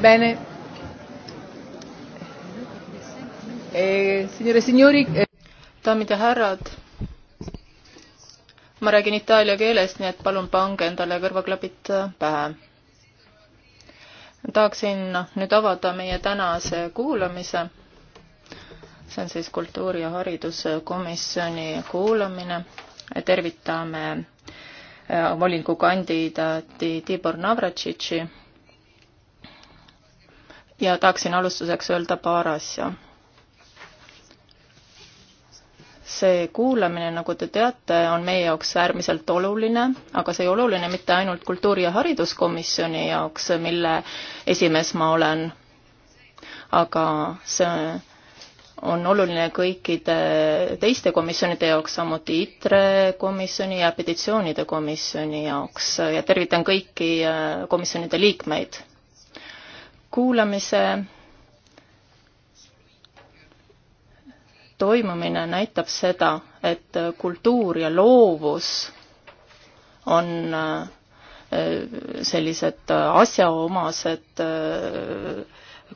Bene. Eh, signore e signori. Eh, Daamid ja härrad. ma räägin itaalia keeles, nii et palun pange endale kõrvaklapid pähe. tahaksin nüüd avada meie tänase kuulamise. see on siis kultuuri- ja hariduskomisjoni kuulamine. tervitame eh, volinikukandidaati Tibor Navratšitši ja tahaksin alustuseks öelda paar asja. see kuulamine, nagu te teate, on meie jaoks äärmiselt oluline, aga see ei oluline mitte ainult Kultuuri- ja Hariduskomisjoni jaoks, mille esimees ma olen, aga see on oluline kõikide teiste komisjonide jaoks, samuti ITRE komisjoni ja petitsioonide komisjoni jaoks ja tervitan kõiki äh, komisjonide liikmeid kuulamise toimumine näitab seda, et kultuur ja loovus on äh, sellised asjaomased äh,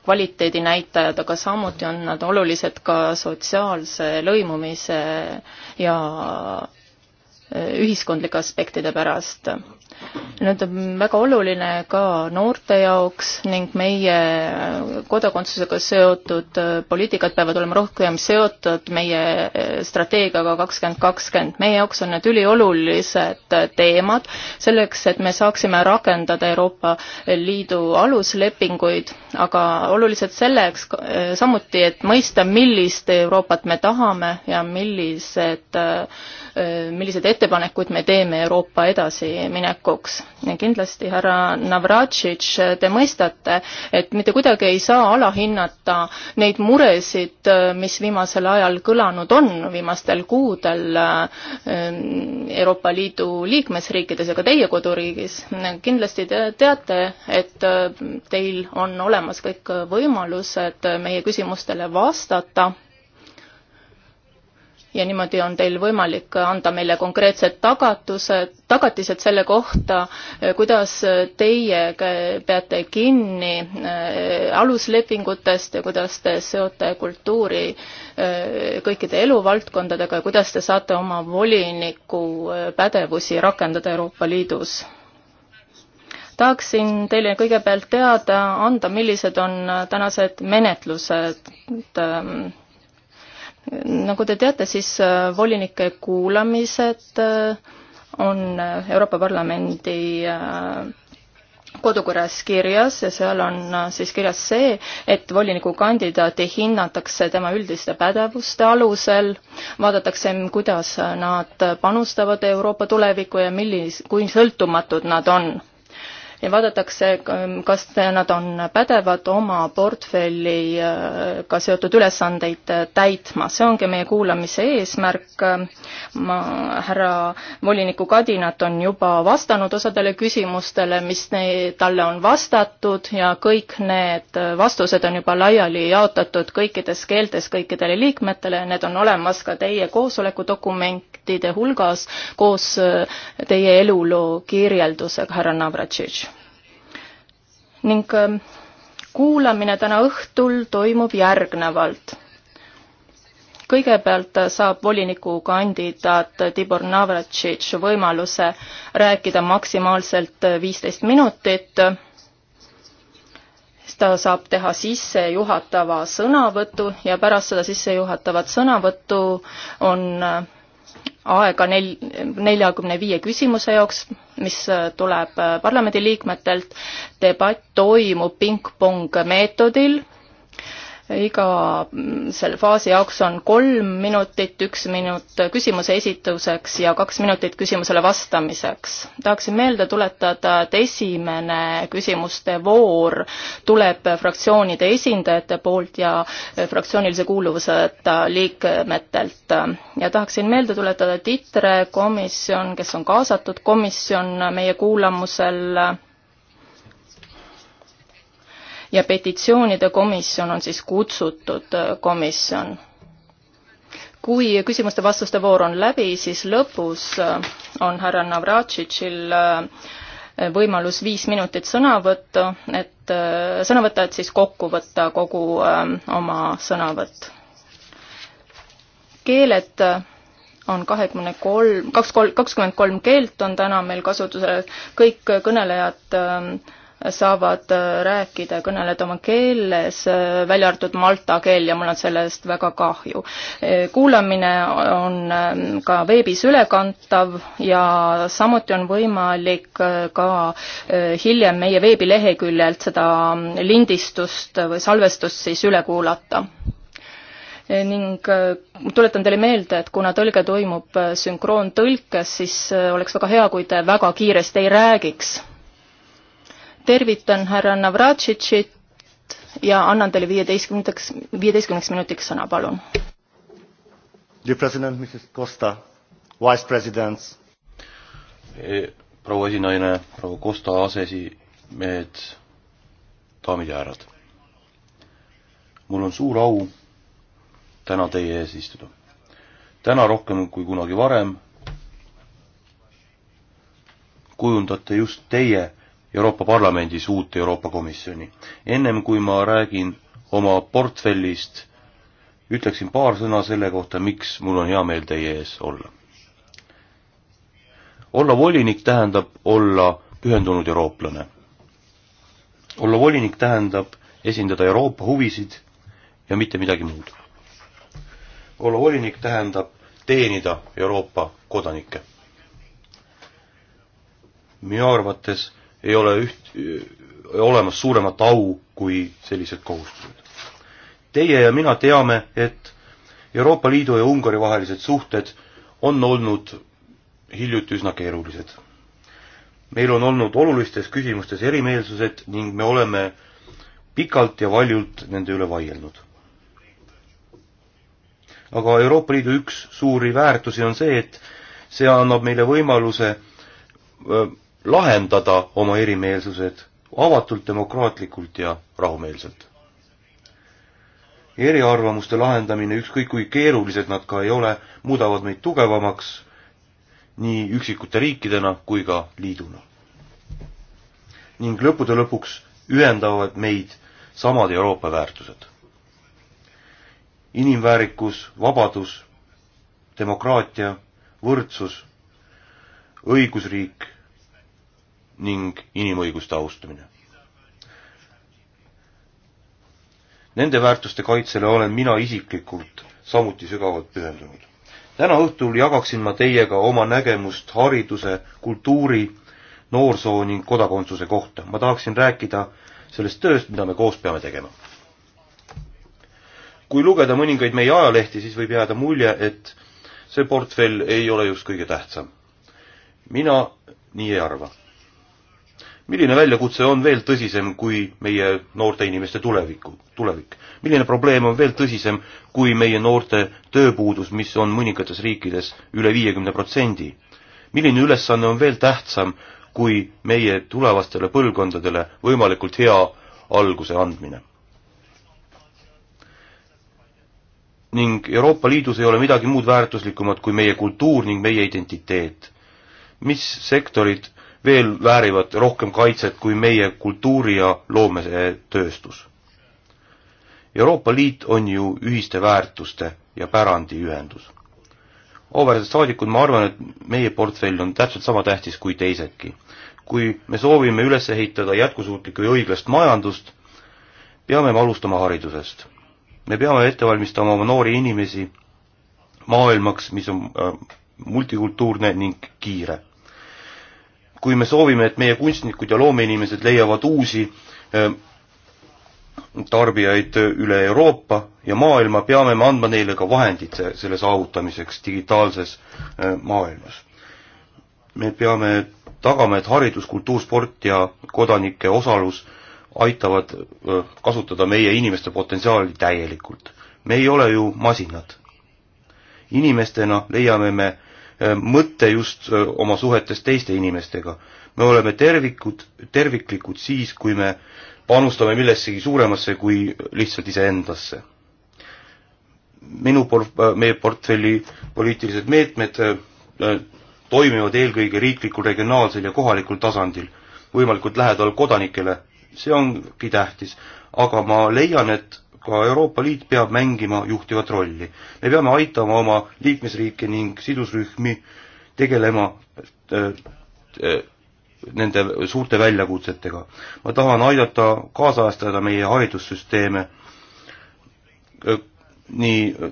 kvaliteedinäitajad, aga samuti on nad olulised ka sotsiaalse lõimumise ja äh, ühiskondlike aspektide pärast nüüd on väga oluline ka noorte jaoks ning meie kodakondsusega seotud äh, poliitikad peavad olema rohkem seotud meie äh, strateegiaga kakskümmend kakskümmend. meie jaoks on need üliolulised äh, teemad selleks, et me saaksime rakendada Euroopa Liidu aluslepinguid, aga olulised selleks samuti, et mõista, millist Euroopat me tahame ja millised äh, Äh, milliseid ettepanekuid me teeme Euroopa edasiminekuks. kindlasti, härra Navratšitš, te mõistate, et mitte kuidagi ei saa alahinnata neid muresid, äh, mis viimasel ajal kõlanud on, viimastel kuudel äh, Euroopa Liidu liikmesriikides ja ka teie koduriigis. kindlasti te teate, et teil on olemas kõik võimalused meie küsimustele vastata ja niimoodi on teil võimalik anda meile konkreetsed tagatused, tagatised selle kohta, kuidas teie peate kinni äh, aluslepingutest ja kuidas te seote kultuuri äh, kõikide eluvaldkondadega ja kuidas te saate oma voliniku äh, pädevusi rakendada Euroopa Liidus? tahaksin teile kõigepealt teada anda, millised on tänased menetlused ähm, nagu te teate, siis äh, volinike kuulamised äh, on äh, Euroopa Parlamendi kodukorras kirjas ja seal on siis kirjas see, et volinikukandidaati hinnatakse tema üldiste pädevuste alusel, vaadatakse, kuidas nad panustavad Euroopa tulevikku ja millis-, kui sõltumatud nad on ja vaadatakse, kas nad on pädevad oma portfelliga seotud ülesandeid täitma. see ongi meie kuulamise eesmärk. ma, härra voliniku Kadinat on juba vastanud osadele küsimustele, mis ne, talle on vastatud ja kõik need vastused on juba laiali jaotatud kõikides keeltes kõikidele liikmetele ja need on olemas ka teie koosolekudokumentide hulgas koos teie eluloo kirjeldusega, härra Navratšitš ning ähm, kuulamine täna õhtul toimub järgnevalt. kõigepealt saab volinikukandidaat Tibor Navratšitš võimaluse rääkida maksimaalselt viisteist minutit. ta saab teha sissejuhatava sõnavõtu ja pärast seda sissejuhatavat sõnavõttu on äh, aega nel-, neljakümne viie küsimuse jaoks, mis äh, tuleb äh, parlamendiliikmetelt, debatt toimub pingpong meetodil iga mm, selle faasi jaoks on kolm minutit, üks minut küsimuse esituseks ja kaks minutit küsimusele vastamiseks. tahaksin meelde tuletada, et esimene küsimuste voor tuleb fraktsioonide esindajate poolt ja fraktsioonilise kuuluvuseta liikmetelt. ja tahaksin meelde tuletada, et ITRE komisjon, kes on kaasatud komisjon meie kuulamusel, ja petitsioonide komisjon on siis kutsutud äh, komisjon. kui küsimuste-vastuste voor on läbi, siis lõpus äh, on härra Navratšitšil äh, võimalus viis minutit sõna võtta, et sõna võtta, et siis kokku võtta kogu oma sõnavõtt. keeled on kahekümne kolm, kaks, kakskümmend kolm keelt on täna meil kasutusel, kõik kõnelejad äh, saavad äh, rääkida ja kõneleda oma keeles, äh, välja arvatud malta keel ja mul on sellest väga kahju. Äh, kuulamine on ähm, ka veebis ülekantav ja samuti on võimalik ka hiljem meie veebileheküljelt seda mm, lindistust või salvestust siis üle kuulata ning tuletan teile meelde, et kuna tõlge toimub sünkroontõlkes, siis oleks väga hea, kui te väga kiiresti ei räägiks tervitan härra Navratšitšit ja annan teile viieteistkümnendaks, viieteistkümneks minutiks sõna, palun. Dear president, Mrs Costa, vice presidents. Eh, proua esinaine, proua Costa aseesimehed, daamid ja härrad. mul on suur au täna teie ees istuda. täna rohkem kui kunagi varem kujundate just teie Euroopa Parlamendis uut Euroopa Komisjoni. ennem kui ma räägin oma portfellist, ütleksin paar sõna selle kohta, miks mul on hea meel teie ees olla. olla volinik tähendab olla pühendunud eurooplane. olla volinik tähendab esindada Euroopa huvisid ja mitte midagi muud. olla volinik tähendab teenida Euroopa kodanikke. minu arvates ei ole üht, olemas suuremat au kui sellised kohustused. Teie ja mina teame, et Euroopa Liidu ja Ungari vahelised suhted on olnud hiljuti üsna keerulised. meil on olnud olulistes küsimustes erimeelsused ning me oleme pikalt ja valjult nende üle vaielnud. aga Euroopa Liidu üks suuri väärtusi on see, et see annab meile võimaluse lahendada oma erimeelsused avatult, demokraatlikult ja rahumeelselt. eriarvamuste lahendamine, ükskõik kui keerulised nad ka ei ole, muudavad meid tugevamaks nii üksikute riikidena kui ka liiduna. ning lõppude lõpuks ühendavad meid samad Euroopa väärtused. inimväärikus, vabadus, demokraatia, võrdsus, õigusriik, ning inimõiguste austamine. Nende väärtuste kaitsele olen mina isiklikult samuti sügavalt pühendunud. täna õhtul jagaksin ma teiega oma nägemust hariduse, kultuuri, noorsoo ning kodakondsuse kohta. ma tahaksin rääkida sellest tööst, mida me koos peame tegema. kui lugeda mõningaid meie ajalehti, siis võib jääda mulje, et see portfell ei ole just kõige tähtsam. mina nii ei arva milline väljakutse on veel tõsisem kui meie noorte inimeste tuleviku, tulevik? milline probleem on veel tõsisem kui meie noorte tööpuudus, mis on mõningates riikides üle viiekümne protsendi? milline ülesanne on veel tähtsam kui meie tulevastele põlvkondadele võimalikult hea alguse andmine? ning Euroopa Liidus ei ole midagi muud väärtuslikumat kui meie kultuur ning meie identiteet. mis sektorid veel väärivad rohkem kaitset kui meie kultuuri- ja loometööstus. Euroopa Liit on ju ühiste väärtuste ja pärandi ühendus. auväärsed saadikud, ma arvan, et meie portfell on täpselt sama tähtis kui teisedki. kui me soovime üles ehitada jätkusuutlikku ja õiglast majandust, peame me alustama haridusest. me peame ette valmistama oma noori inimesi maailmaks, mis on äh, multikultuurne ning kiire kui me soovime, et meie kunstnikud ja loomeinimesed leiavad uusi äh, tarbijaid äh, üle Euroopa ja maailma, peame me andma neile ka vahendid selle saavutamiseks digitaalses äh, maailmas. me peame tagama, et haridus, kultuur, sport ja kodanike osalus aitavad kasutada meie inimeste potentsiaali täielikult. me ei ole ju masinad. inimestena leiame me Äh, mõte just äh, oma suhetes teiste inimestega. me oleme tervikud, terviklikud siis, kui me panustame millessegi suuremasse kui lihtsalt iseendasse. minu por-, äh, meie portfelli poliitilised meetmed toimivad eelkõige riiklikul, regionaalsel ja kohalikul tasandil, võimalikult lähedal kodanikele, see ongi tähtis, aga ma leian, et ka Euroopa Liit peab mängima juhtivat rolli. me peame aitama oma liikmesriike ning sidusrühmi tegelema nende suurte väljakutsetega. ma tahan aidata kaasajastada meie haridussüsteeme äh, nii äh,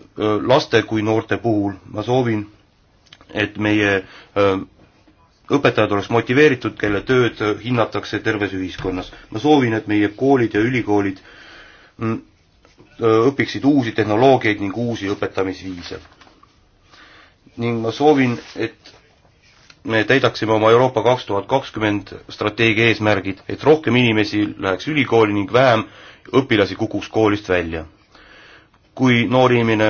laste kui noorte puhul. ma soovin, et meie äh, õpetajad oleks motiveeritud, kelle tööd hinnatakse terves ühiskonnas. ma soovin, et meie koolid ja ülikoolid mm, õpiksid uusi tehnoloogiaid ning uusi õpetamisviise. ning ma soovin, et me täidaksime oma Euroopa kaks tuhat kakskümmend strateegia eesmärgid, et rohkem inimesi läheks ülikooli ning vähem õpilasi kukuks koolist välja. kui noor inimene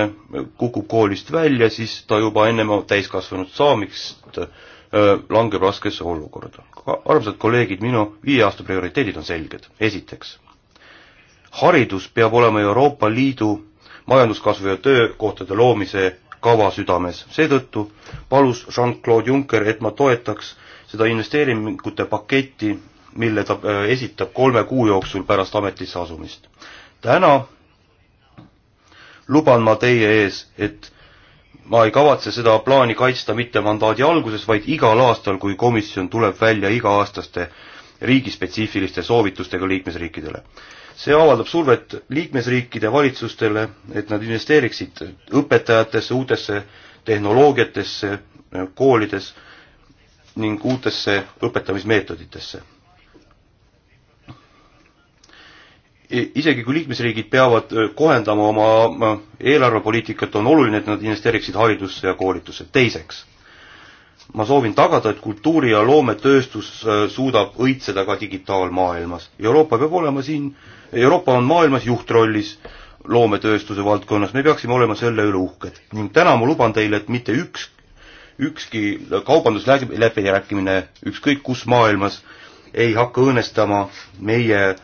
kukub koolist välja, siis ta juba ennem täiskasvanud saamist langeb raskesse olukorda. armsad kolleegid, minu viie aasta prioriteedid on selged. esiteks, haridus peab olema Euroopa Liidu majanduskasvu ja töökohtade loomise kava südames. seetõttu palus Jean-Claude Juncker, et ma toetaks seda investeeringute paketti, mille ta äh, esitab kolme kuu jooksul pärast ametisse asumist. täna luban ma teie ees, et ma ei kavatse seda plaani kaitsta mitte mandaadi alguses, vaid igal aastal, kui komisjon tuleb välja iga-aastaste riigispetsiifiliste soovitustega liikmesriikidele see avaldab survet liikmesriikide valitsustele, et nad investeeriksid õpetajatesse, uutesse tehnoloogiatesse koolides ning uutesse õpetamismeetoditesse. E, isegi kui liikmesriigid peavad e, kohendama oma e, eelarvepoliitikat, on oluline, et nad investeeriksid haridusse ja koolitusse. teiseks ma soovin tagada, et kultuuri- ja loometööstus äh, suudab õitseda ka digitaalmaailmas. Euroopa peab olema siin, Euroopa on maailmas juhtrollis loometööstuse valdkonnas, me peaksime olema selle üle uhked. ning täna ma luban teile, et mitte üks, ükski kaubandusläbirääkimine ükskõik kus maailmas ei hakka õõnestama meie äh,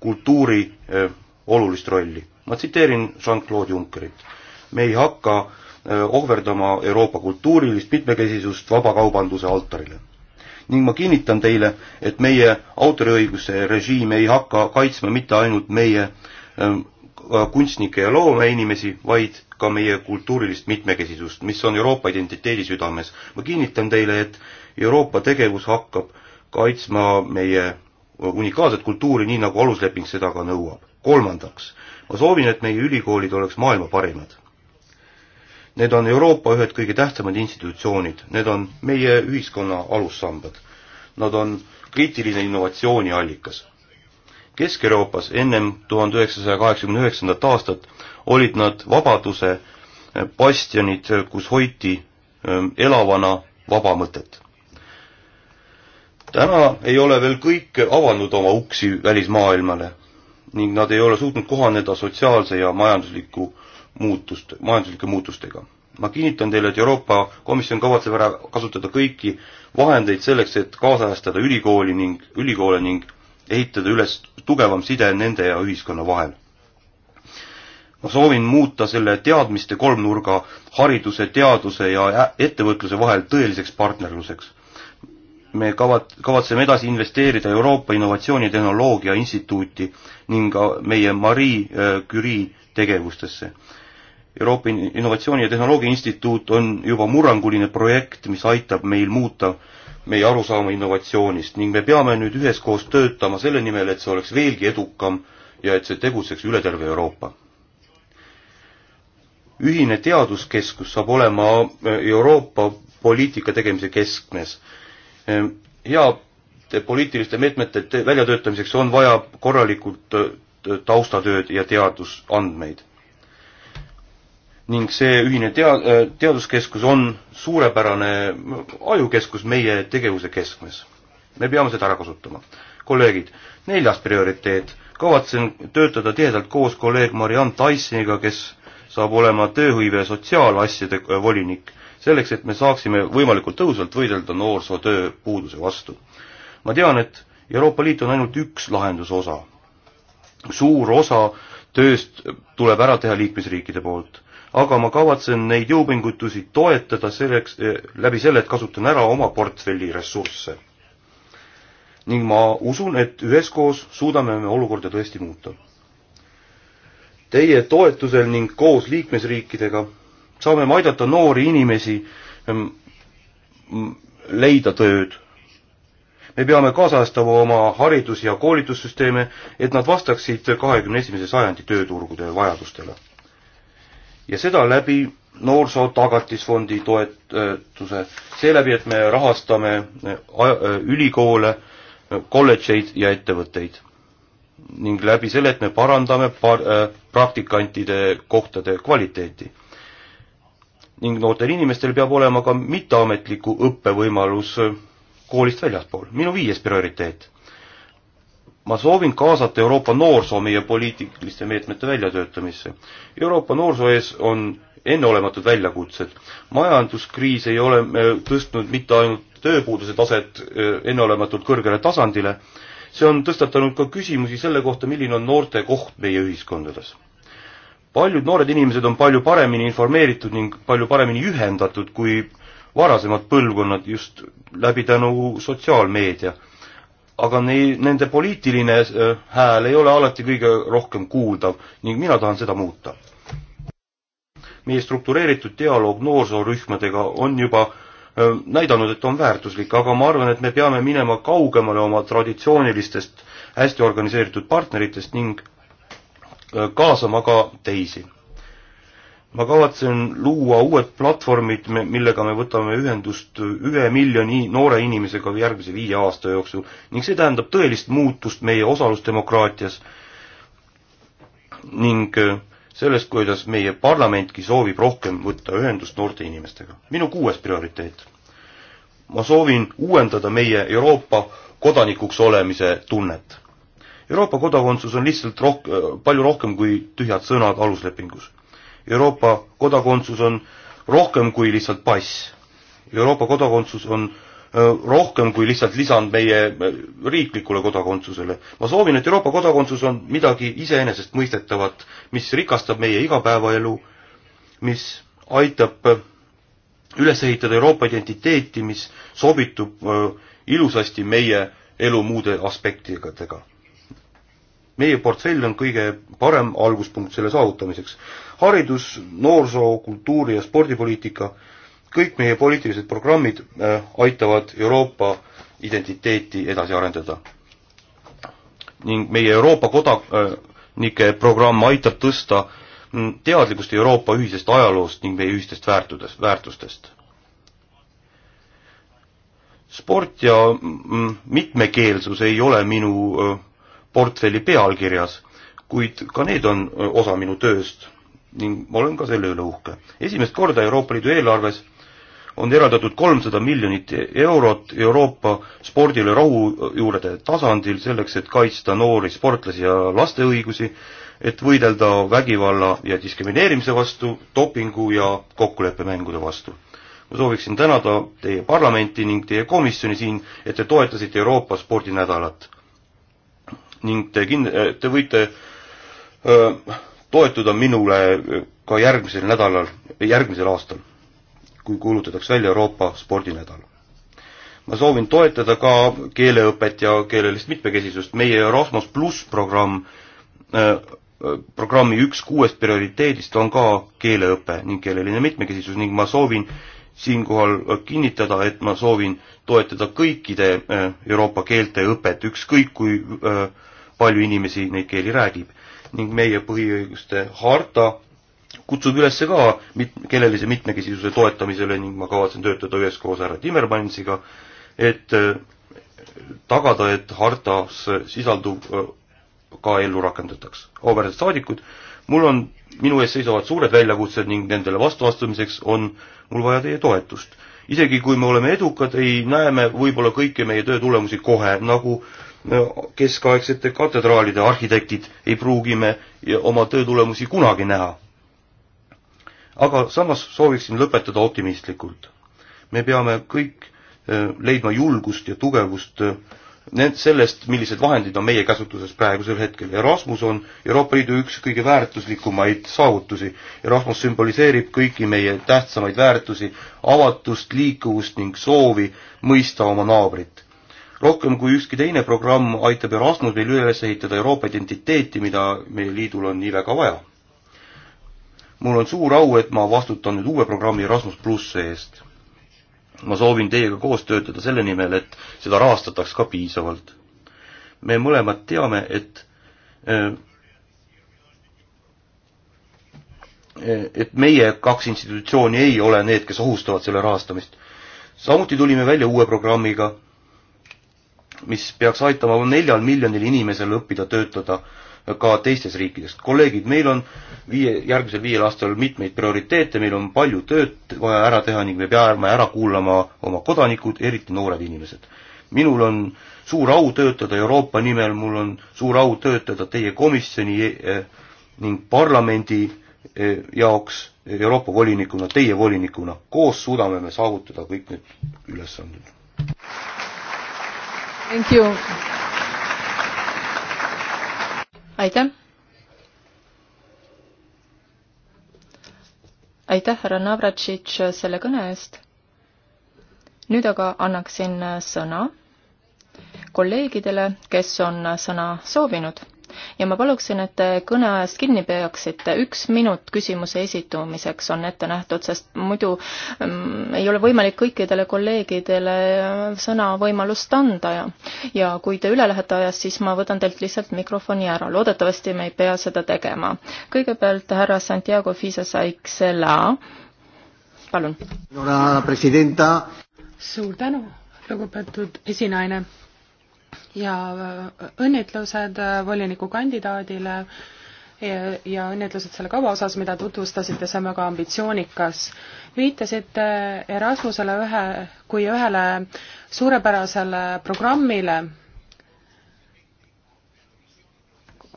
kultuuri äh, olulist rolli. ma tsiteerin Jean-Claude Junckerit. me ei hakka ohverdama Euroopa kultuurilist mitmekesisust vabakaubanduse altarile. ning ma kinnitan teile, et meie autoriõiguse režiim ei hakka kaitsma mitte ainult meie kunstnikke ja loomeinimesi, vaid ka meie kultuurilist mitmekesisust, mis on Euroopa identiteedi südames. ma kinnitan teile, et Euroopa tegevus hakkab kaitsma meie unikaalset kultuuri, nii nagu alusleping seda ka nõuab. kolmandaks, ma soovin, et meie ülikoolid oleks maailma parimad. Need on Euroopa ühed kõige tähtsamad institutsioonid, need on meie ühiskonna alussambad. Nad on kriitiline innovatsiooni allikas. Kesk-Euroopas ennem tuhande üheksasaja kaheksakümne üheksandat aastat olid nad vabaduse bastionid, kus hoiti ähm, elavana vaba mõtet. täna ei ole veel kõik avanud oma uksi välismaailmale ning nad ei ole suutnud kohaneda sotsiaalse ja majandusliku muutust, majanduslike muutustega. ma kinnitan teile, et Euroopa Komisjon kavatseb ära kasutada kõiki vahendeid selleks, et kaasajastada ülikooli ning, ülikoole ning ehitada üles tugevam side nende ja ühiskonna vahel. ma soovin muuta selle teadmiste kolmnurga hariduse, teaduse ja ettevõtluse vahel tõeliseks partnerluseks me kavat-, kavatseme edasi investeerida Euroopa Innovatsioonitehnoloogia Instituuti ning meie Marie äh, Curie tegevustesse. Euroopa Innovatsiooni ja Tehnoloogia Instituut on juba murranguline projekt, mis aitab meil muuta meie arusaama innovatsioonist ning me peame nüüd üheskoos töötama selle nimel, et see oleks veelgi edukam ja et see tegutseks üle terve Euroopa. ühine teaduskeskus saab olema äh, Euroopa poliitika tegemise keskmes. Ehm, heade poliitiliste meetmete väljatöötamiseks on vaja korralikult äh, taustatööd ja teadusandmeid ning see ühine tea-, äh, teaduskeskus on suurepärane ajukeskus meie tegevuse keskmes. me peame seda ära kasutama. kolleegid, neljas prioriteet, kavatsen töötada tihedalt koos kolleeg Marianne Tysoniga, kes saab olema tööhõive sotsiaalasjade äh, volinik, selleks et me saaksime võimalikult tõhusalt võidelda noorsootööpuuduse vastu. ma tean, et Euroopa Liit on ainult üks lahenduse osa. suur osa tööst tuleb ära teha liikmesriikide poolt aga ma kavatsen neid jõupingutusi toetada selleks, eh, läbi selle, et kasutan ära oma portfelli ressursse. ning ma usun, et üheskoos suudame me olukorda tõesti muuta. Teie toetusel ning koos liikmesriikidega saame me aidata noori inimesi ehm, leida tööd. me peame kaasajastama oma haridus- ja koolitussüsteeme, et nad vastaksid kahekümne esimese sajandi tööturgude vajadustele ja seda läbi noorsoo tagatisfondi toetuse, seeläbi, et me rahastame äh, äh, ülikoole, äh, kolledžeid ja ettevõtteid. ning läbi selle, et me parandame par-, praktikantide kohtade kvaliteeti. ning noortel inimestel peab olema ka mitteametliku õppevõimalus koolist väljaspool, minu viies prioriteet ma soovin kaasata Euroopa noorsoo meie poliitiliste meetmete väljatöötamisse. Euroopa noorsoo ees on enneolematud väljakutsed. majanduskriis ei ole äh, tõstnud mitte ainult tööpuuduse taset äh, enneolematult kõrgele tasandile, see on tõstatanud ka küsimusi selle kohta, milline on noorte koht meie ühiskondades. paljud noored inimesed on palju paremini informeeritud ning palju paremini ühendatud kui varasemad põlvkonnad just läbi tänu sotsiaalmeedia aga nei-, nende poliitiline äh, hääl ei ole alati kõige rohkem kuuldav ning mina tahan seda muuta. meie struktureeritud dialoog noorsoorühmadega on juba äh, näidanud, et on väärtuslik, aga ma arvan, et me peame minema kaugemale oma traditsioonilistest hästi organiseeritud partneritest ning äh, kaasama ka teisi ma kavatsen luua uued platvormid, millega me võtame ühendust ühe miljoni noore inimesega järgmise viie aasta jooksul ning see tähendab tõelist muutust meie osalusdemokraatias ning äh, sellest, kuidas meie parlamentki soovib rohkem võtta ühendust noorte inimestega. minu kuues prioriteet. ma soovin uuendada meie Euroopa kodanikuks olemise tunnet. Euroopa kodakondsus on lihtsalt roh-, äh, palju rohkem kui tühjad sõnad aluslepingus Euroopa kodakondsus on rohkem kui lihtsalt pass. Euroopa kodakondsus on rohkem kui lihtsalt lisand meie riiklikule kodakondsusele. ma soovin, et Euroopa kodakondsus on midagi iseenesestmõistetavat, mis rikastab meie igapäevaelu, mis aitab üles ehitada Euroopa identiteeti, mis sobitub ilusasti meie elu muude aspektidega meie portfell on kõige parem alguspunkt selle saavutamiseks haridus, noorsoo, kultuuri ja spordipoliitika, kõik meie poliitilised programmid äh, aitavad Euroopa identiteeti edasi arendada. ning meie Euroopa kodanike programm aitab tõsta mm, teadlikkust Euroopa ühisest ajaloost ning meie ühistest väärtudest, väärtustest. sport ja mm, mitmekeelsus ei ole minu äh, portfelli pealkirjas, kuid ka need on äh, osa minu tööst ning ma olen ka selle üle uhke. esimest korda Euroopa Liidu eelarves on eraldatud kolmsada miljonit eurot Euroopa spordile rahujuurede tasandil selleks, et kaitsta noori sportlasi ja laste õigusi, et võidelda vägivalla ja diskrimineerimise vastu, dopingu ja kokkuleppemängude vastu. ma sooviksin tänada teie parlamenti ning teie komisjoni siin, et te toetasite Euroopa spordinädalat. ning te kin-, te võite öö, toetuda minule ka järgmisel nädalal, järgmisel aastal, kui kuulutatakse välja Euroopa spordinädal. ma soovin toetada ka keeleõpet ja keelelist mitmekesisust, meie Erasmus pluss programm äh, äh, programmi üks kuuest prioriteedist on ka keeleõpe ning keeleline mitmekesisus ning ma soovin siinkohal kinnitada, et ma soovin toetada kõikide äh, Euroopa keelte õpet, ükskõik kui äh, palju inimesi neid keeli räägib ning meie põhiõiguste harta kutsub üles ka mit-, keelelise mitmekesisuse toetamisele ning ma kavatsen töötada üheskoos härra Timmermansiga, et äh, tagada, et hartas äh, sisalduv äh, ka ellu rakendataks. auväärsed saadikud, mul on, minu ees seisavad suured väljakutsed ning nendele vastu astumiseks on mul vaja teie toetust. isegi kui me oleme edukad, ei näe me võib-olla kõiki meie töö tulemusi kohe, nagu äh, keskaegsete katedraalide arhitektid, ei pruugi me oma töö tulemusi kunagi näha. aga samas sooviksin lõpetada optimistlikult. me peame kõik eh, leidma julgust ja tugevust eh, need sellest, millised vahendid on meie käsutuses praegusel hetkel. Erasmus on Euroopa Liidu üks kõige väärtuslikumaid saavutusi. Erasmus sümboliseerib kõiki meie tähtsamaid väärtusi, avatust, liikuvust ning soovi mõista oma naabrit rohkem kui ükski teine programm aitab Erasmus meil üles ehitada Euroopa identiteeti, mida meie liidul on nii väga vaja. mul on suur au, et ma vastutan nüüd uue programmi Erasmus pluss eest. ma soovin teiega koos töötada selle nimel, et seda rahastataks ka piisavalt. me mõlemad teame, et äh, et meie kaks institutsiooni ei ole need, kes ohustavad selle rahastamist. samuti tulime välja uue programmiga mis peaks aitama neljal miljonil inimesel õppida töötada ka teistes riikides. kolleegid, meil on viie, järgmisel viiel aastal mitmeid prioriteete, meil on palju tööd vaja ära teha ning me peame ära kuulama oma kodanikud, eriti noored inimesed. minul on suur au töötada Euroopa nimel, mul on suur au töötada teie komisjoni e, e, ning parlamendi e, jaoks Euroopa volinikuna, teie volinikuna. koos suudame me saavutada kõik need ülesanded aitäh. aitäh, härra Navratšitš, selle kõne eest. nüüd aga annaksin sõna kolleegidele, kes on sõna soovinud ja ma paluksin, et te kõneajast kinni peaksite, üks minut küsimuse esitamiseks on ette nähtud, sest muidu ähm, ei ole võimalik kõikidele kolleegidele äh, sõnavõimalust anda ja ja kui te üle lähete ajast, siis ma võtan teilt lihtsalt mikrofoni ära, loodetavasti me ei pea seda tegema. kõigepealt härra Santiago Fisasaiksela, palun. suur tänu, lugupeetud esinaine ja äh, õnnitlused äh, volinikukandidaadile ja õnnitlused selle kava osas, mida tutvustasite, see on väga ambitsioonikas. viitasite Erasmusele ühe, kui ühele suurepärasele programmile.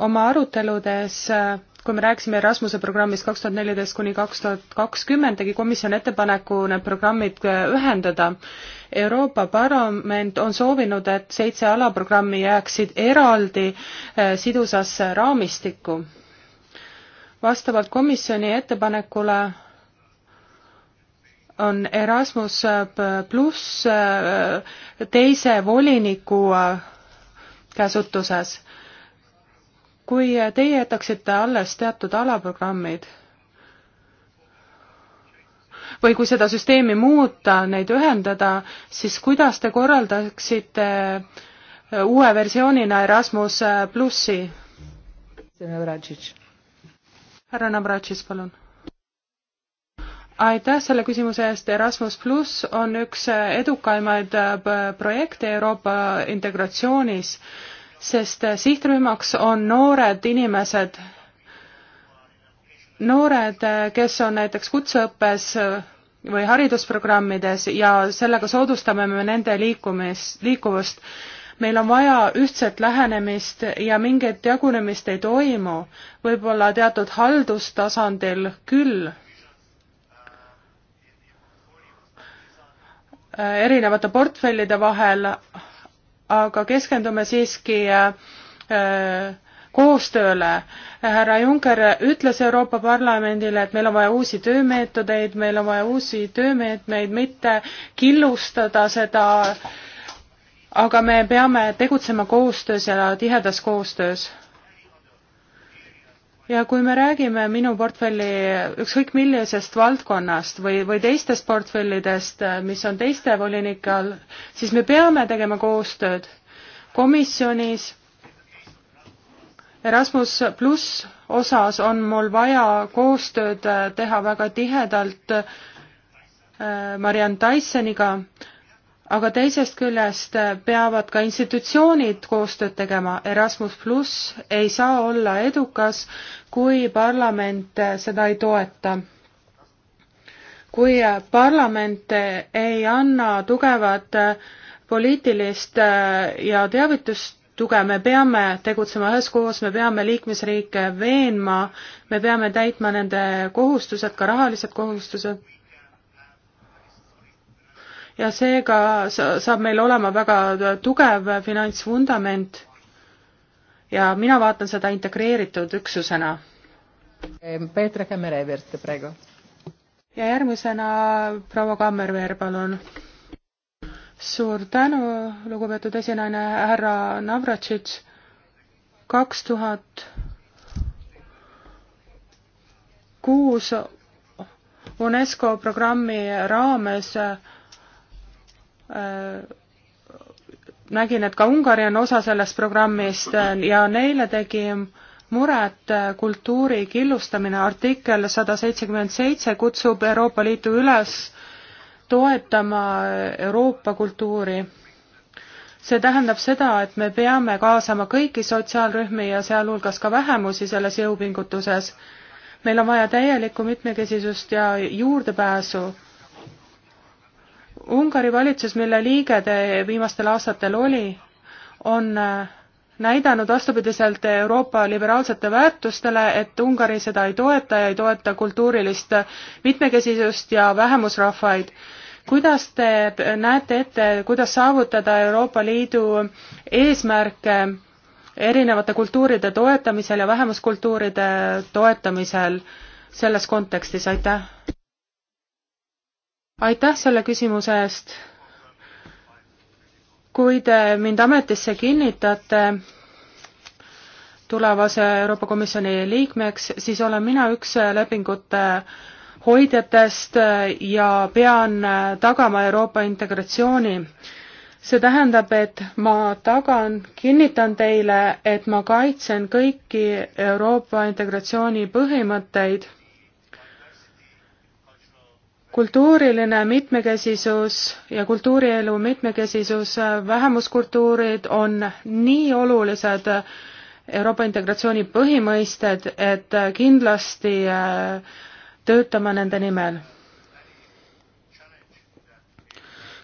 oma aruteludes äh, kui me rääkisime Erasmuse programmist kaks tuhat neliteist kuni kaks tuhat kakskümmend, tegi komisjon ettepaneku need programmid äh, ühendada. Euroopa Parlament on soovinud, et seitse alaprogrammi jääksid eraldi äh, sidusasse raamistikku. vastavalt komisjoni ettepanekule on Erasmus äh, pluss teise voliniku käsutuses kui teie jätaksite alles teatud alaprogrammid või kui seda süsteemi muuta, neid ühendada, siis kuidas te korraldaksite uue versioonina Erasmus plussi? härra Navratšis, palun. aitäh selle küsimuse eest, Erasmus pluss on üks edukaimaid projekte Euroopa integratsioonis sest sihtrühmaks on noored inimesed, noored, kes on näiteks kutseõppes või haridusprogrammides ja sellega soodustame me nende liikumis, liikuvust. meil on vaja ühtset lähenemist ja mingit jagunemist ei toimu, võib-olla teatud haldustasandil küll. erinevate portfellide vahel aga keskendume siiski äh, äh, koostööle. härra Juncker ütles Euroopa Parlamendile, et meil on vaja uusi töömeetodeid, meil on vaja uusi töömeetmeid, mitte killustada seda, aga me peame tegutsema koostöös ja tihedas koostöös ja kui me räägime minu portfelli ükskõik millisest valdkonnast või, või teistest portfellidest, mis on teiste volinike all, siis me peame tegema koostööd komisjonis. Erasmus pluss osas on mul vaja koostööd teha väga tihedalt äh, Marianne Tysoniga aga teisest küljest peavad ka institutsioonid koostööd tegema. Erasmus pluss ei saa olla edukas, kui parlament seda ei toeta. kui parlament ei anna tugevat poliitilist ja teavitustuge, me peame tegutsema üheskoos, me peame liikmesriike veenma, me peame täitma nende kohustused, ka rahalised kohustused ja seega saab meil olema väga tugev finantsvundament ja mina vaatan seda integreeritud üksusena. Peeter Kämmerevert praegu. ja järgmisena proua Kammerveer, palun. suur tänu, lugupeetud esinaine härra Navratšitš. kaks tuhat kuus UNESCO programmi raames Äh, nägin, et ka Ungari on osa sellest programmist äh, ja neile tegi muret äh, kultuuri killustamine. artikkel sada seitsekümmend seitse kutsub Euroopa Liitu üles toetama Euroopa kultuuri. see tähendab seda, et me peame kaasama kõiki sotsiaalrühmi ja sealhulgas ka vähemusi selles jõupingutuses. meil on vaja täielikku mitmekesisust ja juurdepääsu Ungari valitsus, mille liige te viimastel aastatel oli, on äh, näidanud vastupidiselt Euroopa liberaalsete väärtustele, et Ungari seda ei toeta ja ei toeta kultuurilist äh, mitmekesisust ja vähemusrahvaid. kuidas te näete ette, kuidas saavutada Euroopa Liidu eesmärke erinevate kultuuride toetamisel ja vähemuskultuuride toetamisel selles kontekstis, aitäh! aitäh selle küsimuse eest. kui te mind ametisse kinnitate tulevase Euroopa Komisjoni liikmeks, siis olen mina üks lepingute hoidjatest ja pean tagama Euroopa integratsiooni. see tähendab, et ma tagan, kinnitan teile, et ma kaitsen kõiki Euroopa integratsiooni põhimõtteid kultuuriline mitmekesisus ja kultuurielu mitmekesisus, vähemuskultuurid on nii olulised Euroopa integratsiooni põhimõisted, et kindlasti äh, töötame nende nimel.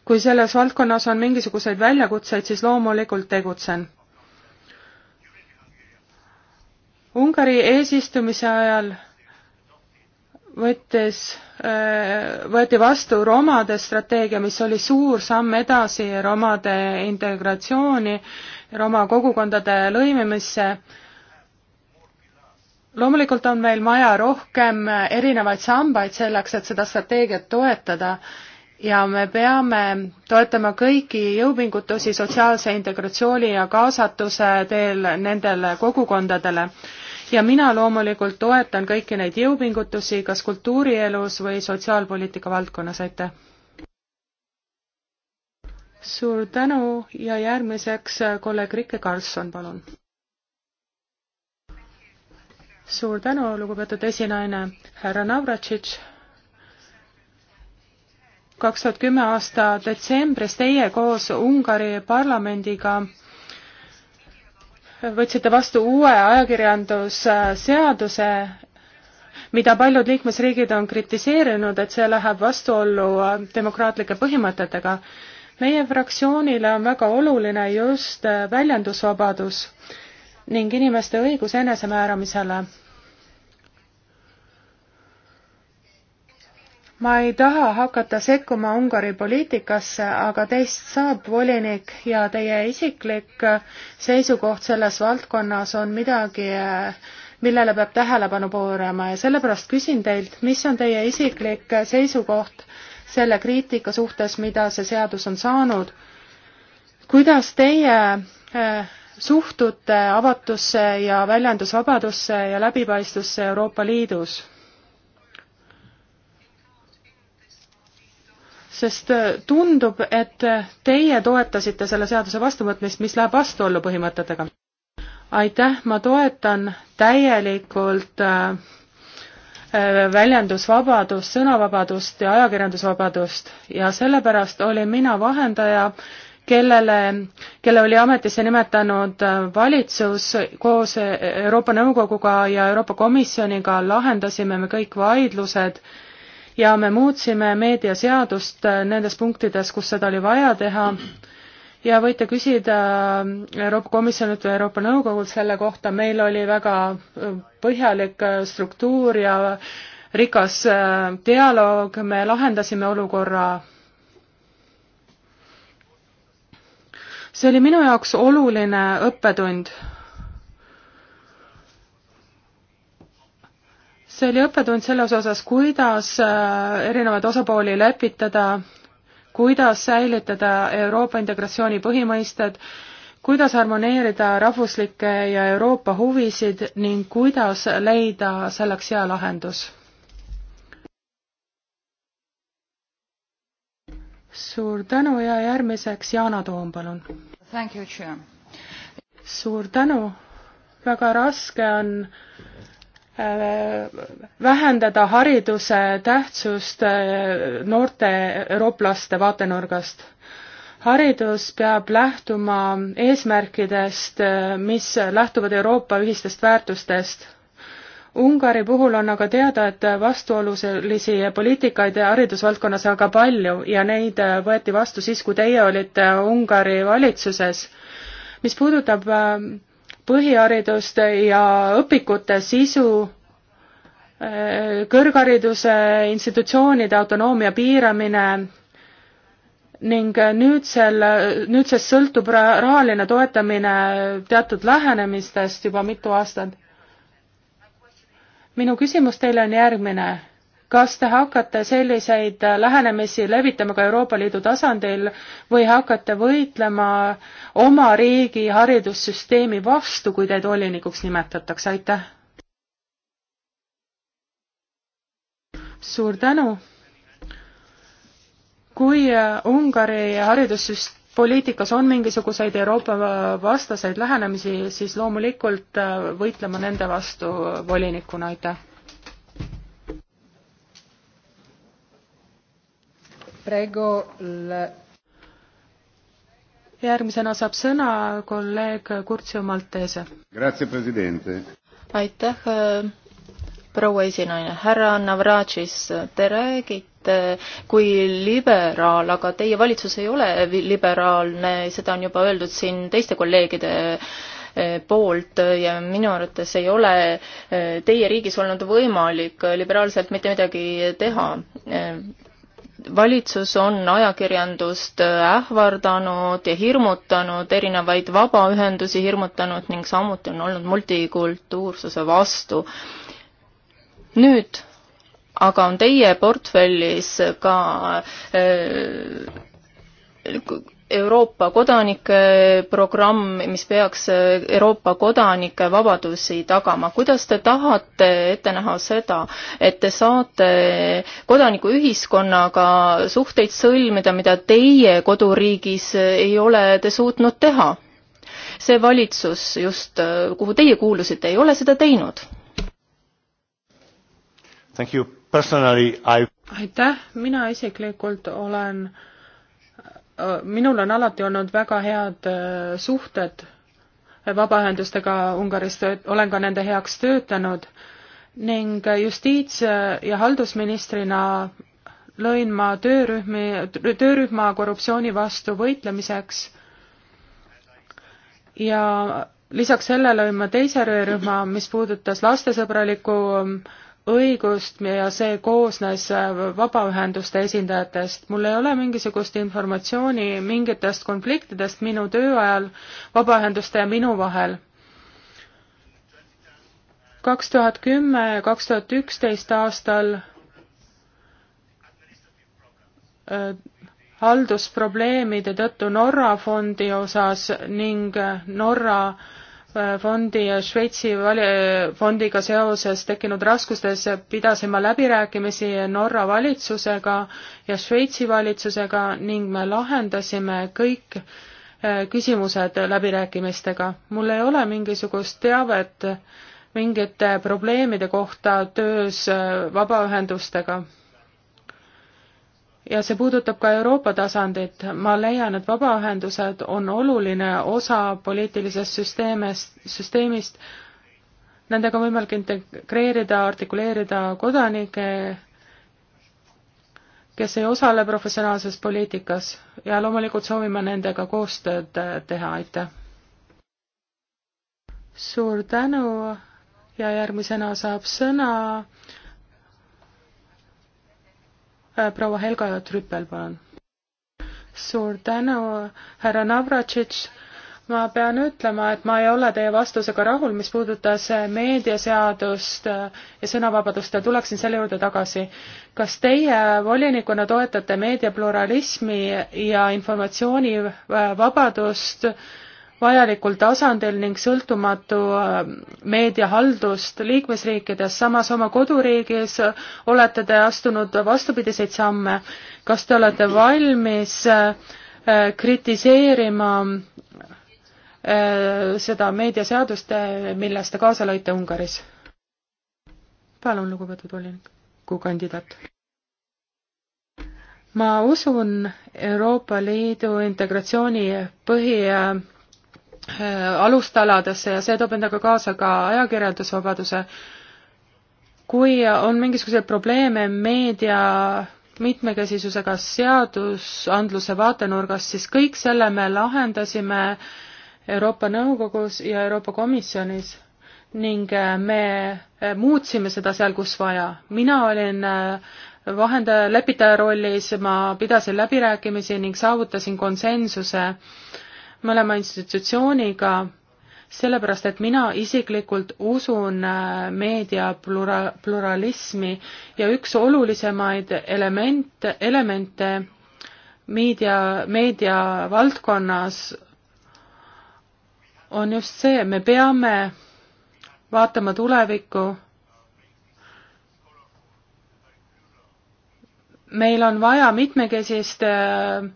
kui selles valdkonnas on mingisuguseid väljakutseid, siis loomulikult tegutsen. Ungari eesistumise ajal võttis, äh, võeti vastu romade strateegia, mis oli suur samm edasi romade integratsiooni, roma kogukondade lõimimisse. loomulikult on meil vaja rohkem erinevaid sambaid selleks, et seda strateegiat toetada ja me peame toetama kõiki jõupingutusi sotsiaalse integratsiooni ja kaasatuse teel nendele kogukondadele ja mina loomulikult toetan kõiki neid jõupingutusi kas kultuurielus või sotsiaalpoliitika valdkonnas, aitäh! suur tänu ja järgmiseks äh, kolleeg Rikke Karlsson, palun! suur tänu, lugupeetud esinaine, härra Navratšitš! kaks tuhat kümme aasta detsembris teie koos Ungari parlamendiga võtsite vastu uue ajakirjandusseaduse, mida paljud liikmesriigid on kritiseerinud, et see läheb vastuollu äh, demokraatlike põhimõtetega. meie fraktsioonile on väga oluline just äh, väljendusvabadus ning inimeste õigus enesemääramisele ma ei taha hakata sekkuma Ungari poliitikasse, aga teist saab volinik ja teie isiklik seisukoht selles valdkonnas on midagi, millele peab tähelepanu pöörama ja sellepärast küsin teilt, mis on teie isiklik seisukoht selle kriitika suhtes, mida see seadus on saanud. kuidas teie eh, suhtute avatusse ja väljendusvabadusse ja läbipaistvusse Euroopa Liidus? sest äh, tundub, et äh, teie toetasite selle seaduse vastuvõtmist, mis läheb vastuollu põhimõtetega. aitäh, ma toetan täielikult äh, väljendusvabadust, sõnavabadust ja ajakirjandusvabadust ja sellepärast olin mina vahendaja, kellele, kelle oli ametisse nimetanud valitsus koos Euroopa Nõukoguga ja Euroopa Komisjoniga, lahendasime me kõik vaidlused äh, ja me muutsime meediaseadust nendes punktides, kus seda oli vaja teha ja võite küsida Euroopa Komisjonilt või Euroopa Nõukogult selle kohta, meil oli väga põhjalik struktuur ja rikas dialoog, me lahendasime olukorra. see oli minu jaoks oluline õppetund see oli õppetund selles osas, kuidas äh, erinevaid osapooli lepitada, kuidas säilitada Euroopa integratsiooni põhimõisted, kuidas harmoneerida rahvuslikke ja Euroopa huvisid ning kuidas leida selleks hea lahendus. suur tänu ja järgmiseks Yana Toom, palun. suur tänu, väga raske on vähendada hariduse tähtsust äh, noorte eurooplaste vaatenurgast. haridus peab lähtuma eesmärkidest, äh, mis lähtuvad Euroopa ühistest väärtustest. Ungari puhul on aga teada, et vastuolulisi poliitikaid haridusvaldkonnas on ka palju ja neid äh, võeti vastu siis, kui teie olite Ungari valitsuses. mis puudutab äh, põhiharidust ja õpikute sisu, äh, kõrghariduse institutsioonide autonoomia piiramine ning nüüdsel, nüüdsest sõltub rahaline toetamine teatud lähenemistest juba mitu aastat. minu küsimus teile on järgmine kas te hakkate selliseid lähenemisi levitama ka Euroopa Liidu tasandil või hakkate võitlema oma riigi haridussüsteemi vastu, kui teid volinikuks nimetatakse, aitäh! suur tänu! kui äh, Ungari haridussüsteem poliitikas on mingisuguseid Euroopa vastaseid lähenemisi, siis loomulikult äh, võitlema nende vastu volinikuna, aitäh! Prego l... järgmisena saab sõna kolleeg Kurtsio Maltese. aitäh, äh, proua esinaine, härra Navratšis, te räägite kui liberaal, aga teie valitsus ei ole liberaalne, seda on juba öeldud siin teiste kolleegide äh, poolt ja minu arvates ei ole äh, teie riigis olnud võimalik liberaalselt mitte midagi teha valitsus on ajakirjandust äh, ähvardanud ja hirmutanud, erinevaid vabaühendusi hirmutanud ning samuti on olnud multikultuursuse vastu. nüüd aga on teie portfellis ka äh, Euroopa kodanike programm, mis peaks Euroopa kodanike vabadusi tagama. kuidas te tahate ette näha seda, et te saate kodanikuühiskonnaga suhteid sõlmida, mida teie koduriigis ei ole te suutnud teha? see valitsus just, kuhu teie kuulusite, ei ole seda teinud. aitäh, mina isiklikult olen äh, Äh, minul on alati olnud väga head äh, suhted vabaühendustega Ungaris, olen ka nende heaks töötanud ning justiits- ja haldusministrina lõin ma töörühmi, töörühma korruptsiooni vastu võitlemiseks ja lisaks sellele lõin ma teise rühma, mis puudutas lastesõbraliku õigust ja see koosnes vabaühenduste esindajatest. mul ei ole mingisugust informatsiooni mingitest konfliktidest minu töö ajal vabaühenduste ja minu vahel. kaks tuhat kümme ja kaks tuhat üksteist aastal äh, haldusprobleemide tõttu Norra fondi osas ning Norra äh, fondi ja Šveitsi fondiga seoses tekkinud raskustes pidasime läbirääkimisi Norra valitsusega ja Šveitsi valitsusega ning me lahendasime kõik äh, küsimused läbirääkimistega. mul ei ole mingisugust teavet mingite probleemide kohta töös äh, vabaühendustega ja see puudutab ka Euroopa tasandit. ma leian, et vabaühendused on oluline osa poliitilisest süsteemist, süsteemist. Nendega on võimalik integreerida, artikuleerida kodanikke, kes ei osale professionaalses poliitikas ja loomulikult soovime nendega koostööd teha, aitäh! suur tänu ja järgmisena saab sõna Äh, proua Helga Trüppel, palun. suur tänu, härra Navratšitš ma pean ütlema, et ma ei ole teie vastusega rahul, mis puudutas äh, meediaseadust äh, ja sõnavabadust ja tuleksin selle juurde tagasi. kas teie volinikuna toetate meediapluralismi ja informatsioonivabadust äh, vajalikul tasandil ning sõltumatu äh, meediahaldust liikmesriikides, samas oma koduriigis olete te astunud vastupidiseid samme. kas te olete valmis äh, kritiseerima äh, seda meediaseadust, milles te kaasa lõite Ungaris? palun, lugupeetud voliniku kandidaat. ma usun Euroopa Liidu integratsiooni põhi Äh, alustaladesse ja see toob endaga kaasa ka ajakirjandusvabaduse. kui on mingisuguseid probleeme meedia mitmekesisusega seadusandluse vaatenurgast, siis kõik selle me lahendasime Euroopa Nõukogus ja Euroopa Komisjonis ning äh, me äh, muutsime seda seal, kus vaja. mina olin vahendaja, lepitaja rollis, ma pidasin läbirääkimisi ning saavutasin konsensuse mõlema institutsiooniga, sellepärast et mina isiklikult usun äh, meedia plura-, pluralismi ja üks olulisemaid element, elemente meedia, meediavaldkonnas on just see, me peame vaatama tulevikku meil on vaja mitmekesist äh,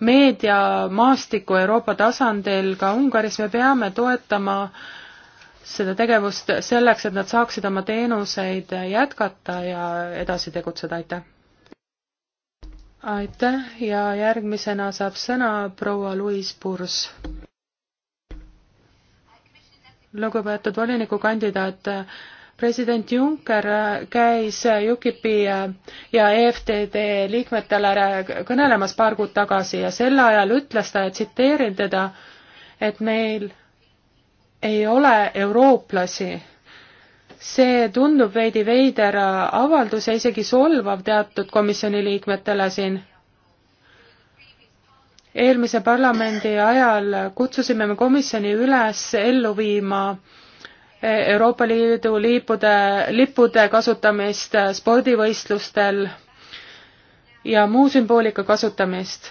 meediamaastiku Euroopa tasandil ka Ungaris, me peame toetama seda tegevust selleks, et nad saaksid oma teenuseid jätkata ja edasi tegutseda, aitäh! aitäh ja järgmisena saab sõna proua Louise Purs lugupeetud volinikukandidaat, president Juncker äh, käis äh, UKIP-i äh, ja EFTD liikmetele kõnelemas paar kuud tagasi ja sel ajal ütles ta, tsiteerin teda, et meil ei ole eurooplasi. see tundub veidi veider avaldus ja isegi solvav teatud komisjoni liikmetele siin eelmise parlamendi ajal kutsusime me komisjoni üles ellu viima äh, Euroopa Liidu liipude, lippude kasutamist spordivõistlustel ja muu sümboolika kasutamist.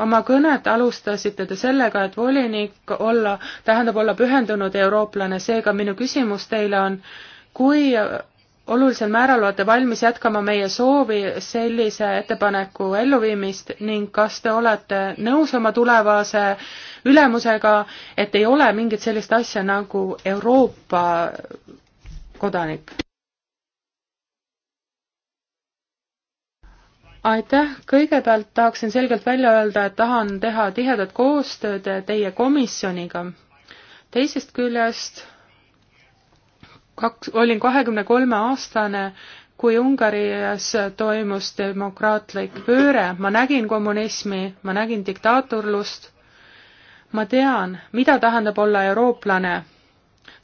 oma kõnet alustasite te sellega, et volinik olla, tähendab olla pühendunud eurooplane, seega minu küsimus teile on, kui olulisel määral olete valmis jätkama meie soovi sellise ettepaneku elluviimist ning kas te olete nõus oma tulevase ülemusega, et ei ole mingit sellist asja nagu Euroopa kodanik? aitäh, kõigepealt tahaksin selgelt välja öelda, et tahan teha tihedat koostööd teie komisjoniga. teisest küljest kaks, olin kahekümne kolme aastane, kui Ungaris toimus demokraatlik pööre, ma nägin kommunismi, ma nägin diktaatorlust, ma tean, mida tähendab olla eurooplane,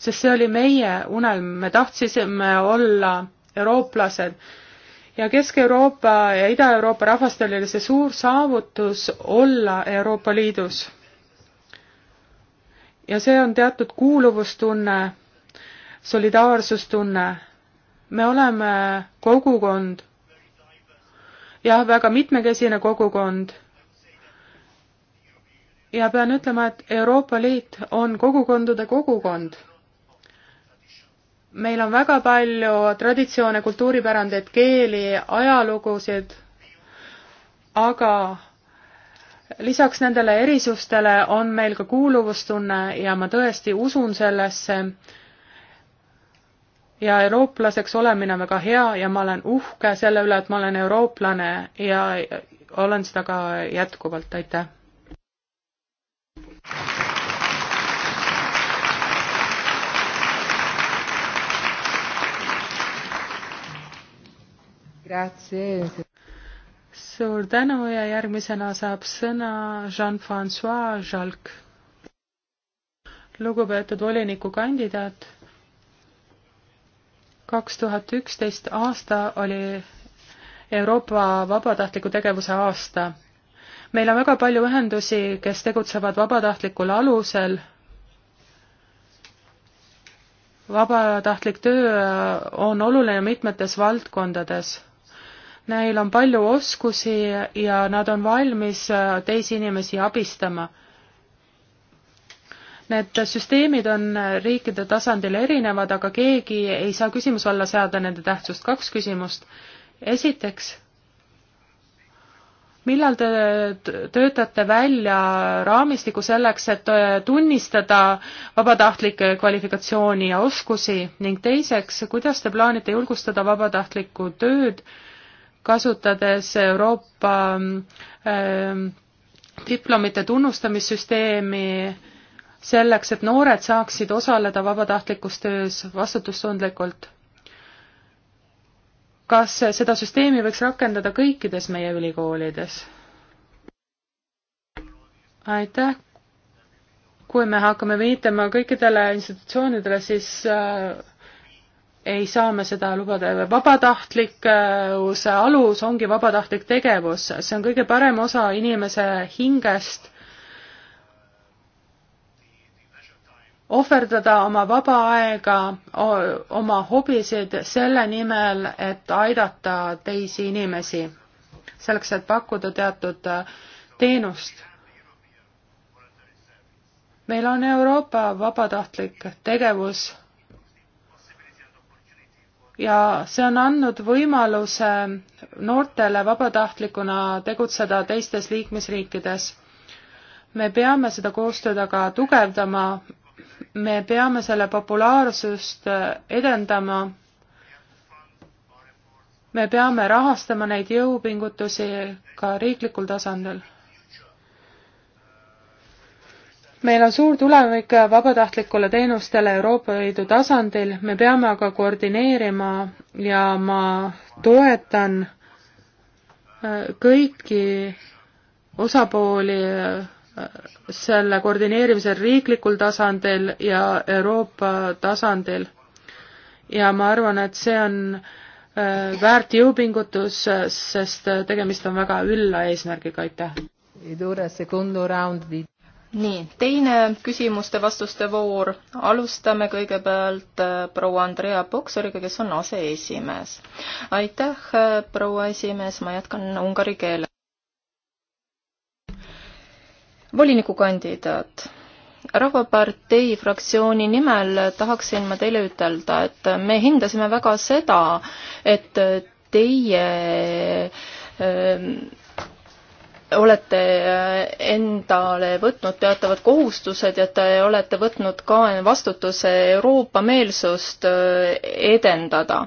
sest see oli meie unelm, me tahtsisime olla eurooplased ja Kesk-Euroopa ja Ida-Euroopa rahvastel oli see suur saavutus olla Euroopa Liidus. ja see on teatud kuuluvustunne solidaarsustunne. me oleme kogukond, jah, väga mitmekesine kogukond. ja pean ütlema, et Euroopa Liit on kogukondade kogukond. meil on väga palju traditsioone, kultuuripärandeid, keeli, ajalugusid, aga lisaks nendele erisustele on meil ka kuuluvustunne ja ma tõesti usun sellesse, ja eurooplaseks olemine on väga hea ja ma olen uhke selle üle, et ma olen eurooplane ja olen seda ka jätkuvalt, aitäh! suur tänu ja järgmisena saab sõna Jean-Francois Jalc. lugupeetud volinikukandidaat kaks tuhat üksteist aasta oli Euroopa vabatahtliku tegevuse aasta. meil on väga palju ühendusi, kes tegutsevad vabatahtlikul alusel. vabatahtlik töö on oluline mitmetes valdkondades. Neil on palju oskusi ja nad on valmis teisi inimesi abistama Need süsteemid on riikide tasandil erinevad, aga keegi ei saa küsimuse alla seada nende tähtsust. kaks küsimust. esiteks, millal te töötate välja raamistiku selleks, et äh, tunnistada vabatahtlike kvalifikatsiooni ja oskusi ning teiseks, kuidas te plaanite julgustada vabatahtlikku tööd, kasutades Euroopa äh, diplomite tunnustamissüsteemi äh, selleks, et noored saaksid osaleda vabatahtlikus töös vastutustundlikult. kas seda süsteemi võiks rakendada kõikides meie ülikoolides? aitäh. kui me hakkame viitama kõikidele institutsioonidele, siis äh, ei saa me seda lubada. vabatahtlikkuse alus ongi vabatahtlik tegevus, see on kõige parem osa inimese hingest ohverdada oma vaba aega, oma hobisid selle nimel, et aidata teisi inimesi, selleks, et pakkuda teatud äh, teenust. meil on Euroopa vabatahtlik tegevus ja see on andnud võimaluse noortele vabatahtlikuna tegutseda teistes liikmesriikides. me peame seda koostööd aga tugevdama me peame selle populaarsust äh, edendama, me peame rahastama neid jõupingutusi ka riiklikul tasandil. meil on suur tulevik vabatahtlikule teenustele Euroopa Liidu tasandil, me peame aga koordineerima ja ma toetan äh, kõiki osapooli äh, selle koordineerimisel riiklikul tasandil ja Euroopa tasandil. ja ma arvan, et see on äh, väärt jõupingutus, sest äh, tegemist on väga ülla eesmärgiga, aitäh! nii, teine küsimuste-vastuste voor. alustame kõigepealt äh, proua Andrea Poksoriga, kes on aseesimees. aitäh, proua esimees, ma jätkan ungari keeles volinikukandidaat Rahvapartei fraktsiooni nimel tahaksin ma teile ütelda, et me hindasime väga seda, et teie ähm, olete äh, endale võtnud teatavad kohustused ja te olete võtnud ka vastutuse Euroopa meelsust äh, edendada.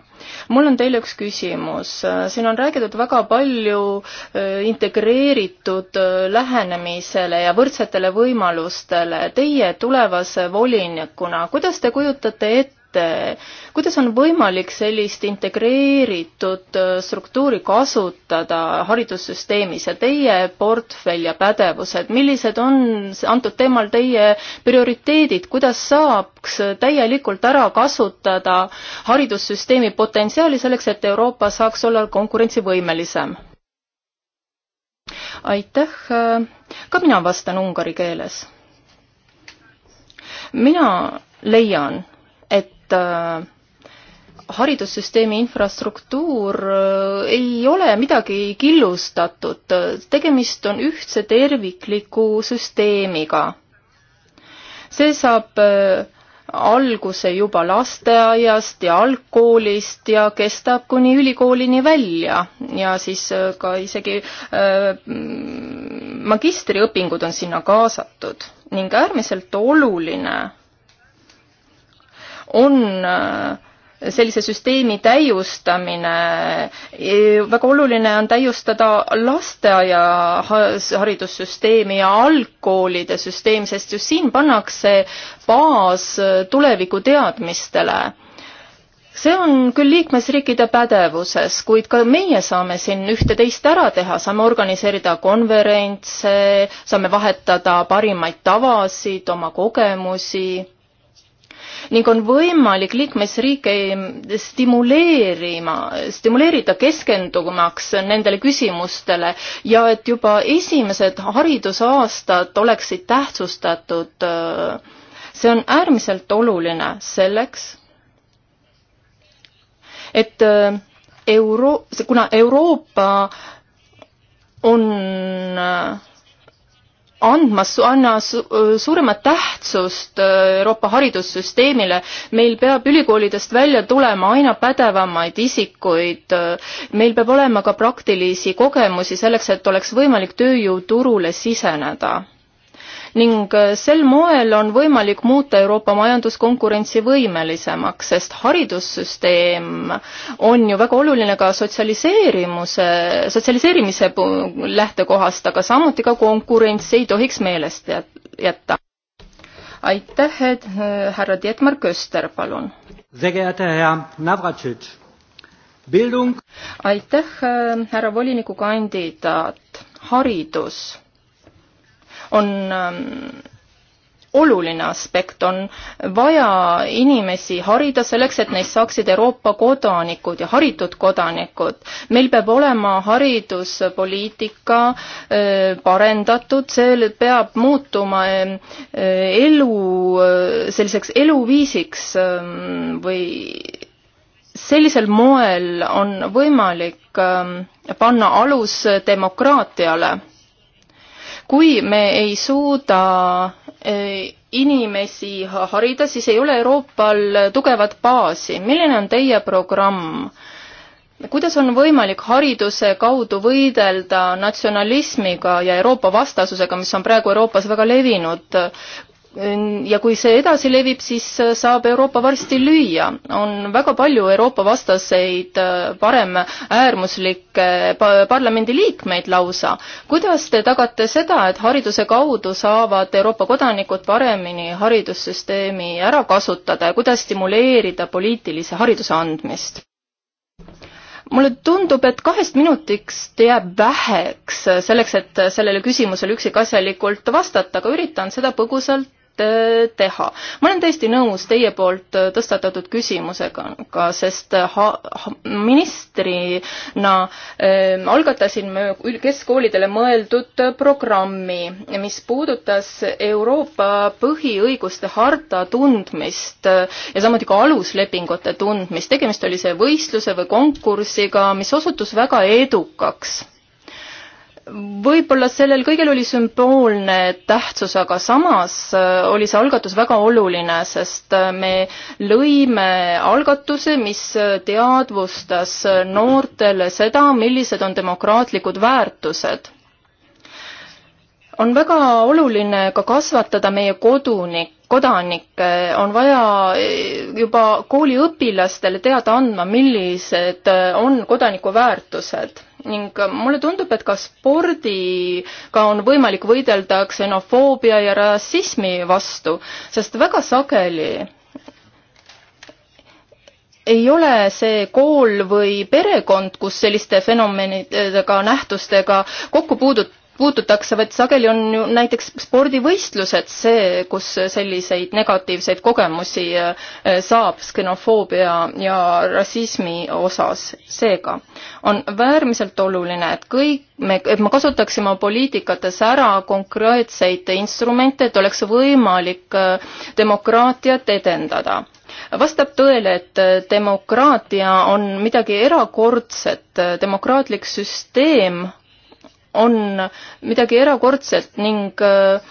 mul on teile üks küsimus. Äh, siin on räägitud väga palju integreeritud lähenemisele ja võrdsetele võimalustele. Teie tulevase volinikuna, kuidas te kujutate ette Eh, kuidas on võimalik sellist integreeritud eh, struktuuri kasutada haridussüsteemis ja teie portfell ja pädevused, millised on antud teemal teie prioriteedid, kuidas saaks täielikult ära kasutada haridussüsteemi potentsiaali selleks, et Euroopa saaks olla konkurentsivõimelisem? aitäh, ka mina vastan ungari keeles. mina leian, et äh, haridussüsteemi infrastruktuur äh, ei ole midagi killustatud, tegemist on ühtse tervikliku süsteemiga. see saab äh, alguse juba lasteaiast ja algkoolist ja kestab kuni ülikoolini välja ja siis ka isegi äh, magistriõpingud on sinna kaasatud ning äärmiselt oluline on äh, sellise süsteemi täiustamine, e, väga oluline on täiustada lasteaia haridussüsteemi ja algkoolide süsteem, sest just siin pannakse baas tulevikuteadmistele see on küll liikmesriikide pädevuses, kuid ka meie saame siin üht-teist ära teha, saame organiseerida konverentse, saame vahetada parimaid tavasid, oma kogemusi ning on võimalik liikmesriike stimuleerima, stimuleerida keskendumaks nendele küsimustele ja et juba esimesed haridusaastad oleksid tähtsustatud. see on äärmiselt oluline selleks, et euro-, kuna Euroopa on andmas, anna suuremat tähtsust Euroopa haridussüsteemile. meil peab ülikoolidest välja tulema aina pädevamaid isikuid, meil peab olema ka praktilisi kogemusi selleks, et oleks võimalik tööjõuturule siseneda ning äh, sel moel on võimalik muuta Euroopa majandus konkurentsivõimelisemaks, sest haridussüsteem on ju väga oluline ka sotsialiseerimuse, sotsialiseerimise lähtekohast, aga samuti ka konkurents ei tohiks meelest jätta. aitäh, härra Dietmar Köster, palun. aitäh, äh, härra volinikukandidaat haridus on ähm, oluline aspekt, on vaja inimesi harida selleks, et neist saaksid Euroopa kodanikud ja haritud kodanikud. meil peab olema hariduspoliitika äh, parendatud, see peab muutuma äh, elu, äh, selliseks eluviisiks ähm, või sellisel moel on võimalik ähm, panna alus demokraatiale kui me ei suuda e, inimesi harida, siis ei ole Euroopal tugevat baasi. milline on teie programm? kuidas on võimalik hariduse kaudu võidelda natsionalismiga ja Euroopa vastasusega, mis on praegu Euroopas väga levinud? ja kui see edasi levib, siis äh, saab Euroopa varsti lüüa. on väga palju Euroopa vastaseid äh, paremäärmuslikke parlamendiliikmeid lausa. kuidas te tagate seda, et hariduse kaudu saavad Euroopa kodanikud paremini haridussüsteemi ära kasutada ja kuidas stimuleerida poliitilise hariduse andmist? mulle tundub, et kahest minutiks jääb väheks selleks, et sellele küsimusele üksikasjalikult vastata, aga üritan seda põgusalt Äh, teha. ma olen täiesti nõus teie poolt äh, tõstatatud küsimusega, ka sest äh, ha-, ha, ministrina äh, algatasin me keskkoolidele mõeldud programmi, mis puudutas Euroopa põhiõiguste harta tundmist ja samuti ka aluslepingute tundmist. tegemist oli see võistluse või konkursiga, mis osutus väga edukaks võib-olla sellel kõigel oli sümboolne tähtsus, aga samas äh, oli see algatus väga oluline, sest äh, me lõime algatuse, mis äh, teadvustas noortele seda, millised on demokraatlikud väärtused. on väga oluline ka kasvatada meie kodunik, kodanikke, on vaja juba kooliõpilastele teada andma, millised on kodanikuväärtused ning mulle tundub, et ka spordiga on võimalik võidelda ksenofoobia ja rassismi vastu, sest väga sageli ei ole see kool või perekond, kus selliste fenomenidega, nähtustega kokku puudut-, puututakse, vaid sageli on ju näiteks spordivõistlused see, kus selliseid negatiivseid kogemusi äh, saab ksenofoobia ja rassismi osas. seega on äärmiselt oluline, et kõik me, et me kasutaksime poliitikates ära konkreetseid instrumente, et oleks võimalik äh, demokraatiat edendada vastab tõele, et äh, demokraatia on midagi erakordset, demokraatlik süsteem on midagi erakordset ning äh,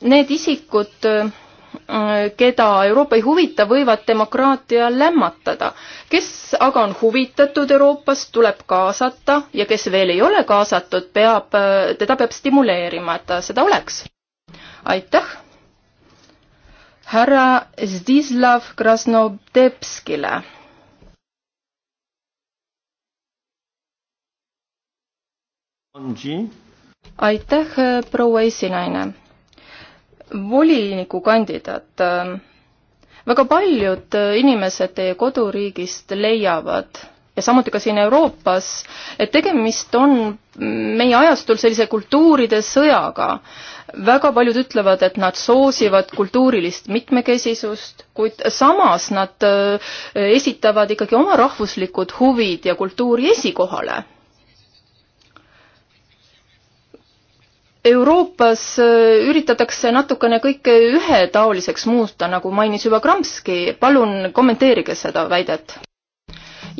need isikud, äh, keda Euroopa ei huvita, võivad demokraatia lämmatada. kes aga on huvitatud Euroopast, tuleb kaasata ja kes veel ei ole kaasatud, peab, äh, teda peab stimuleerima, et ta seda oleks. aitäh härra Zdislav Krasnodebskile aitäh, proua esinaine. volinikukandidaat, väga paljud inimesed teie koduriigist leiavad ja samuti ka siin Euroopas, et tegemist on meie ajastul sellise kultuuride sõjaga. väga paljud ütlevad, et nad soosivad kultuurilist mitmekesisust, kuid samas nad eh, esitavad ikkagi oma rahvuslikud huvid ja kultuuri esikohale Euroopas äh, üritatakse natukene kõike ühetaoliseks muuta, nagu mainis juba Kramski, palun kommenteerige seda väidet.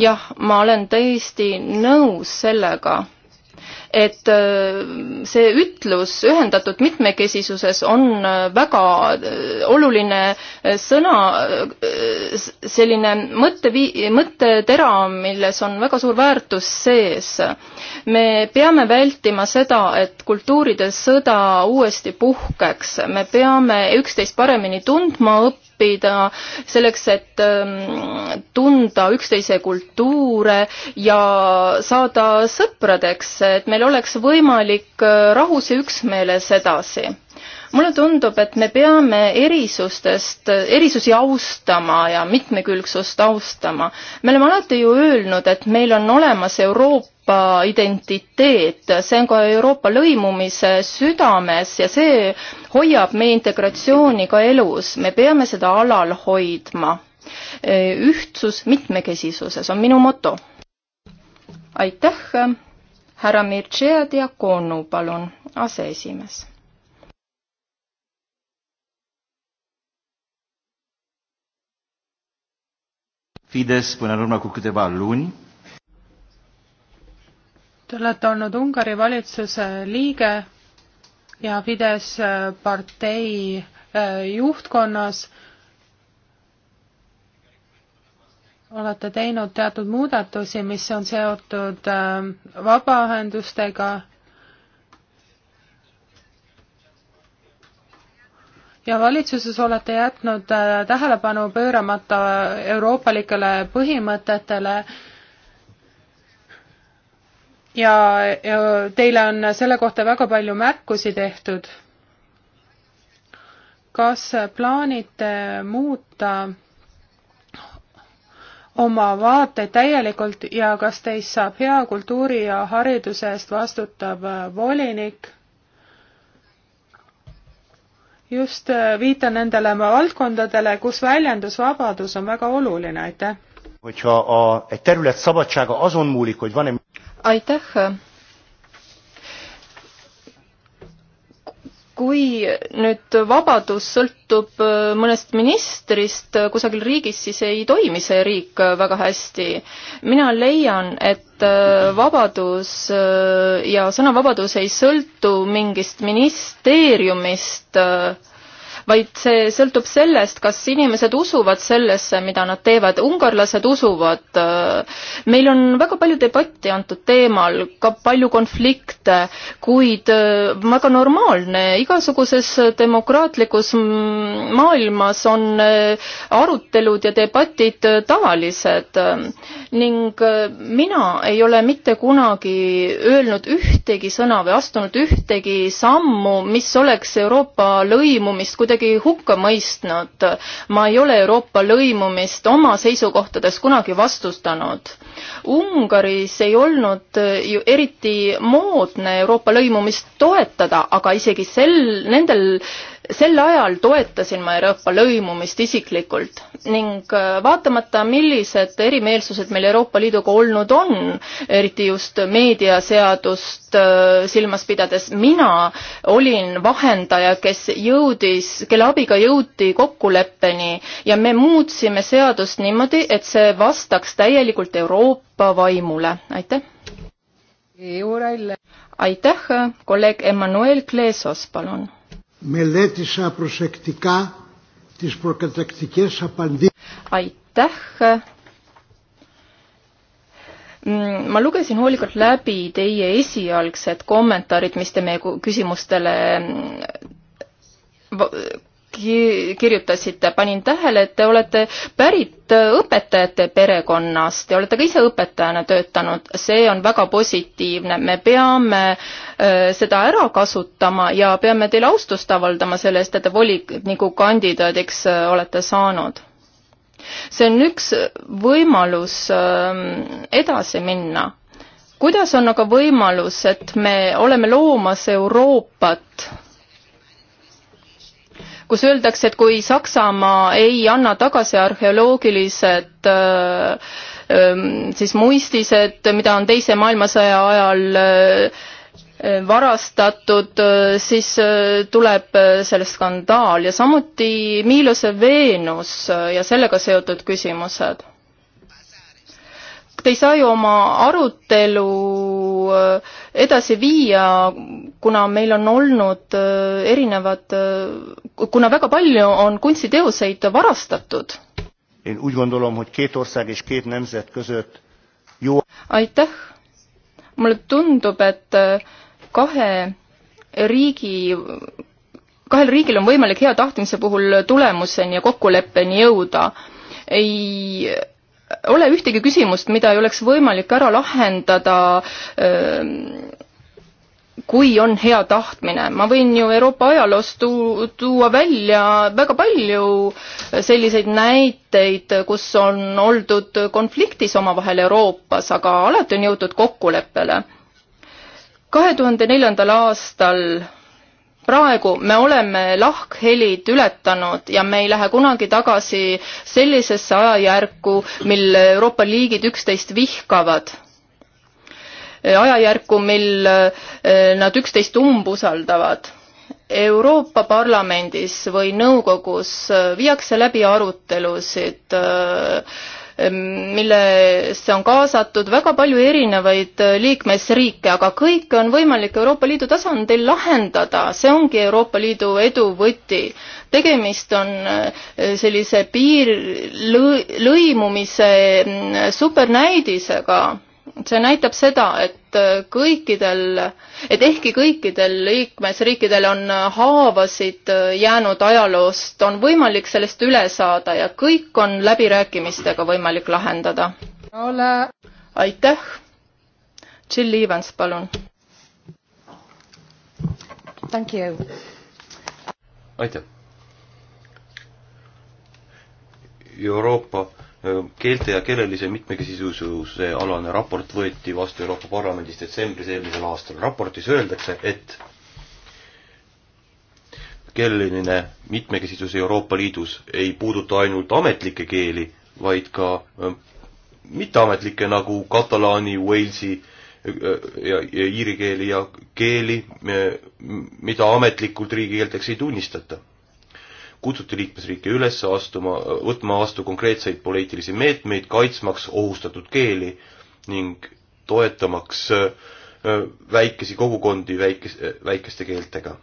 jah, ma olen täiesti nõus sellega et äh, see ütlus ühendatud mitmekesisuses on äh, väga äh, oluline sõna, selline mõttevii-, mõttetera, milles on väga suur väärtus sees. me peame vältima seda, et kultuuride sõda uuesti puhkeks, me peame üksteist paremini tundma õppima, õppida, selleks et ähm, tunda üksteise kultuure ja saada sõpradeks, et meil oleks võimalik äh, rahus ja üksmeeles edasi mulle tundub, et me peame erisustest, erisusi austama ja mitmekülgsust austama. me oleme alati ju öelnud, et meil on olemas Euroopa Euroopa identiteet, see on ka Euroopa lõimumise südames ja see hoiab meie integratsiooni ka elus, me peame seda alal hoidma. ühtsus mitmekesisuses on minu moto. aitäh, härra Mircea Diakonu, palun, aseesimees Fides, până la urmă cu câteva luni, Te olete olnud Ungari valitsuse liige ja Fides äh, partei äh, juhtkonnas. olete teinud teatud muudatusi, mis on seotud äh, vabaühendustega ja valitsuses olete jätnud tähelepanu pööramata euroopalikele põhimõtetele ja teile on selle kohta väga palju märkusi tehtud. kas plaanite muuta oma vaateid täielikult ja kas teist saab hea kultuuri ja hariduse eest vastutav volinik? just viitan nendele valdkondadele, kus väljendusvabadus on väga oluline, aitäh aitäh. kui nüüd vabadus sõltub äh, mõnest ministrist äh, kusagil riigis, siis ei toimi see riik äh, väga hästi. mina leian, et vabadus ja sõnavabadus ei sõltu mingist ministeeriumist vaid see sõltub sellest, kas inimesed usuvad sellesse, mida nad teevad. ungarlased usuvad. Äh, meil on väga palju debatti antud teemal, ka palju konflikte, kuid äh, väga normaalne, igasuguses demokraatlikus maailmas on äh, arutelud ja debatid tavalised ning mina ei ole mitte kunagi öelnud ühtegi sõna või astunud ühtegi sammu, mis oleks Euroopa lõimumist kuidagi kuidagi hukka mõistnud. ma ei ole Euroopa lõimumist oma seisukohtades kunagi vastustanud. Ungaris ei olnud ju eriti moodne Euroopa lõimumist toetada, aga isegi sel, nendel sel ajal toetasin ma Euroopa lõimumist isiklikult ning äh, vaatamata, millised erimeelsused meil Euroopa Liiduga olnud on, eriti just meediaseadust äh, silmas pidades, mina olin vahendaja, kes jõudis, kelle abiga jõuti kokkuleppeni ja me muutsime seadust niimoodi, et see vastaks täielikult Euroopa vaimule, aitäh. aitäh, kolleeg Emmanuel Kleesos, palun Μελέτησα προσεκτικά τις προκατακτικές απαντήσεις. Aitäh! Mm, ma lugesin hoolikalt läbi teie esialgsed kommentaarid, mis te meie küsimustele mm, ki-, kirjutasite, panin tähele, et te olete pärit õpetajate perekonnast ja olete ka ise õpetajana töötanud. see on väga positiivne, me peame äh, seda ära kasutama ja peame teile austust avaldama selle eest, et te voliniku kandidaadiks äh, olete saanud see on üks võimalus äh, edasi minna. kuidas on aga võimalus, et me oleme loomas Euroopat, kus öeldakse, et kui Saksamaa ei anna tagasi arheoloogilised äh, ähm, siis muistised, mida on Teise maailmasõja ajal äh, varastatud, äh, siis tuleb sellest skandaal ja samuti Miilose Veenus ja sellega seotud küsimused te ei saa ju oma arutelu äh, edasi viia, kuna meil on olnud äh, erinevad, äh, kuna väga palju on kunstiteoseid varastatud. aitäh, mulle tundub, et kahe riigi kahel riigil on võimalik hea tahtmise puhul tulemuseni ja kokkuleppeni jõuda. ei ole ühtegi küsimust, mida ei oleks võimalik ära lahendada ähm, kui on hea tahtmine. ma võin ju Euroopa ajaloos tu-, tuua välja väga palju selliseid näiteid, kus on oldud konfliktis omavahel Euroopas, aga alati on jõutud kokkuleppele. kahe tuhande neljandal aastal praegu me oleme lahkhelid ületanud ja me ei lähe kunagi tagasi sellisesse ajajärku, mil Euroopa liigid üksteist vihkavad. ajajärku, mil eh, nad üksteist umbusaldavad. Euroopa Parlamendis või nõukogus eh, viiakse läbi arutelusid äh, millesse on kaasatud väga palju erinevaid äh, liikmesriike, aga kõike on võimalik Euroopa Liidu tasandil lahendada, see ongi Euroopa Liidu edu võti. tegemist on äh, sellise piir, lõimumise mm, supernäidisega see näitab seda, et äh, kõikidel, et ehkki kõikidel liikmesriikidel on äh, haavasid äh, jäänud ajaloost, on võimalik sellest üle saada ja kõik on läbirääkimistega võimalik lahendada. ole. aitäh. Jill Evans, palun. Thank you. aitäh. Euroopa keelte ja keelelise mitmekesisuse alane raport võeti vastu Euroopa Parlamendis detsembris eelmisel aastal. raportis öeldakse, et keeleline mitmekesisus Euroopa Liidus ei puuduta ainult ametlikke keeli, vaid ka äh, mitteametlikke nagu katalaani, Walesi äh, ja, ja iiri keeli ja keeli, äh, mida ametlikult riigikeelteks ei tunnistata kutsuti liikmesriike üles astuma, võtma vastu konkreetseid poliitilisi meetmeid, kaitsmaks ohustatud keeli ning toetamaks äh, väikesi kogukondi väikese, väikeste keeltega.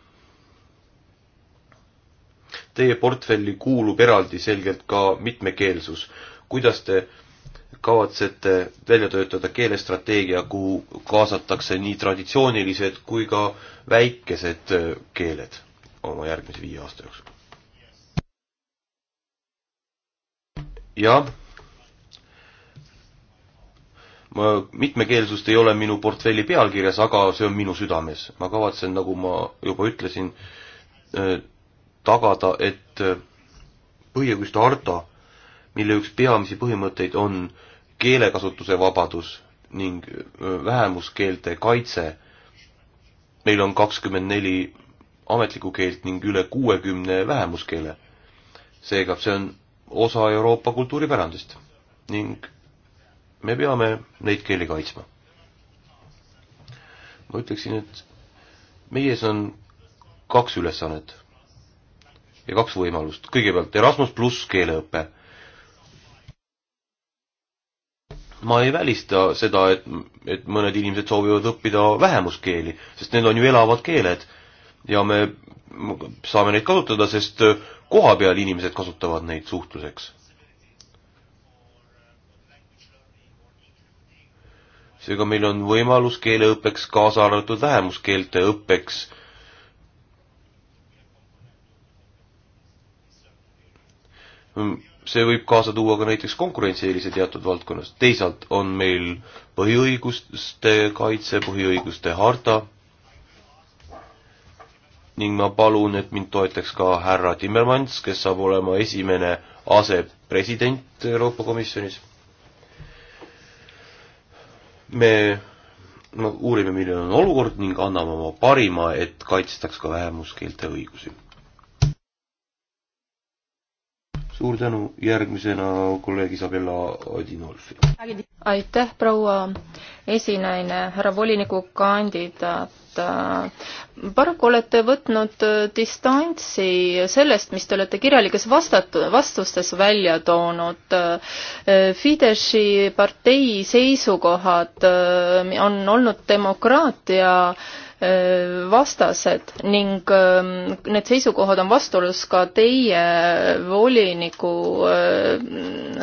Teie portfelli kuulub eraldi selgelt ka mitmekeelsus. kuidas te kavatsete välja töötada keelestrateegia, kuhu kaasatakse nii traditsioonilised kui ka väikesed äh, keeled oma järgmise viie aasta jooksul? jah, ma, mitmekeelsust ei ole minu portfelli pealkirjas, aga see on minu südames. ma kavatsen, nagu ma juba ütlesin, äh, tagada, et äh, põhiõiguste harta, mille üks peamisi põhimõtteid on keelekasutuse vabadus ning äh, vähemuskeelte kaitse, meil on kakskümmend neli ametlikku keelt ning üle kuuekümne vähemuskeele. seega see on osa Euroopa kultuuripärandist ning me peame neid keeli kaitsma. ma ütleksin, et meie ees on kaks ülesannet ja kaks võimalust. kõigepealt Erasmus pluss keeleõpe. ma ei välista seda, et, et mõned inimesed soovivad õppida vähemuskeeli, sest need on ju elavad keeled ja me saame neid kasutada, sest kohapeal inimesed kasutavad neid suhtluseks. seega meil on võimalus keeleõppeks, kaasa arvatud vähemuskeelte õppeks. see võib kaasa tuua ka näiteks konkurentsieelise teatud valdkonnas, teisalt on meil põhiõiguste kaitse, põhiõiguste harta ning ma palun, et mind toetaks ka härra Timmermans, kes saab olema esimene asepresident Euroopa Komisjonis. me no, uurime, milline on olukord ning anname oma parima, et kaitstaks ka vähemuskeelte õigusi. suur tänu, järgmisena kolleeg Isabella Odinolfi. aitäh, proua esinaine, härra volinikukandidaat hinnata. Äh, paraku olete võtnud äh, distantsi sellest, mis te olete kirjalikes vastat-, vastustes välja toonud. Äh, Fideszi partei seisukohad on olnud demokraatia vastased ning need seisukohad on vastuolus ka teie voliniku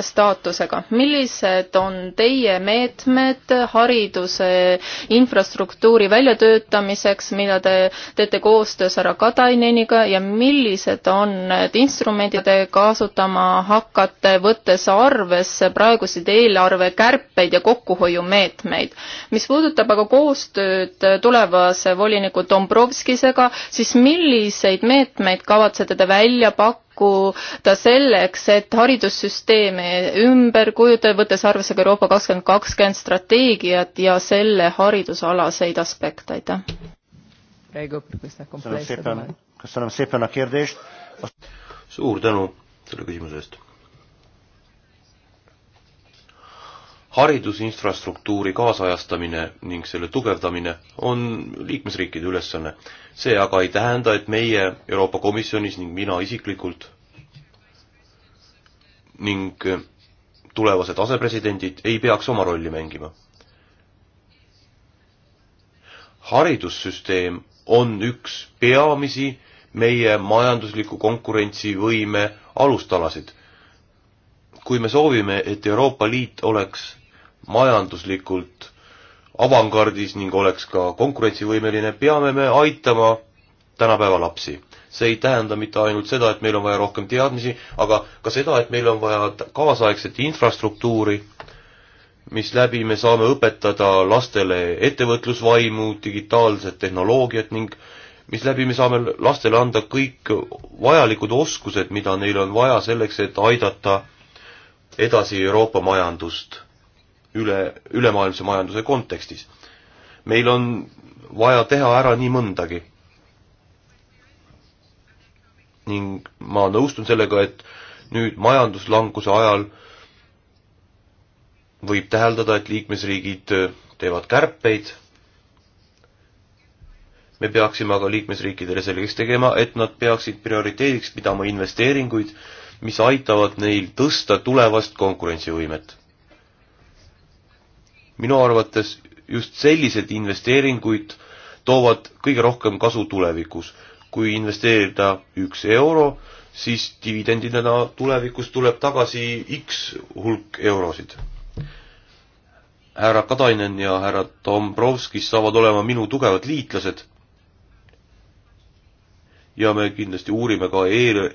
staatusega. millised on teie meetmed hariduse infrastruktuuri väljatöötamiseks, mida te teete koostöös härra Kataineniga ja millised on need instrumendid, te kasutama hakkate, võttes arvesse praeguseid eelarvekärpeid ja kokkuhoiumeetmeid? mis puudutab aga koostööd tulevase volinikku Dombrovskisega, siis milliseid meetmeid kavatsete te välja pakkuda selleks, et haridussüsteemi ümber kujutada, võttes arvesse ka Euroopa kakskümmend kakskümmend strateegiat ja selle haridusalaseid aspekte, aitäh! suur tänu selle küsimuse eest! haridusinfrastruktuuri kaasajastamine ning selle tugevdamine on liikmesriikide ülesanne. see aga ei tähenda, et meie Euroopa Komisjonis ning mina isiklikult ning tulevased asepresidendid ei peaks oma rolli mängima. haridussüsteem on üks peamisi meie majandusliku konkurentsivõime alustalasid. kui me soovime, et Euroopa Liit oleks majanduslikult avangardis ning oleks ka konkurentsivõimeline, peame me aitama tänapäeva lapsi. see ei tähenda mitte ainult seda, et meil on vaja rohkem teadmisi, aga ka seda, et meil on vaja kaasaegset infrastruktuuri, mis läbi me saame õpetada lastele ettevõtlusvaimu, digitaalset tehnoloogiat ning mis läbi me saame lastele anda kõik vajalikud oskused, mida neil on vaja selleks, et aidata edasi Euroopa majandust üle, ülemaailmse majanduse kontekstis. meil on vaja teha ära nii mõndagi. ning ma nõustun sellega, et nüüd majanduslanguse ajal võib täheldada, et liikmesriigid teevad kärpeid, me peaksime aga liikmesriikidele selgeks tegema, et nad peaksid prioriteediks pidama investeeringuid, mis aitavad neil tõsta tulevast konkurentsivõimet minu arvates just sellised investeeringuid toovad kõige rohkem kasu tulevikus. kui investeerida üks euro, siis dividendidena tulevikus tuleb tagasi X hulk eurosid. härra Katainen ja härra Dombrovskis saavad olema minu tugevad liitlased. ja me kindlasti uurime ka eel-,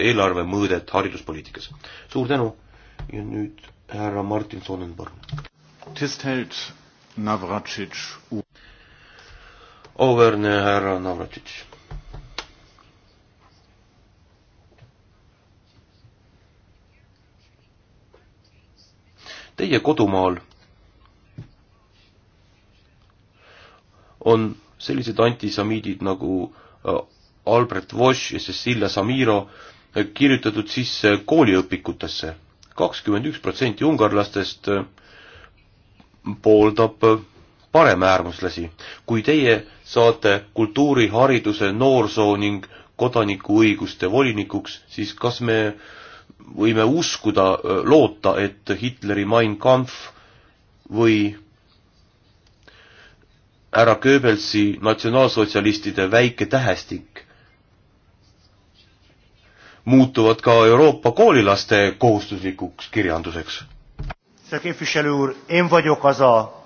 eelarve mõõdet hariduspoliitikas. suur tänu ja nüüd härra Martin Sonnenberg tisztelt Navracsics úr. Auvergne härra Navracsics. Teie kodumaal on sellised antisamiidid nagu äh, Albert Vosch ja Cecilia Samiro äh, kirjutatud sisse kooliõpikutesse. kakskümmend üks protsenti ungarlastest äh, pooldab paremäärmuslasi. kui teie saate kultuuri, hariduse, noorsoo ning kodanikuõiguste volinikuks, siis kas me võime uskuda, loota, et Hitleri Mein Kampf või härra Goebbelsi natsionaalsotsialistide väike tähestik muutuvad ka Euroopa koolilaste kohustuslikuks kirjanduseks? Tisztelt képviselő úr, én vagyok az a...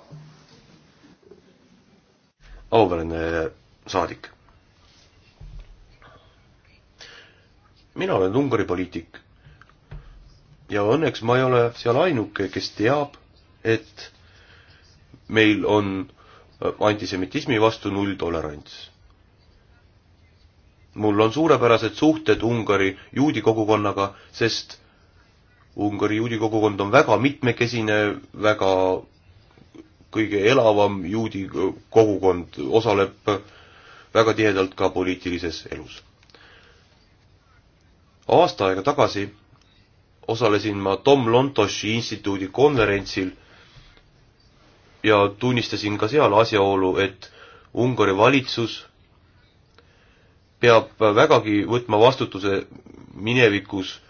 Auväärinne eh, saadik. mina olen Ungari poliitik. ja õnneks ma ei ole seal ainuke, kes teab, et meil on eh, antisemitismi vastu nulltolerants. mul on suurepärased suhted Ungari juudi kogukonnaga, sest Ungari juudi kogukond on väga mitmekesine, väga kõige elavam juudi kogukond, osaleb väga tihedalt ka poliitilises elus. aasta aega tagasi osalesin ma Tom Lontoši instituudi konverentsil ja tunnistasin ka seal asjaolu, et Ungari valitsus peab vägagi võtma vastutuse minevikus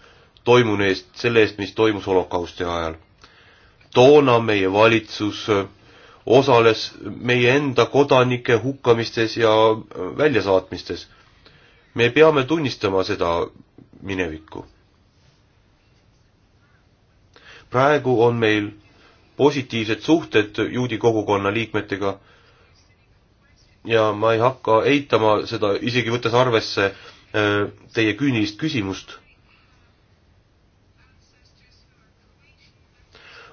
toimunu eest, selle eest, mis toimus holokausti ajal. toona meie valitsus äh, osales meie enda kodanike hukkamistes ja äh, väljasaatmistes. me peame tunnistama seda minevikku. praegu on meil positiivsed suhted juudi kogukonna liikmetega ja ma ei hakka eitama seda, isegi võttes arvesse äh, teie küünilist küsimust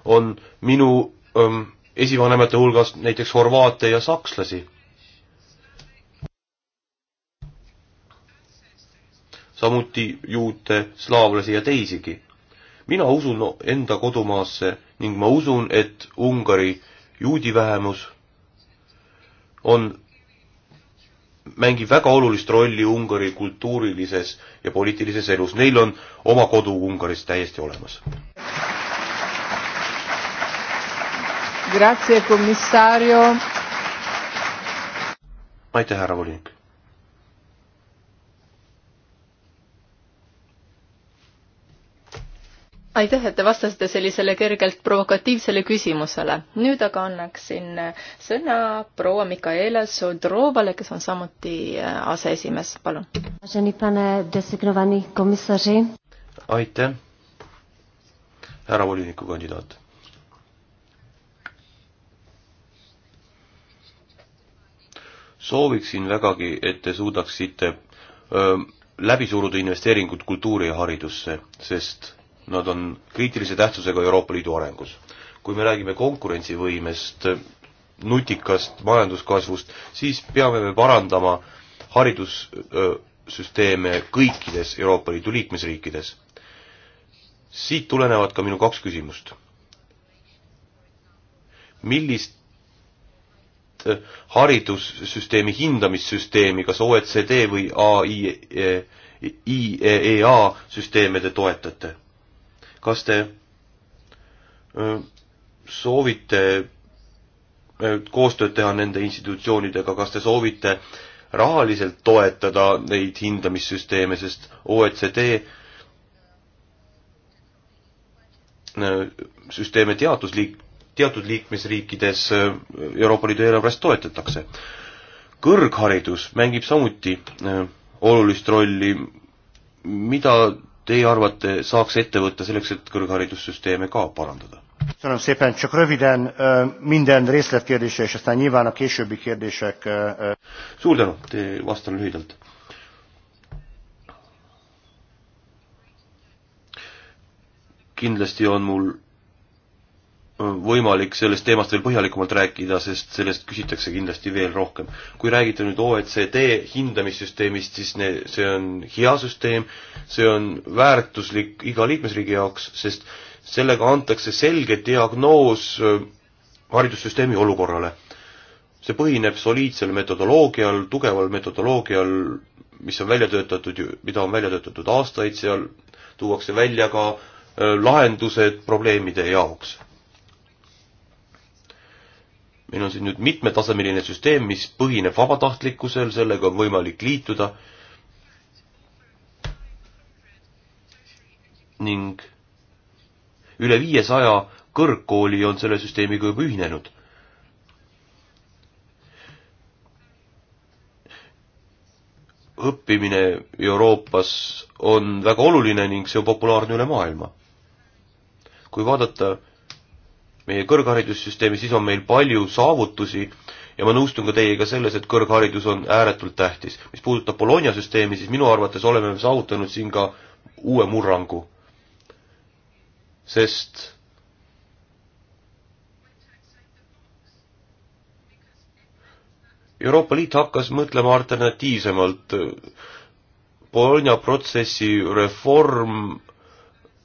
on minu öm, ähm, esivanemate hulgas näiteks horvaate ja sakslasi. samuti juute, slaavlasi ja teisigi. mina usun enda kodumaasse ning ma usun, et Ungari juudi vähemus on, mängib väga olulist rolli Ungari kultuurilises ja poliitilises elus. Neil on oma kodu Ungaris täiesti olemas. aitäh, härra volinik. aitäh, et te vastasite sellisele kergelt provokatiivsele küsimusele. nüüd aga annaksin sõna proua Mikaela Sodrovale, kes on samuti äh, aseesimees, palun. aitäh, härra volinikukandidaat sooviksin vägagi, et te suudaksite öö, läbi suruda investeeringud kultuuri ja haridusse, sest nad on kriitilise tähtsusega Euroopa Liidu arengus. kui me räägime konkurentsivõimest, nutikast majanduskasvust, siis peame me parandama haridussüsteeme kõikides Euroopa Liidu liikmesriikides. siit tulenevad ka minu kaks küsimust. millist Eh, haridussüsteemi hindamissüsteemi, kas OECD või AI, IEA e süsteeme te toetate? kas te eh, soovite eh, koostööd teha nende institutsioonidega, kas te soovite rahaliselt toetada neid hindamissüsteeme, sest OECD süsteeme teadusliik-, teatud liikmesriikides äh, Euroopa Liidu eelarvest toetatakse. kõrgharidus mängib samuti äh, olulist rolli, mida teie arvate, saaks ette võtta selleks, et kõrgharidussüsteeme ka parandada? Köszönöm szépen, csak röviden minden részletkérdése, és aztán nyilván a későbbi kérdések. Suur tänu, te vastan lühidalt. kindlasti on mul võimalik sellest teemast veel põhjalikumalt rääkida, sest sellest küsitakse kindlasti veel rohkem. kui räägite nüüd OECD hindamissüsteemist, siis ne, see on hea süsteem, see on väärtuslik iga liikmesriigi jaoks, sest sellega antakse selge diagnoos äh, haridussüsteemi olukorrale. see põhineb soliidsel metodoloogial, tugeval metodoloogial, mis on välja töötatud, mida on välja töötatud aastaid, seal tuuakse välja ka äh, lahendused probleemide jaoks meil on siin nüüd mitmetasemeline süsteem, mis põhineb vabatahtlikkusel, sellega on võimalik liituda ning üle viiesaja kõrgkooli on selle süsteemiga juba ühinenud. õppimine Euroopas on väga oluline ning see on populaarne üle maailma. kui vaadata meie kõrgharidussüsteemi, siis on meil palju saavutusi ja ma nõustun ka teiega selles, et kõrgharidus on ääretult tähtis. mis puudutab Bologna süsteemi, siis minu arvates oleme me saavutanud siin ka uue murrangu. sest Euroopa Liit hakkas mõtlema alternatiivsemalt. Bologna protsessi reform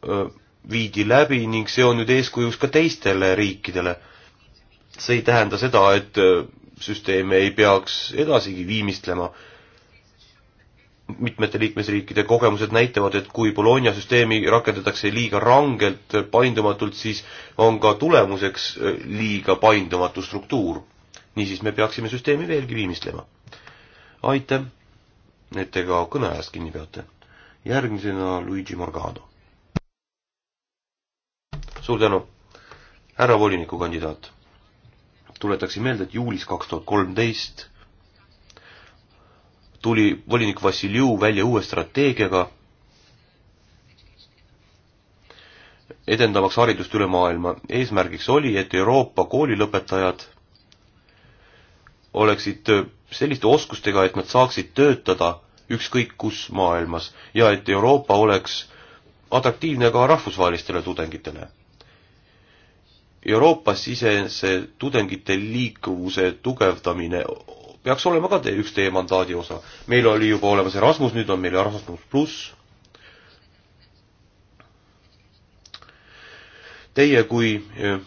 äh, viidi läbi ning see on nüüd eeskujuks ka teistele riikidele. see ei tähenda seda, et äh, süsteeme ei peaks edasigi viimistlema. mitmete liikmesriikide kogemused näitavad, et kui Bologna süsteemi rakendatakse liiga rangelt, paindumatult, siis on ka tulemuseks äh, liiga paindumatu struktuur. niisiis me peaksime süsteemi veelgi viimistlema. aitäh, et te ka kõneajast kinni peate. järgmisena Luigi Morgado suur tänu, härra volinikukandidaat. tuletaksin meelde, et juulis kaks tuhat kolmteist tuli volinik Vassiljev välja uue strateegiaga, edendamaks haridust üle maailma. eesmärgiks oli, et Euroopa koolilõpetajad oleksid selliste oskustega, et nad saaksid töötada ükskõik kus maailmas ja et Euroopa oleks atraktiivne ka rahvusvahelistele tudengitele. Euroopa-sisese tudengite liikuvuse tugevdamine peaks olema ka te, üks teie mandaadi osa. meil oli juba olemas Erasmus, nüüd on meil Erasmus pluss. Teie kui eh,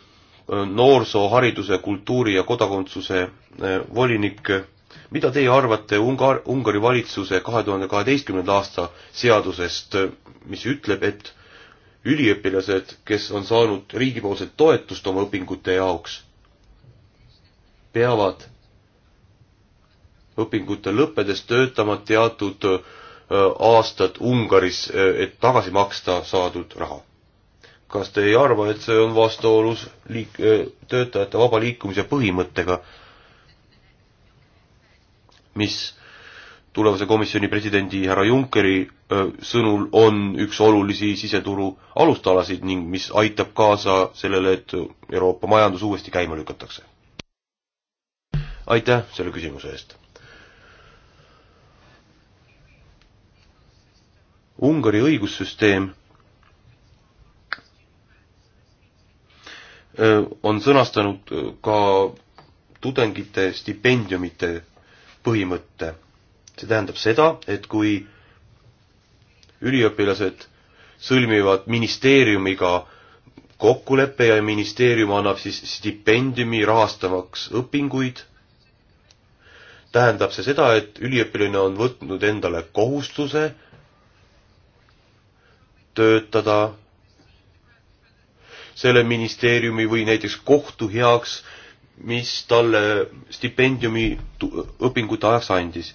noorsoo, hariduse, kultuuri ja kodakondsuse eh, volinik, mida teie arvate Ungar-, Ungari valitsuse kahe tuhande kaheteistkümnenda aasta seadusest, mis ütleb, et üliõpilased, kes on saanud riigipoolset toetust oma õpingute jaoks, peavad õpingute lõppedes töötama teatud äh, aastad Ungaris, äh, et tagasi maksta saadud raha. kas te ei arva, et see on vastuolus liik-, äh, töötajate vaba liikumise põhimõttega, mis tulevase komisjoni presidendi härra Junckeri sõnul on üks olulisi siseturu alustalasid ning mis aitab kaasa sellele, et Euroopa majandus uuesti käima lükatakse. aitäh selle küsimuse eest. Ungari õigussüsteem on sõnastanud ka tudengite stipendiumite põhimõtte see tähendab seda, et kui üliõpilased sõlmivad ministeeriumiga kokkuleppe ja ministeerium annab siis stipendiumi rahastamaks õpinguid, tähendab see seda, et üliõpilane on võtnud endale kohustuse töötada selle ministeeriumi või näiteks kohtu heaks, mis talle stipendiumi õpingute ajaks andis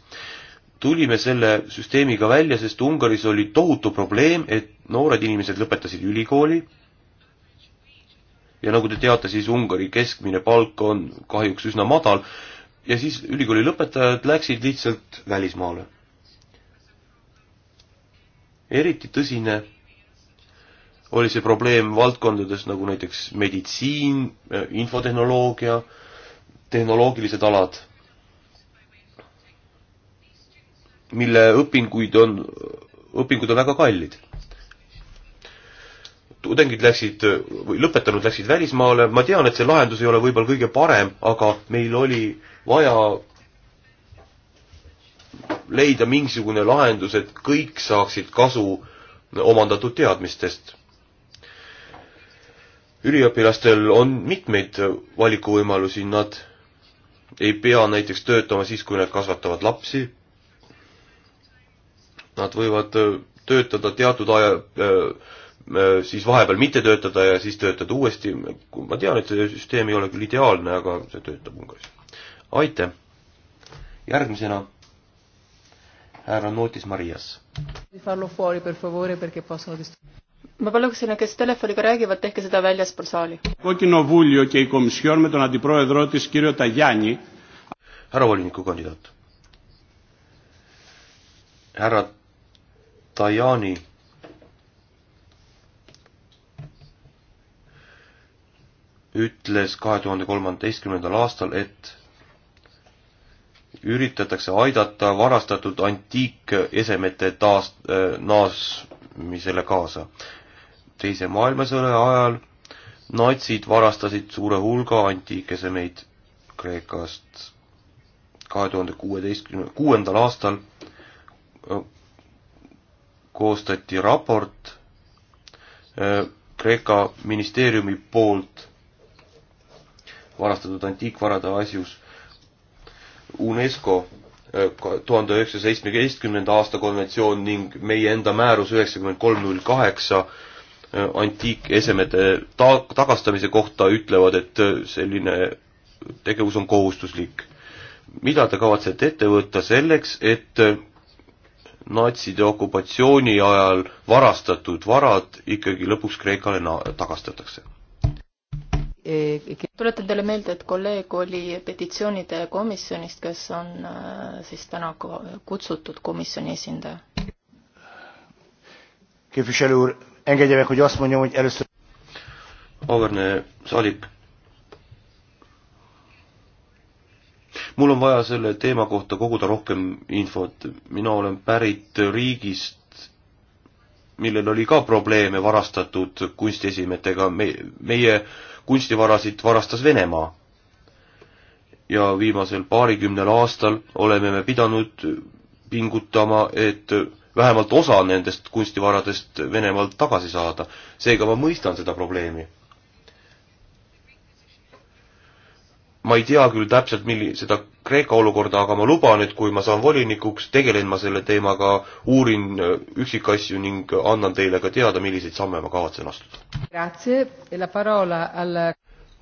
tulime selle süsteemiga välja, sest Ungaris oli tohutu probleem, et noored inimesed lõpetasid ülikooli. ja nagu te teate, siis Ungari keskmine palk on kahjuks üsna madal ja siis ülikooli lõpetajad läksid lihtsalt välismaale. eriti tõsine oli see probleem valdkondades nagu näiteks meditsiin, infotehnoloogia, tehnoloogilised alad mille õpinguid on, õpingud on väga kallid. tudengid läksid või lõpetanud läksid välismaale, ma tean, et see lahendus ei ole võib-olla kõige parem, aga meil oli vaja leida mingisugune lahendus, et kõik saaksid kasu omandatud teadmistest. üliõpilastel on mitmeid valikuvõimalusi, nad ei pea näiteks töötama siis, kui nad kasvatavad lapsi Nad võivad äh, töötada teatud aja, äh, äh, siis vahepeal mitte töötada ja siis töötada uuesti. ma tean, et see süsteem ei ole küll ideaalne, aga see töötab umbes. aitäh! järgmisena härra Nootis Marias. ma paluksin, kes telefoniga räägivad, tehke seda väljaspool saali. härra volinikukandidaat härra Tajani ütles kahe tuhande kolmeteistkümnendal aastal, et üritatakse aidata varastatud antiikesemete taas-, naasmisele kaasa. teise maailmasõja ajal natsid varastasid suure hulga antiikesemeid Kreekast kahe tuhande kuueteistkümne, kuuendal aastal koostati raport äh, Kreeka ministeeriumi poolt varastatud antiikvarade asjus UNESCO äh, tuhande üheksasaja seitsmeteistkümnenda aasta konventsioon ning meie enda määrus üheksakümmend kolm null kaheksa äh, antiikesemete ta-, tagastamise kohta ütlevad, et selline tegevus on kohustuslik. mida te kavatsete ette võtta selleks, et natside okupatsiooni ajal varastatud varad ikkagi lõpuks Kreekale tagastatakse? tuletan teile meelde, et kolleeg oli petitsioonide komisjonist, kes on äh, siis täna kutsutud komisjoni esindaja. auväärne saadik mul on vaja selle teema kohta koguda rohkem infot. mina olen pärit riigist, millel oli ka probleeme varastatud kunstiesimetega. me, meie kunstivarasid varastas Venemaa. ja viimasel paarikümnel aastal oleme me pidanud pingutama, et vähemalt osa nendest kunstivaradest Venemaalt tagasi saada. seega ma mõistan seda probleemi ma ei tea küll täpselt, milli-, seda Kreeka olukorda, aga ma luban, et kui ma saan volinikuks, tegelen ma selle teemaga, uurin äh, üksikasju ning äh, annan teile ka teada, milliseid samme ma kavatsen astuda. E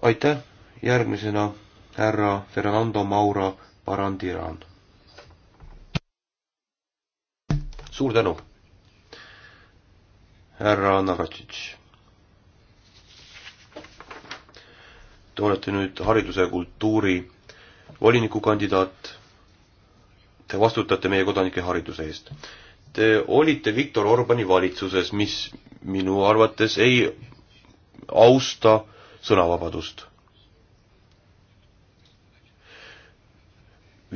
aitäh, järgmisena härra Fernando Mauro Barandiran. suur tänu, härra Navratšitš Te olete nüüd hariduse ja kultuuri volinikukandidaat. Te vastutate meie kodanike hariduse eest. Te olite Viktor Orbani valitsuses, mis minu arvates ei austa sõnavabadust.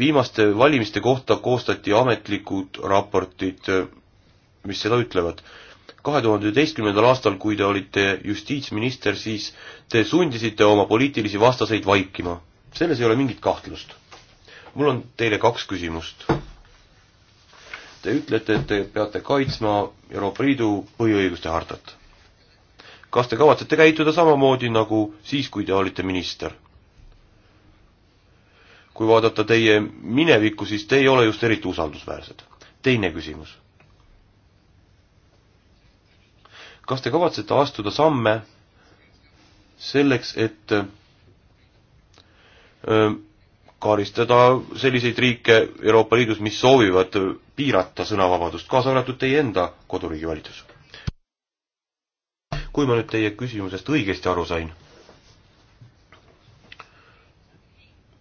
viimaste valimiste kohta koostati ametlikud raportid, mis seda ütlevad kahe tuhande üheteistkümnendal aastal, kui te olite justiitsminister, siis te sundisite oma poliitilisi vastaseid vaikima. selles ei ole mingit kahtlust. mul on teile kaks küsimust. Te ütlete, et te peate kaitsma Euroopa Liidu põhiõiguste hartat. kas te kavatsete käituda samamoodi nagu siis, kui te olite minister? kui vaadata teie minevikku, siis te ei ole just eriti usaldusväärsed. teine küsimus kas te kavatsete astuda samme selleks, et karistada selliseid riike Euroopa Liidus, mis soovivad piirata sõnavabadust, kaasa arvatud teie enda koduriigi valitsus? kui ma nüüd teie küsimusest õigesti aru sain,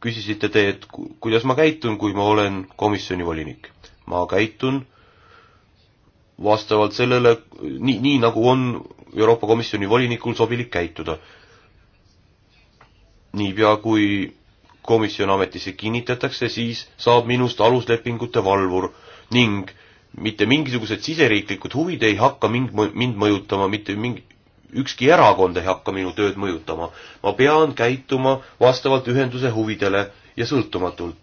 küsisite te, et kuidas ma käitun, kui ma olen komisjoni volinik. ma käitun äh, vastavalt sellele, nii, nii nagu on Euroopa Komisjoni volinikul sobilik käituda. niipea, kui komisjon ametisse kinnitatakse, siis saab minust aluslepingute valvur ning mitte mingisugused siseriiklikud huvid ei hakka mind, mind mõjutama, mitte mingi, ükski erakond ei hakka minu tööd mõjutama. ma pean käituma vastavalt ühenduse huvidele ja sõltumatult.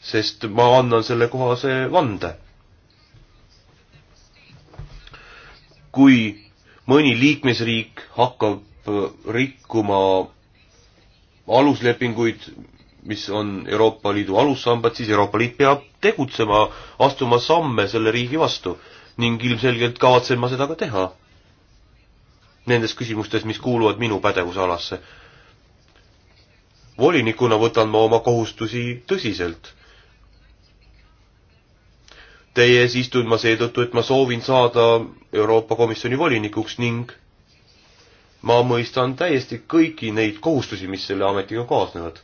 sest ma annan sellekohase vande kui mõni liikmesriik hakkab äh, rikkuma aluslepinguid, mis on Euroopa Liidu alussambad, siis Euroopa Liit peab tegutsema, astuma samme selle riigi vastu ning ilmselgelt kavatsen ma seda ka teha. Nendes küsimustes, mis kuuluvad minu pädevusalasse. volinikuna võtan ma oma kohustusi tõsiselt teie ees istun ma seetõttu, et ma soovin saada Euroopa Komisjoni volinikuks ning ma mõistan täiesti kõiki neid kohustusi, mis selle ametiga kaasnevad.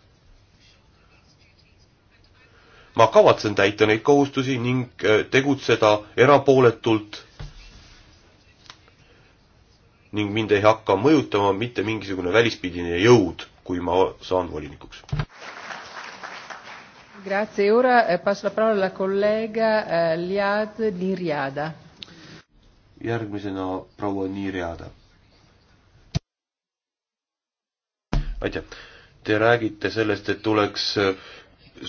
ma kavatsen täita neid kohustusi ning äh, tegutseda erapooletult ning mind ei hakka mõjutama mitte mingisugune välispidine jõud, kui ma saan volinikuks. Grazie, ora eh, passo la parola alla collega eh, Liad Nirjada. järgmisena proua Nirjada. aitäh. Te räägite sellest, et tuleks eh,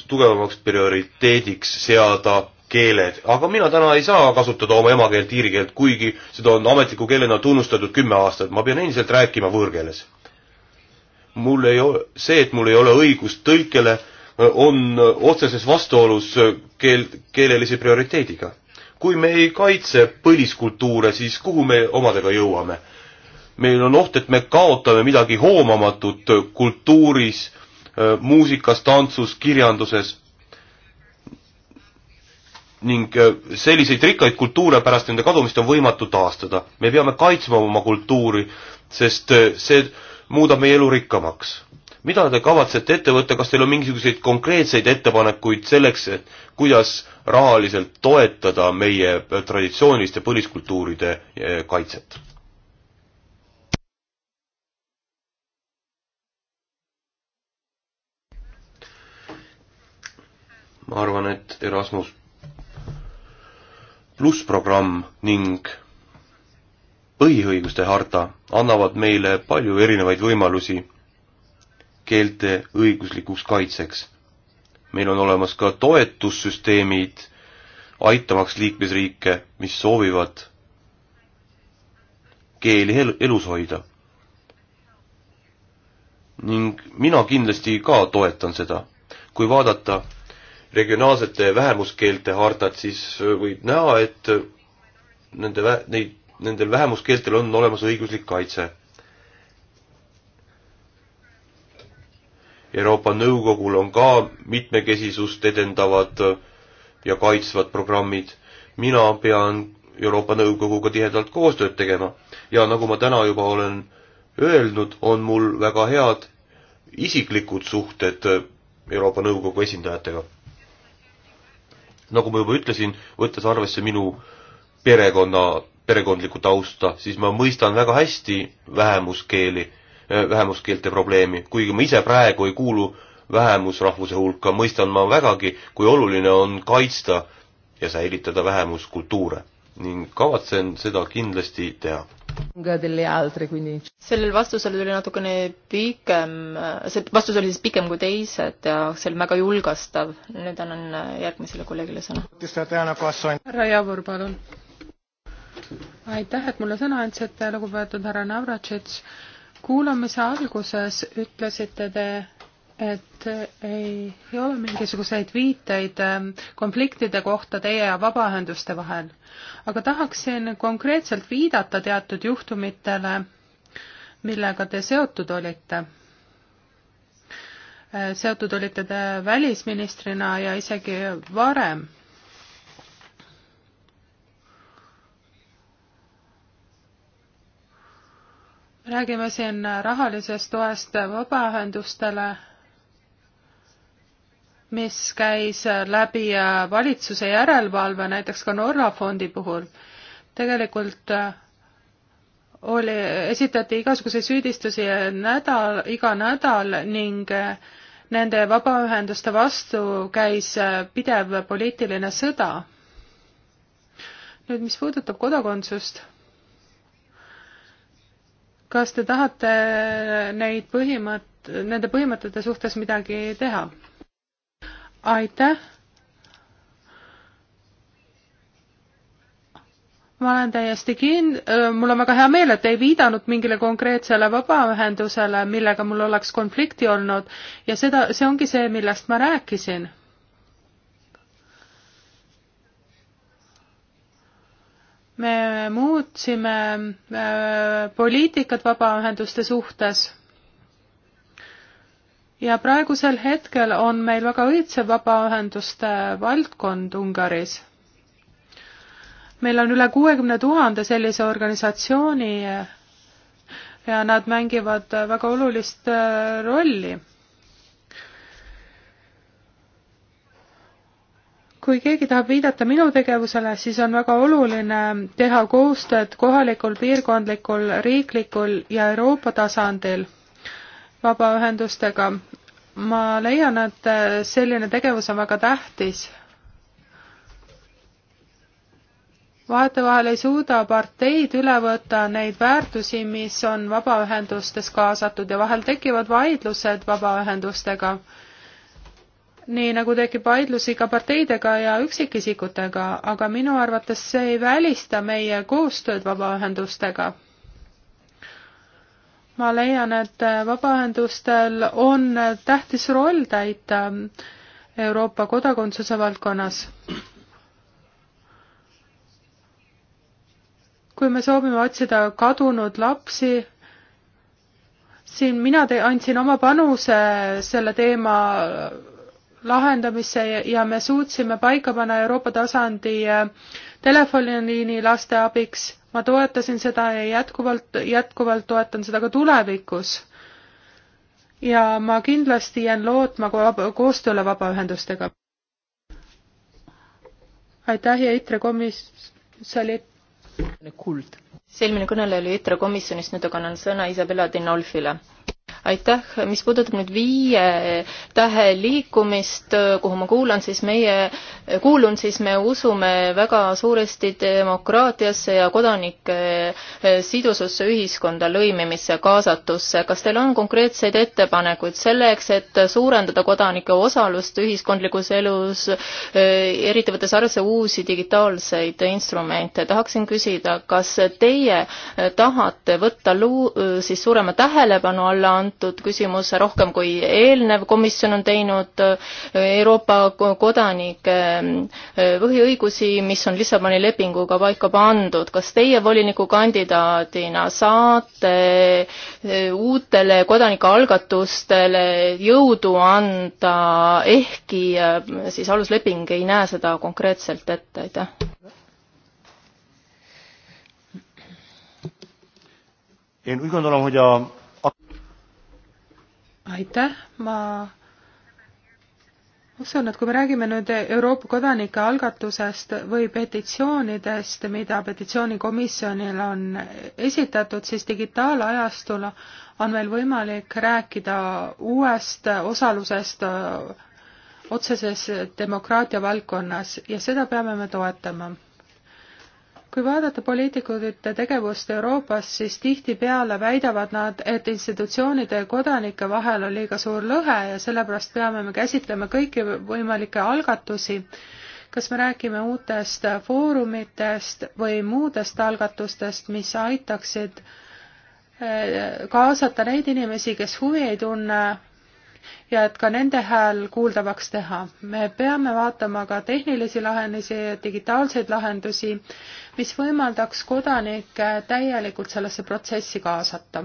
tugevamaks prioriteediks seada keeled, aga mina täna ei saa kasutada oma emakeelt iiri keelt, kuigi seda on ametliku keelena tunnustatud kümme aastat, ma pean endiselt rääkima võõrkeeles. mul ei ole, see, et mul ei ole õigust tõlkele, on otseses vastuolus keel, keelelise prioriteediga. kui me ei kaitse põliskultuure, siis kuhu me omadega jõuame? meil on oht, et me kaotame midagi hoomamatut kultuuris, muusikas, tantsus, kirjanduses ning selliseid rikkaid kultuure pärast nende kadumist on võimatu taastada. me peame kaitsma oma kultuuri, sest see muudab meie elu rikkamaks mida te kavatsete ette võtta, kas teil on mingisuguseid konkreetseid ettepanekuid selleks, et kuidas rahaliselt toetada meie traditsiooniliste põliskultuuride eh, kaitset? ma arvan, et Erasmus pluss programm ning põhiõiguste harta annavad meile palju erinevaid võimalusi keelte õiguslikuks kaitseks. meil on olemas ka toetussüsteemid, aitamaks liikmesriike, mis soovivad keeli elus hoida. ning mina kindlasti ka toetan seda. kui vaadata regionaalsete vähemuskeelte hartat, siis võib näha, et nende, neid, nendel vähemuskeeltel on olemas õiguslik kaitse Euroopa Nõukogul on ka mitmekesisust edendavad ja kaitsvad programmid. mina pean Euroopa Nõukoguga tihedalt koostööd tegema ja nagu ma täna juba olen öelnud, on mul väga head isiklikud suhted Euroopa Nõukogu esindajatega. nagu ma juba ütlesin, võttes arvesse minu perekonna, perekondlikku tausta, siis ma mõistan väga hästi vähemuskeeli Äh, vähemuskeelte probleemi, kuigi ma ise praegu ei kuulu vähemusrahvuse hulka, mõistan ma vägagi, kui oluline on kaitsta ja säilitada vähemuskultuure ning kavatsen seda kindlasti teha. sellel vastusel tuli natukene pikem, see vastus oli siis pikem kui teised ja see oli väga julgastav. nüüd annan järgmisele kolleegile sõna. härra Javur, palun. aitäh, et mulle sõna andsite, lugupeetud härra Navratšits kuulamise alguses ütlesite te, et ei, ei ole mingisuguseid viiteid ähm, konfliktide kohta teie ja vabaühenduste vahel, aga tahaksin konkreetselt viidata teatud juhtumitele, millega te seotud olite. Äh, seotud olite te välisministrina ja isegi varem räägime siin rahalisest toest vabaühendustele, mis käis läbi valitsuse järelevalve, näiteks ka Norra fondi puhul. tegelikult äh, oli, esitati igasuguseid süüdistusi nädal, iga nädal ning äh, nende vabaühenduste vastu käis äh, pidev poliitiline sõda. nüüd, mis puudutab kodakondsust kas te tahate neid põhimõt-, nende põhimõtete suhtes midagi teha? aitäh! ma olen täiesti kind-, mul on väga hea meel, et ei viidanud mingile konkreetsele vabaühendusele, millega mul oleks konflikti olnud ja seda, see ongi see, millest ma rääkisin me muutsime äh, poliitikat vabaühenduste suhtes ja praegusel hetkel on meil väga õitsev vabaühenduste valdkond Ungaris. meil on üle kuuekümne tuhande sellise organisatsiooni ja nad mängivad väga olulist äh, rolli kui keegi tahab viidata minu tegevusele, siis on väga oluline teha koostööd kohalikul, piirkondlikul, riiklikul ja Euroopa tasandil vabaühendustega. ma leian, et selline tegevus on väga tähtis. vahetevahel ei suuda parteid üle võtta neid väärtusi, mis on vabaühendustes kaasatud ja vahel tekivad vaidlused vabaühendustega nii nagu tekib vaidlusi ka parteidega ja üksikisikutega, aga minu arvates see ei välista meie koostööd vabaühendustega. ma leian, et vabaühendustel on tähtis roll täita Euroopa kodakondsuse valdkonnas. kui me soovime otsida kadunud lapsi, siin mina te-, andsin oma panuse selle teema lahendamisse ja me suutsime paika panna Euroopa tasandi äh, telefoniliini laste abiks. ma toetasin seda ja jätkuvalt, jätkuvalt toetan seda ka tulevikus. ja ma kindlasti jään lootma koostööle vabaühendustega. aitäh ja ITRE komisjoni. kuld. eelmine kõneleja oli ITRE komisjonist, nüüd aga annan sõna Isabella Dinolfile aitäh, mis puudutab nüüd viie tähe liikumist, kuhu ma kuulan, siis meie, kuulun, siis me usume väga suuresti demokraatiasse ja kodanike eh, sidususse ühiskonda, lõimimisse, kaasatusse. kas teil on konkreetseid ettepanekuid selleks, et suurendada kodanike osalust ühiskondlikus elus, eh, eriti võttes arvesse uusi digitaalseid instrumente? tahaksin küsida, kas teie eh, tahate võtta luu-, siis suurema tähelepanu alla anda antud küsimusse rohkem kui eelnev komisjon on teinud Euroopa kodanike eh, põhiõigusi, mis on Lissaboni lepinguga paika pandud. kas teie volinikukandidaadina saate eh, uutele kodanikualgatustele jõudu anda, ehkki eh, siis alusleping ei näe seda konkreetselt ette, aitäh? Én úgy gondolom, hogy a aitäh, ma usun, et kui me räägime nüüd Euroopa kodanike algatusest või petitsioonidest, mida petitsioonikomisjonil on esitatud, siis digitaalajastul on meil võimalik rääkida uuest osalusest otseses demokraatia valdkonnas ja seda peame me toetama kui vaadata poliitikute tegevust Euroopas, siis tihtipeale väidavad nad, et institutsioonide ja kodanike vahel on liiga suur lõhe ja sellepärast peame me käsitlema kõiki võimalikke algatusi, kas me räägime uutest foorumitest või muudest algatustest, mis aitaksid eh, kaasata neid inimesi, kes huvi ei tunne ja et ka nende hääl kuuldavaks teha. me peame vaatama ka tehnilisi lahendusi ja digitaalseid lahendusi, mis võimaldaks kodanikke täielikult sellesse protsessi kaasata.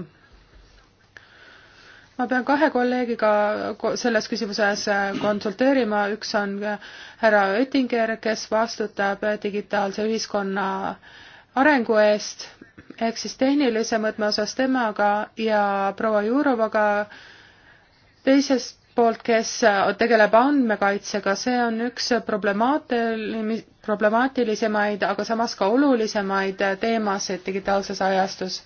ma pean kahe kolleegiga selles küsimuses äh, konsulteerima, üks on äh, härra Oettinger, kes vastutab äh, digitaalse ühiskonna arengu eest ehk siis tehnilise mõõtme osas temaga ja proua Jurovaga, teisest poolt, kes äh, tegeleb andmekaitsega, see on üks problemaatil-, problemaatilisemaid, aga samas ka olulisemaid äh, teemasid digitaalses ajastus.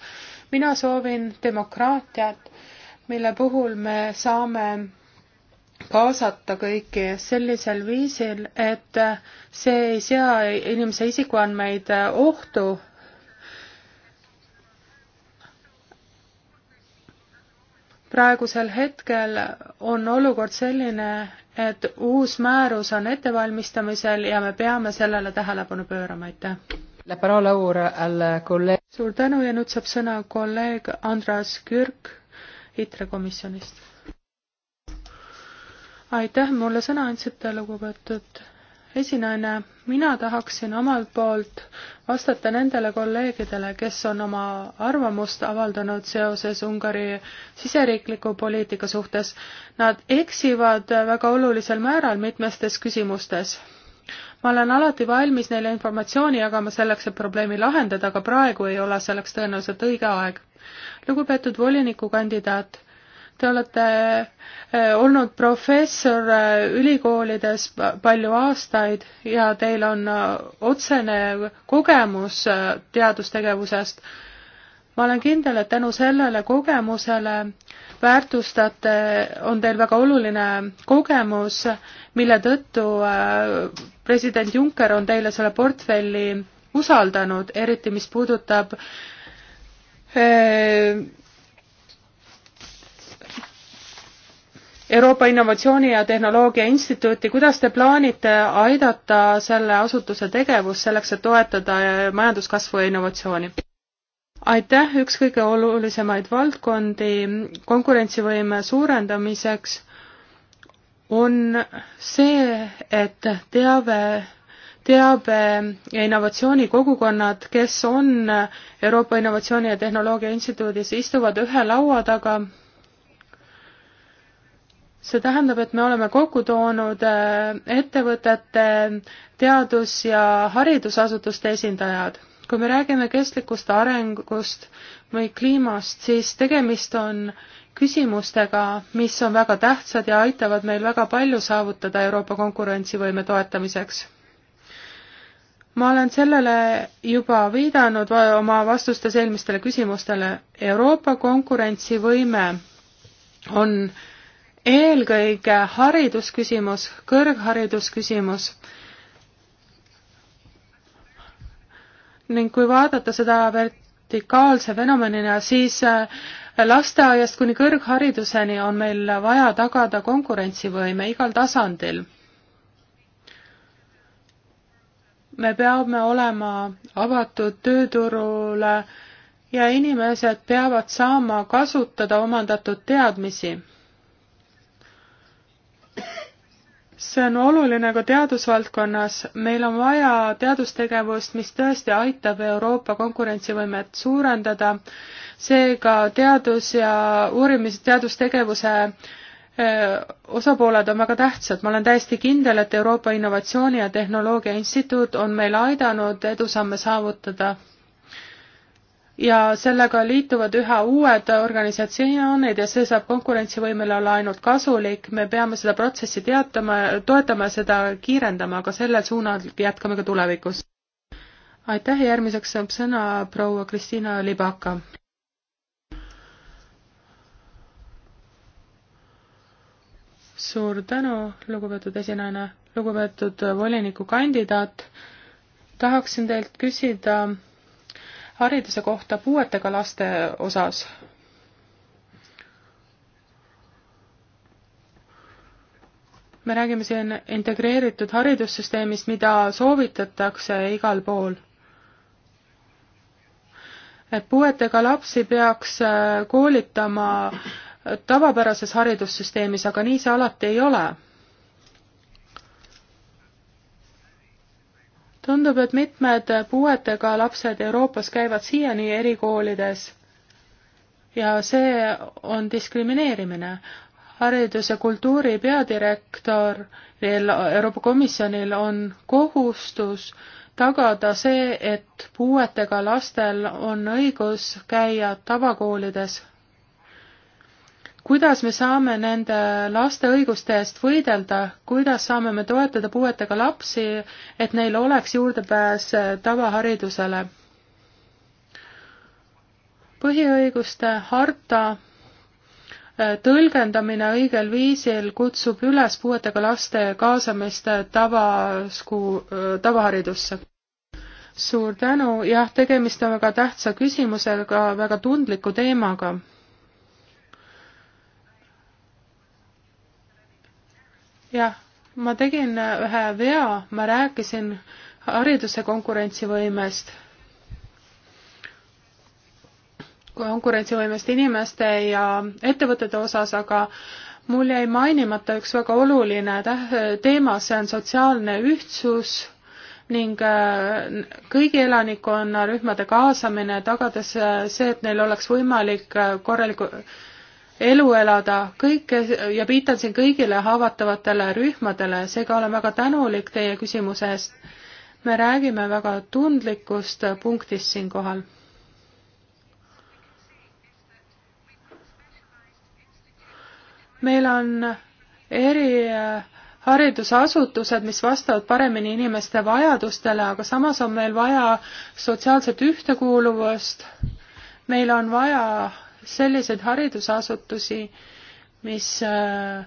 mina soovin demokraatiat, mille puhul me saame kaasata kõiki sellisel viisil, et äh, see ei sea inimese isikuandmeid ohtu praegusel hetkel on olukord selline, et uus määrus on ettevalmistamisel ja me peame sellele tähelepanu pöörama, aitäh. suur tänu ja nüüd saab sõna kolleeg Andras Kürk ITRE komisjonist. aitäh mulle sõna andsite, lugupeetud esinaine, mina tahaksin omalt poolt vastata nendele kolleegidele, kes on oma arvamust avaldanud seoses Ungari siseriikliku poliitika suhtes. Nad eksivad väga olulisel määral mitmestes küsimustes. ma olen alati valmis neile informatsiooni jagama selleks, et probleemi lahendada, aga praegu ei ole selleks tõenäoliselt õige aeg. lugupeetud volinikukandidaat Te olete eh, olnud professor eh, ülikoolides palju aastaid ja teil on eh, otsene kogemus teadustegevusest. ma olen kindel, et tänu sellele kogemusele väärtustate, on teil väga oluline kogemus, mille tõttu president Juncker on teile selle portfelli usaldanud, eriti mis puudutab Euroopa Innovatsiooni ja Tehnoloogia Instituuti, kuidas te plaanite aidata selle asutuse tegevust selleks, et toetada majanduskasvu ja innovatsiooni? aitäh, üks kõige olulisemaid valdkondi konkurentsivõime suurendamiseks on see, et teave, teabe ja innovatsioonikogukonnad, kes on Euroopa Innovatsiooni ja Tehnoloogia Instituudis, istuvad ühe laua taga see tähendab, et me oleme kokku toonud äh, ettevõtete, teadus- ja haridusasutuste esindajad. kui me räägime kestlikust arengust või kliimast, siis tegemist on küsimustega, mis on väga tähtsad ja aitavad meil väga palju saavutada Euroopa konkurentsivõime toetamiseks. ma olen sellele juba viidanud oma vastustes eelmistele küsimustele. Euroopa konkurentsivõime on äh, eelkõige haridusküsimus, kõrgharidusküsimus. ning kui vaadata seda vertikaalse fenomenina, siis äh, lasteaiast kuni kõrghariduseni on meil vaja tagada konkurentsivõime igal tasandil. me peame olema avatud tööturule ja inimesed peavad saama kasutada omandatud teadmisi see on oluline ka teadusvaldkonnas, meil on vaja teadustegevust, mis tõesti aitab Euroopa konkurentsivõimet suurendada, seega teadus ja uurimis-, teadustegevuse eh, osapooled on väga tähtsad, ma olen täiesti kindel, et Euroopa Innovatsiooni ja Tehnoloogia Instituut on meil aidanud edusamme saavutada ja sellega liituvad üha uued organisatsioonid ja see saab konkurentsivõimele olla ainult kasulik, me peame seda protsessi teatama, toetama ja seda kiirendama, aga sellel suunal jätkame ka tulevikus. aitäh ja järgmiseks saab sõna proua Kristiina Libaka. suur tänu, lugupeetud esinaine, lugupeetud volinikukandidaat, tahaksin teilt küsida hariduse kohta puuetega laste osas. me räägime siin integreeritud haridussüsteemist, mida soovitatakse igal pool. et puuetega lapsi peaks äh, koolitama tavapärases haridussüsteemis, aga nii see alati ei ole tundub, et mitmed puuetega lapsed Euroopas käivad siiani erikoolides ja see on diskrimineerimine. haridus- ja kultuuri peadirektoril, Euroopa Komisjonil on kohustus tagada see, et puuetega lastel on õigus käia tavakoolides kuidas me saame nende laste õiguste eest võidelda, kuidas saame me toetada puuetega lapsi, et neil oleks juurdepääs tavaharidusele. põhiõiguste harta eh, tõlgendamine õigel viisil kutsub üles puuetega laste kaasamist tavasku, eh, tavaharidusse. suur tänu, jah, tegemist on väga tähtsa küsimusega, väga tundliku teemaga jah, ma tegin äh, ühe vea, ma rääkisin hariduse konkurentsivõimest. konkurentsivõimest inimeste ja ettevõtete osas, aga mul jäi mainimata üks väga oluline täh-, teema, see on sotsiaalne ühtsus ning äh, kõigi elanikkonnarühmade kaasamine, tagades äh, see, et neil oleks võimalik korraliku elu elada, kõike ja viitan siin kõigile haavatavatele rühmadele, seega olen väga tänulik teie küsimuse eest. me räägime väga tundlikust punktist siinkohal. meil on eri äh, haridusasutused, mis vastavad paremini inimeste vajadustele, aga samas on meil vaja sotsiaalset ühtekuuluvust, meil on vaja selliseid haridusasutusi, mis äh,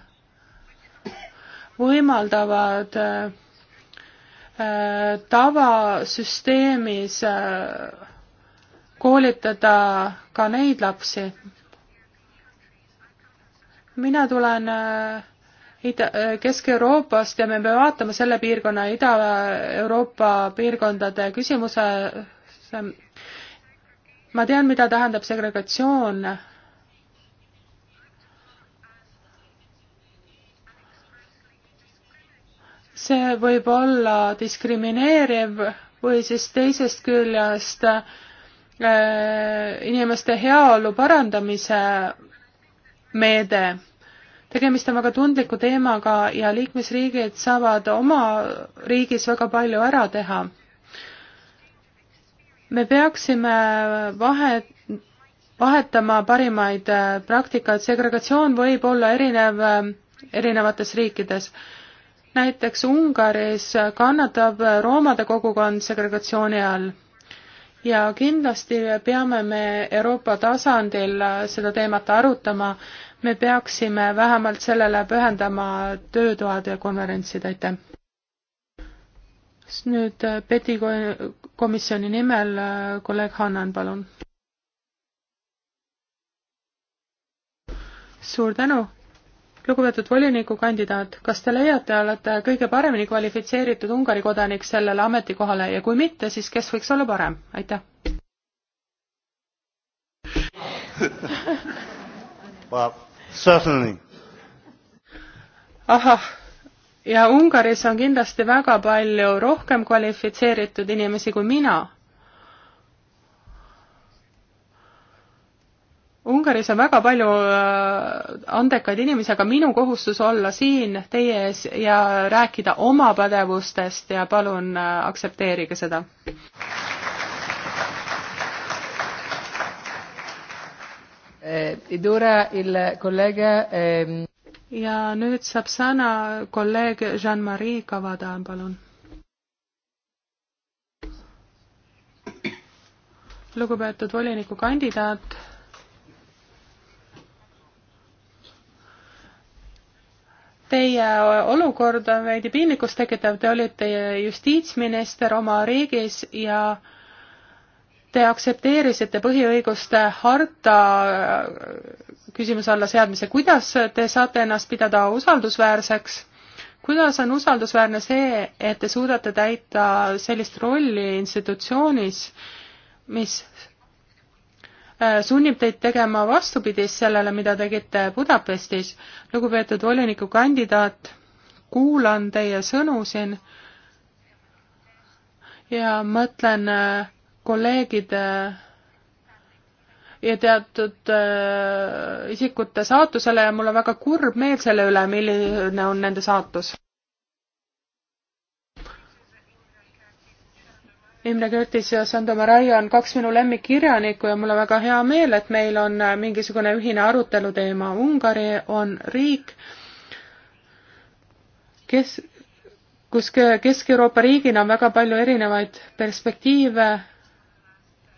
võimaldavad äh, äh, tavasüsteemis koolitada ka neid lapsi. mina tulen Ida-, Kesk-Euroopast ja me peame vaatama selle piirkonna, Ida-Euroopa piirkondade küsimuse, ma tean, mida tähendab segregatsioon. see võib olla diskrimineeriv või siis teisest küljest äh, inimeste heaolu parandamise meede tegemist on väga tundliku teemaga ja liikmesriigid saavad oma riigis väga palju ära teha me peaksime vahe, vahetama parimaid äh, praktikaid, segregatsioon võib olla erinev äh, erinevates riikides. näiteks Ungaris kannatab äh, roomade kogukond segregatsiooni all ja kindlasti peame me Euroopa tasandil seda teemat arutama, me peaksime vähemalt sellele pühendama töötoad ja konverentsid, aitäh! nüüd Peti komisjoni nimel äh, kolleeg Hannan, palun. suur tänu. lugupeetud volinikukandidaat, kas te leiate, olete kõige paremini kvalifitseeritud Ungari kodanik sellele ametikohale ja kui mitte, siis kes võiks olla parem? aitäh. well, certainly. ahah ja Ungaris on kindlasti väga palju rohkem kvalifitseeritud inimesi kui mina. Ungaris on väga palju äh, andekaid inimesi, aga minu kohustus olla siin teie ees ja rääkida oma pädevustest ja palun äh, aktsepteerige seda. Eh, ed ora il collega ehm ja nüüd saab sõna kolleeg Jean-Marie Kavadan, palun. lugupeetud volinikukandidaat. Teie olukord on veidi piinlikkust tekitav, te olite justiitsminister oma riigis ja äh, Te aktsepteerisite põhiõiguste harta äh, küsimuse alla seadmise. kuidas te saate ennast pidada usaldusväärseks? kuidas on usaldusväärne see, et te suudate täita sellist rolli institutsioonis, mis äh, sunnib teid tegema vastupidist sellele, mida tegite Budapestis. lugupeetud volinikukandidaat, kuulan teie sõnu siin ja mõtlen äh, kolleegide äh, ja teatud äh, isikute saatusele ja mul on väga kurb meel selle üle, milline on nende saatus. Imre Kertis ja Sando Maraja on kaks minu lemmikkirjanikku ja mul on väga hea meel, et meil on äh, mingisugune ühine aruteluteema. Ungari on riik, kes, kus Kesk-Euroopa riigina on väga palju erinevaid perspektiive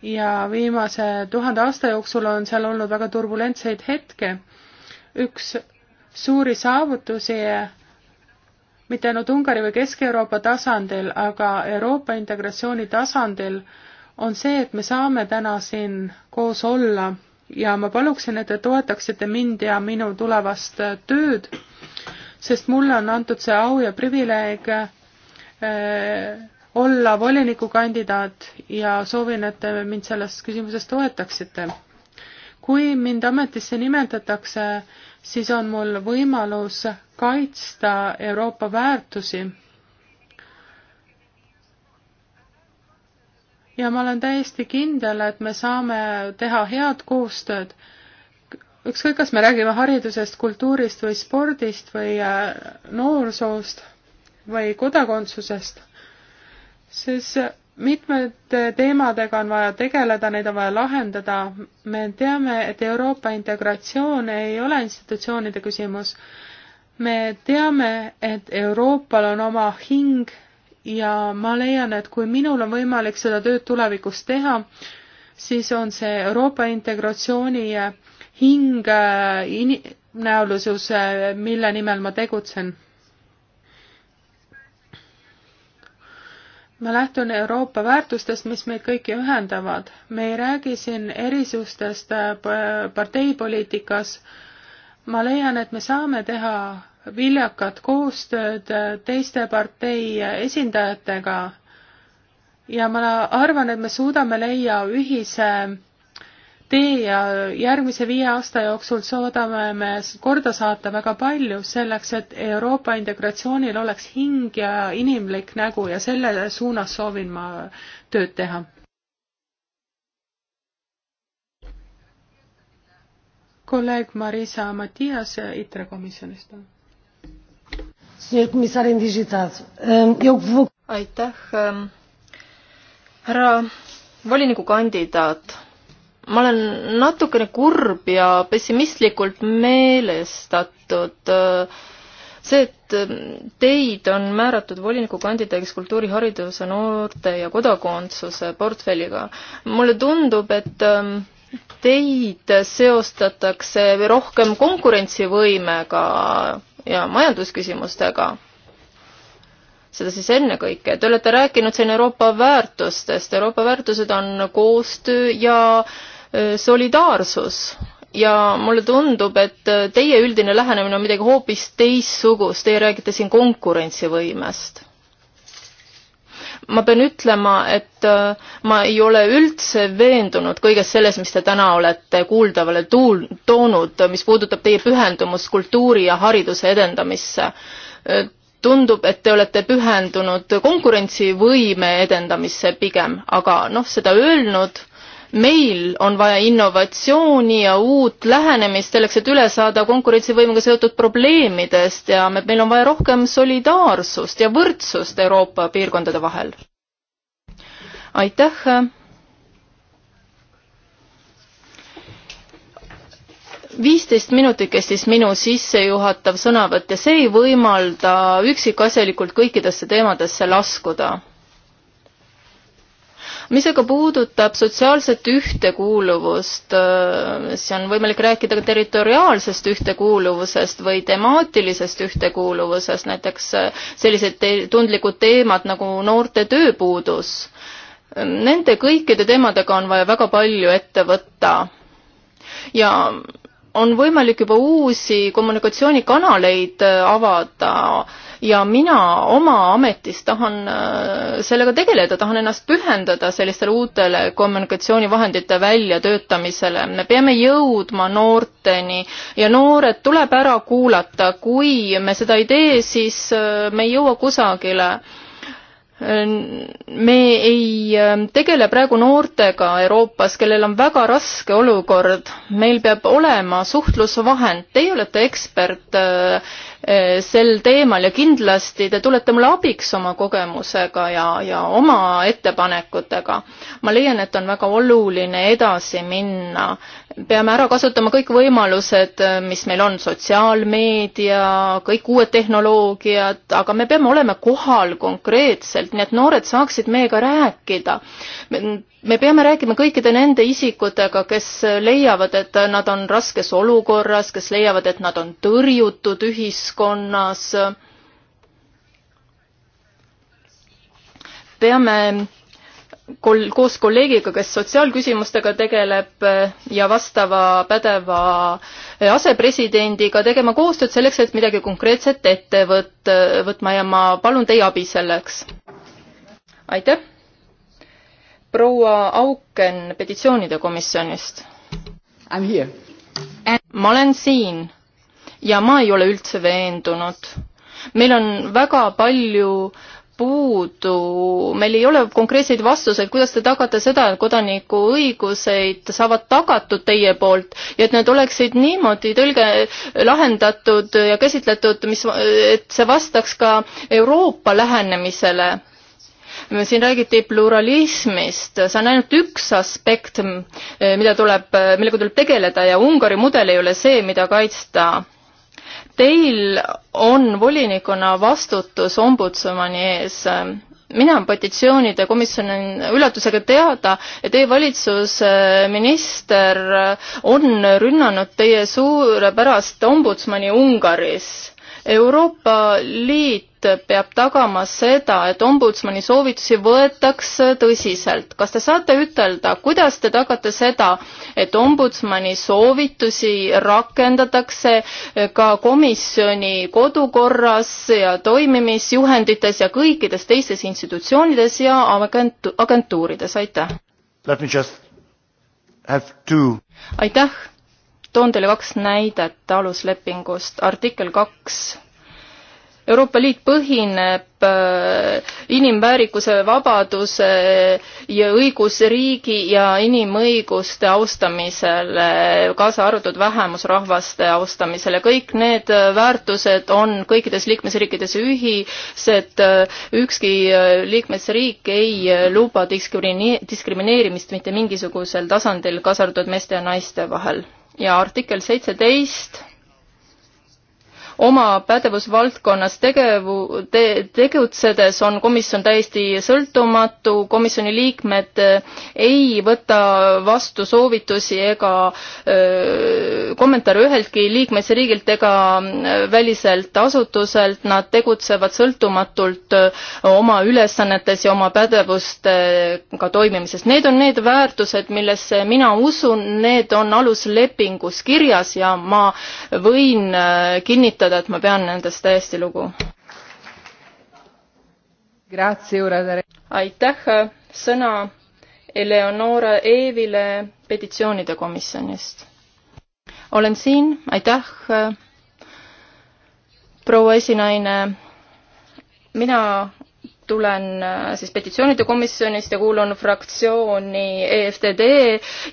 ja viimase tuhande aasta jooksul on seal olnud väga turbulentseid hetke. üks suuri saavutusi mitte ainult Ungari või Kesk-Euroopa tasandil, aga Euroopa integratsiooni tasandil on see, et me saame täna siin koos olla ja ma paluksin, et te toetaksite mind ja minu tulevast tööd, sest mulle on antud see au ja privileeg äh, olla volinikukandidaat ja soovin, et te mind selles küsimuses toetaksite. kui mind ametisse nimetatakse, siis on mul võimalus kaitsta Euroopa väärtusi. ja ma olen täiesti kindel, et me saame teha head koostööd ükskõik, kas me räägime haridusest, kultuurist või spordist või äh, noorsoost või kodakondsusest siis mitmete teemadega on vaja tegeleda, neid on vaja lahendada. me teame, et Euroopa integratsioon ei ole institutsioonide küsimus. me teame, et Euroopal on oma hing ja ma leian, et kui minul on võimalik seda tööd tulevikus teha, siis on see Euroopa integratsiooni hing äh, in-, näolususe, äh, mille nimel ma tegutsen ma lähtun Euroopa väärtustest, mis meid kõiki ühendavad. me ei räägi siin erisustest äh, parteipoliitikas. ma leian, et me saame teha viljakat koostööd äh, teiste partei äh, esindajatega ja ma arvan, et me suudame leia ühise tee ja järgmise viie aasta jooksul soodame me korda saata väga palju selleks, et Euroopa integratsioonil oleks hing ja inimlik nägu ja selle suunas soovin ma tööd teha. kolleeg Marisa Matias ITRE komisjonist. aitäh, härra volinikukandidaat ma olen natukene kurb ja pessimistlikult meelestatud. Äh, see, et äh, teid on määratud volinikukandidaadiks kultuurihariduse, noorte ja kodakondsuse portfelliga. mulle tundub, et äh, teid seostatakse rohkem konkurentsivõimega ja majandusküsimustega seda siis ennekõike. Te olete rääkinud siin Euroopa väärtustest, Euroopa väärtused on koostöö ja Äh, solidaarsus ja mulle tundub, et äh, teie üldine lähenemine on midagi hoopis teistsugust, teie räägite siin konkurentsivõimest. ma pean ütlema, et äh, ma ei ole üldse veendunud kõiges selles, mis te täna olete kuuldavale tuul-, toonud, mis puudutab teie pühendumust kultuuri ja hariduse edendamisse tundub, et te olete pühendunud konkurentsivõime edendamisse pigem, aga noh, seda öelnud meil on vaja innovatsiooni ja uut lähenemist selleks, et üle saada konkurentsivõimega seotud probleemidest ja me, meil on vaja rohkem solidaarsust ja võrdsust Euroopa piirkondade vahel. aitäh. viisteist minutit kestis minu sissejuhatav sõnavõtt ja see ei võimalda üksikasjalikult kõikidesse teemadesse laskuda mis aga puudutab sotsiaalset ühtekuuluvust, äh, siis on võimalik rääkida ka territoriaalsest ühtekuuluvusest või temaatilisest ühtekuuluvusest, näiteks äh, sellised te tundlikud teemad nagu noorte tööpuudus. Nende kõikide teemadega on vaja väga palju ette võtta. ja on võimalik juba uusi kommunikatsioonikanaleid äh, avada ja mina oma ametis tahan äh, sellega tegeleda, tahan ennast pühendada sellistele uutele kommunikatsioonivahendite väljatöötamisele. me peame jõudma noorteni ja noored tuleb ära kuulata, kui me seda ei tee, siis äh, me ei jõua kusagile me ei ähm, tegele praegu noortega Euroopas, kellel on väga raske olukord. meil peab olema suhtlusvahend. Teie olete ekspert äh, Eh, sel teemal ja kindlasti te tulete mulle abiks oma kogemusega ja, ja oma ettepanekutega. ma leian, et on väga oluline edasi minna. peame ära kasutama kõik võimalused, eh, mis meil on, sotsiaalmeedia, kõik uued tehnoloogiad, aga me peame olema kohal konkreetselt, nii et noored saaksid meiega rääkida me peame rääkima kõikide nende isikutega, kes leiavad, et nad on raskes olukorras, kes leiavad, et nad on tõrjutud ühiskonnas, keskkonnas. peame kol-, koos kolleegiga, kes sotsiaalküsimustega tegeleb ja vastava pädeva asepresidendiga tegema koostööd selleks, et midagi konkreetset ette võt-, võtma ja ma palun teie abi selleks. aitäh. proua Auken petitsioonide komisjonist. And... ma olen siin ja ma ei ole üldse veendunud. meil on väga palju puudu, meil ei ole konkreetseid vastuseid, kuidas te tagate seda, et kodanikuõiguseid saavad tagatud teie poolt ja et need oleksid niimoodi tõlge lahendatud ja käsitletud, mis, et see vastaks ka Euroopa lähenemisele siin räägiti pluralismist, see on ainult üks aspekt, mida tuleb, millega tuleb tegeleda ja Ungari mudel ei ole see, mida kaitsta Teil on volinikuna vastutus ombudsmani ees mina petitsioonide komisjon on üllatusega teada, et teie valitsusminister on rünnanud teie suurepärast ombudsmani Ungaris. Euroopa Liit peab tagama seda, et ombudsmani soovitusi võetaks tõsiselt. kas te saate ütelda, kuidas te tagate seda, et ombudsmani soovitusi rakendatakse ka komisjoni kodukorras ja toimimisjuhendites ja kõikides teistes institutsioonides ja agentu-, agentuurides, aitäh! aitäh! toon teile kaks näidet aluslepingust, artikkel kaks Euroopa Liit põhineb äh, inimväärikuse, vabaduse äh, ja õigusriigi ja inimõiguste austamisel, äh, kaasa arvatud vähemusrahvaste austamisel ja kõik need väärtused on kõikides liikmesriikides ühised, ükski liikmesriik ei luba diskrimineeri-, diskrimineerimist mitte mingisugusel tasandil, kaasa arvatud meeste ja naiste vahel. ja artikkel seitseteist oma pädevusvaldkonnas tegevu- te,, tegutsedes on komisjon täiesti sõltumatu, komisjoni liikmed eh, ei võta vastu soovitusi ega öö, eh, kommentaare üheltki liikmesriigilt ega eh, väliselt asutuselt, nad tegutsevad sõltumatult oma ülesannetes ja oma pädevustega toimimises. Need on need väärtused, millesse mina usun, need on aluslepingus kirjas ja ma võin kinnitada, ütleda, et ma pean nendest täiesti lugu. aitäh, sõna Eleonora Eevile petitsioonide komisjonist. olen siin, aitäh, proua esinaine. mina tulen äh, siis petitsioonide komisjonist ja kuulun fraktsiooni EFTD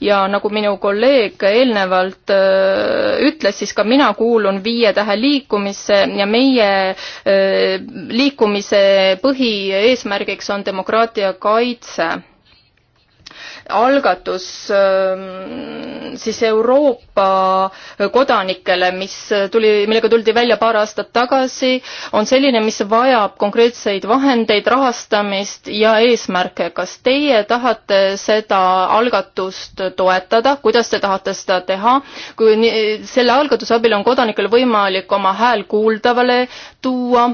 ja nagu minu kolleeg eelnevalt äh, ütles, siis ka mina kuulun Viie Tähe liikumisse ja meie äh, liikumise põhieesmärgiks on demokraatia kaitse algatus ähm, siis Euroopa kodanikele, mis tuli, millega tuldi välja paar aastat tagasi, on selline, mis vajab konkreetseid vahendeid, rahastamist ja eesmärke. kas teie tahate seda algatust toetada, kuidas te tahate seda teha, kui nii, selle algatuse abil on kodanikel võimalik oma hääl kuuldavale tuua?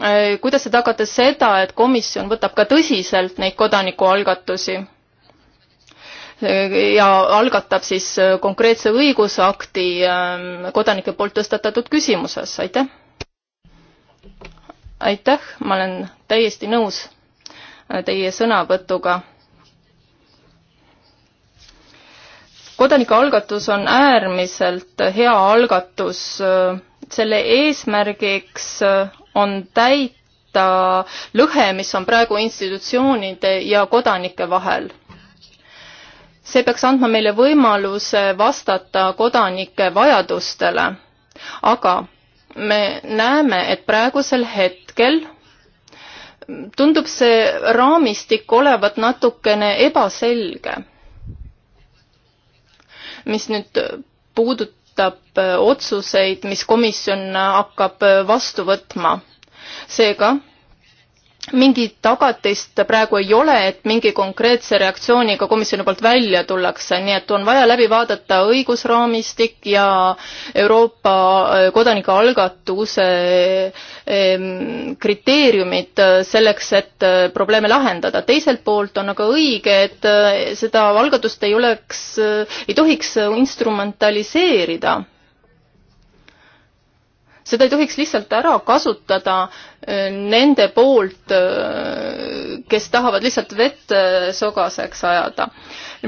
Äh, kuidas te tagate seda, et komisjon võtab ka tõsiselt neid kodanikualgatusi? ja algatab siis äh, konkreetse õigusakti ähm, kodanike poolt tõstatatud küsimuses, aitäh! aitäh, ma olen täiesti nõus äh, teie sõnavõtuga. kodanikualgatus on äärmiselt hea algatus, selle eesmärgiks äh, on täita lõhe, mis on praegu institutsioonide ja kodanike vahel see peaks andma meile võimaluse vastata kodanike vajadustele. aga me näeme, et praegusel hetkel tundub see raamistik olevat natukene ebaselge. mis nüüd puudutab otsuseid, mis komisjon hakkab vastu võtma. seega mingit tagatist praegu ei ole, et mingi konkreetse reaktsiooniga komisjoni poolt välja tullakse, nii et on vaja läbi vaadata õigusraamistik ja Euroopa äh, kodanikualgatuse ähm, kriteeriumid äh, selleks, et äh, probleeme lahendada. teiselt poolt on aga õige, et seda algatust ei oleks, ei tohiks instrumentaliseerida seda ei tohiks lihtsalt ära kasutada äh, nende poolt, äh, kes tahavad lihtsalt vett äh, sogaseks ajada.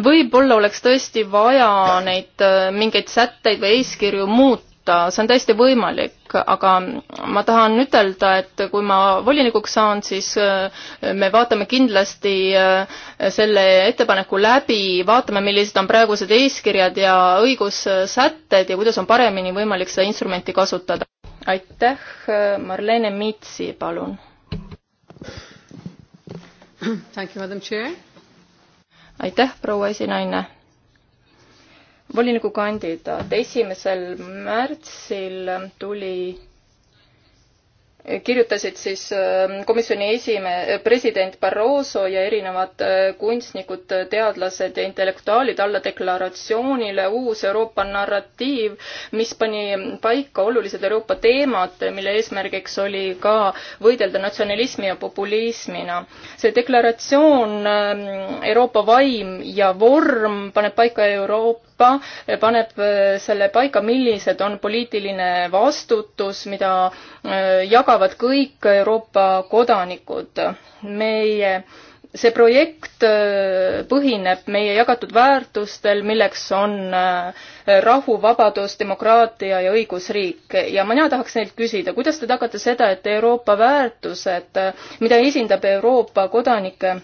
võib-olla oleks tõesti vaja neid mingeid sätteid või eeskirju muuta, muuta, see on täiesti võimalik, aga ma tahan ütelda, et kui ma volinikuks saan, siis me vaatame kindlasti selle ettepaneku läbi, vaatame, millised on praegused eeskirjad ja õigussätted ja kuidas on paremini võimalik seda instrumenti kasutada aitäh, Marlene Mitsi, palun. aitäh, proua esinaine. volinikukandidaat, esimesel märtsil tuli kirjutasid siis ähm, komisjoni esime-, äh, president Barroso ja erinevad äh, kunstnikud, äh, teadlased ja intellektuaalid alla deklaratsioonile uus Euroopa narratiiv, mis pani paika olulised Euroopa teemad, mille eesmärgiks oli ka võidelda natsionalismi ja populismina. see deklaratsioon ähm, Euroopa vaim ja vorm paneb paika Euroopa paneb selle paika, millised on poliitiline vastutus, mida Äh, jagavad kõik Euroopa kodanikud. meie see projekt äh, põhineb meie jagatud väärtustel, milleks on äh, rahu, vabadus, demokraatia ja õigusriik. ja mina tahaks neilt küsida, kuidas te tagate seda, et Euroopa väärtused, mida esindab Euroopa kodanike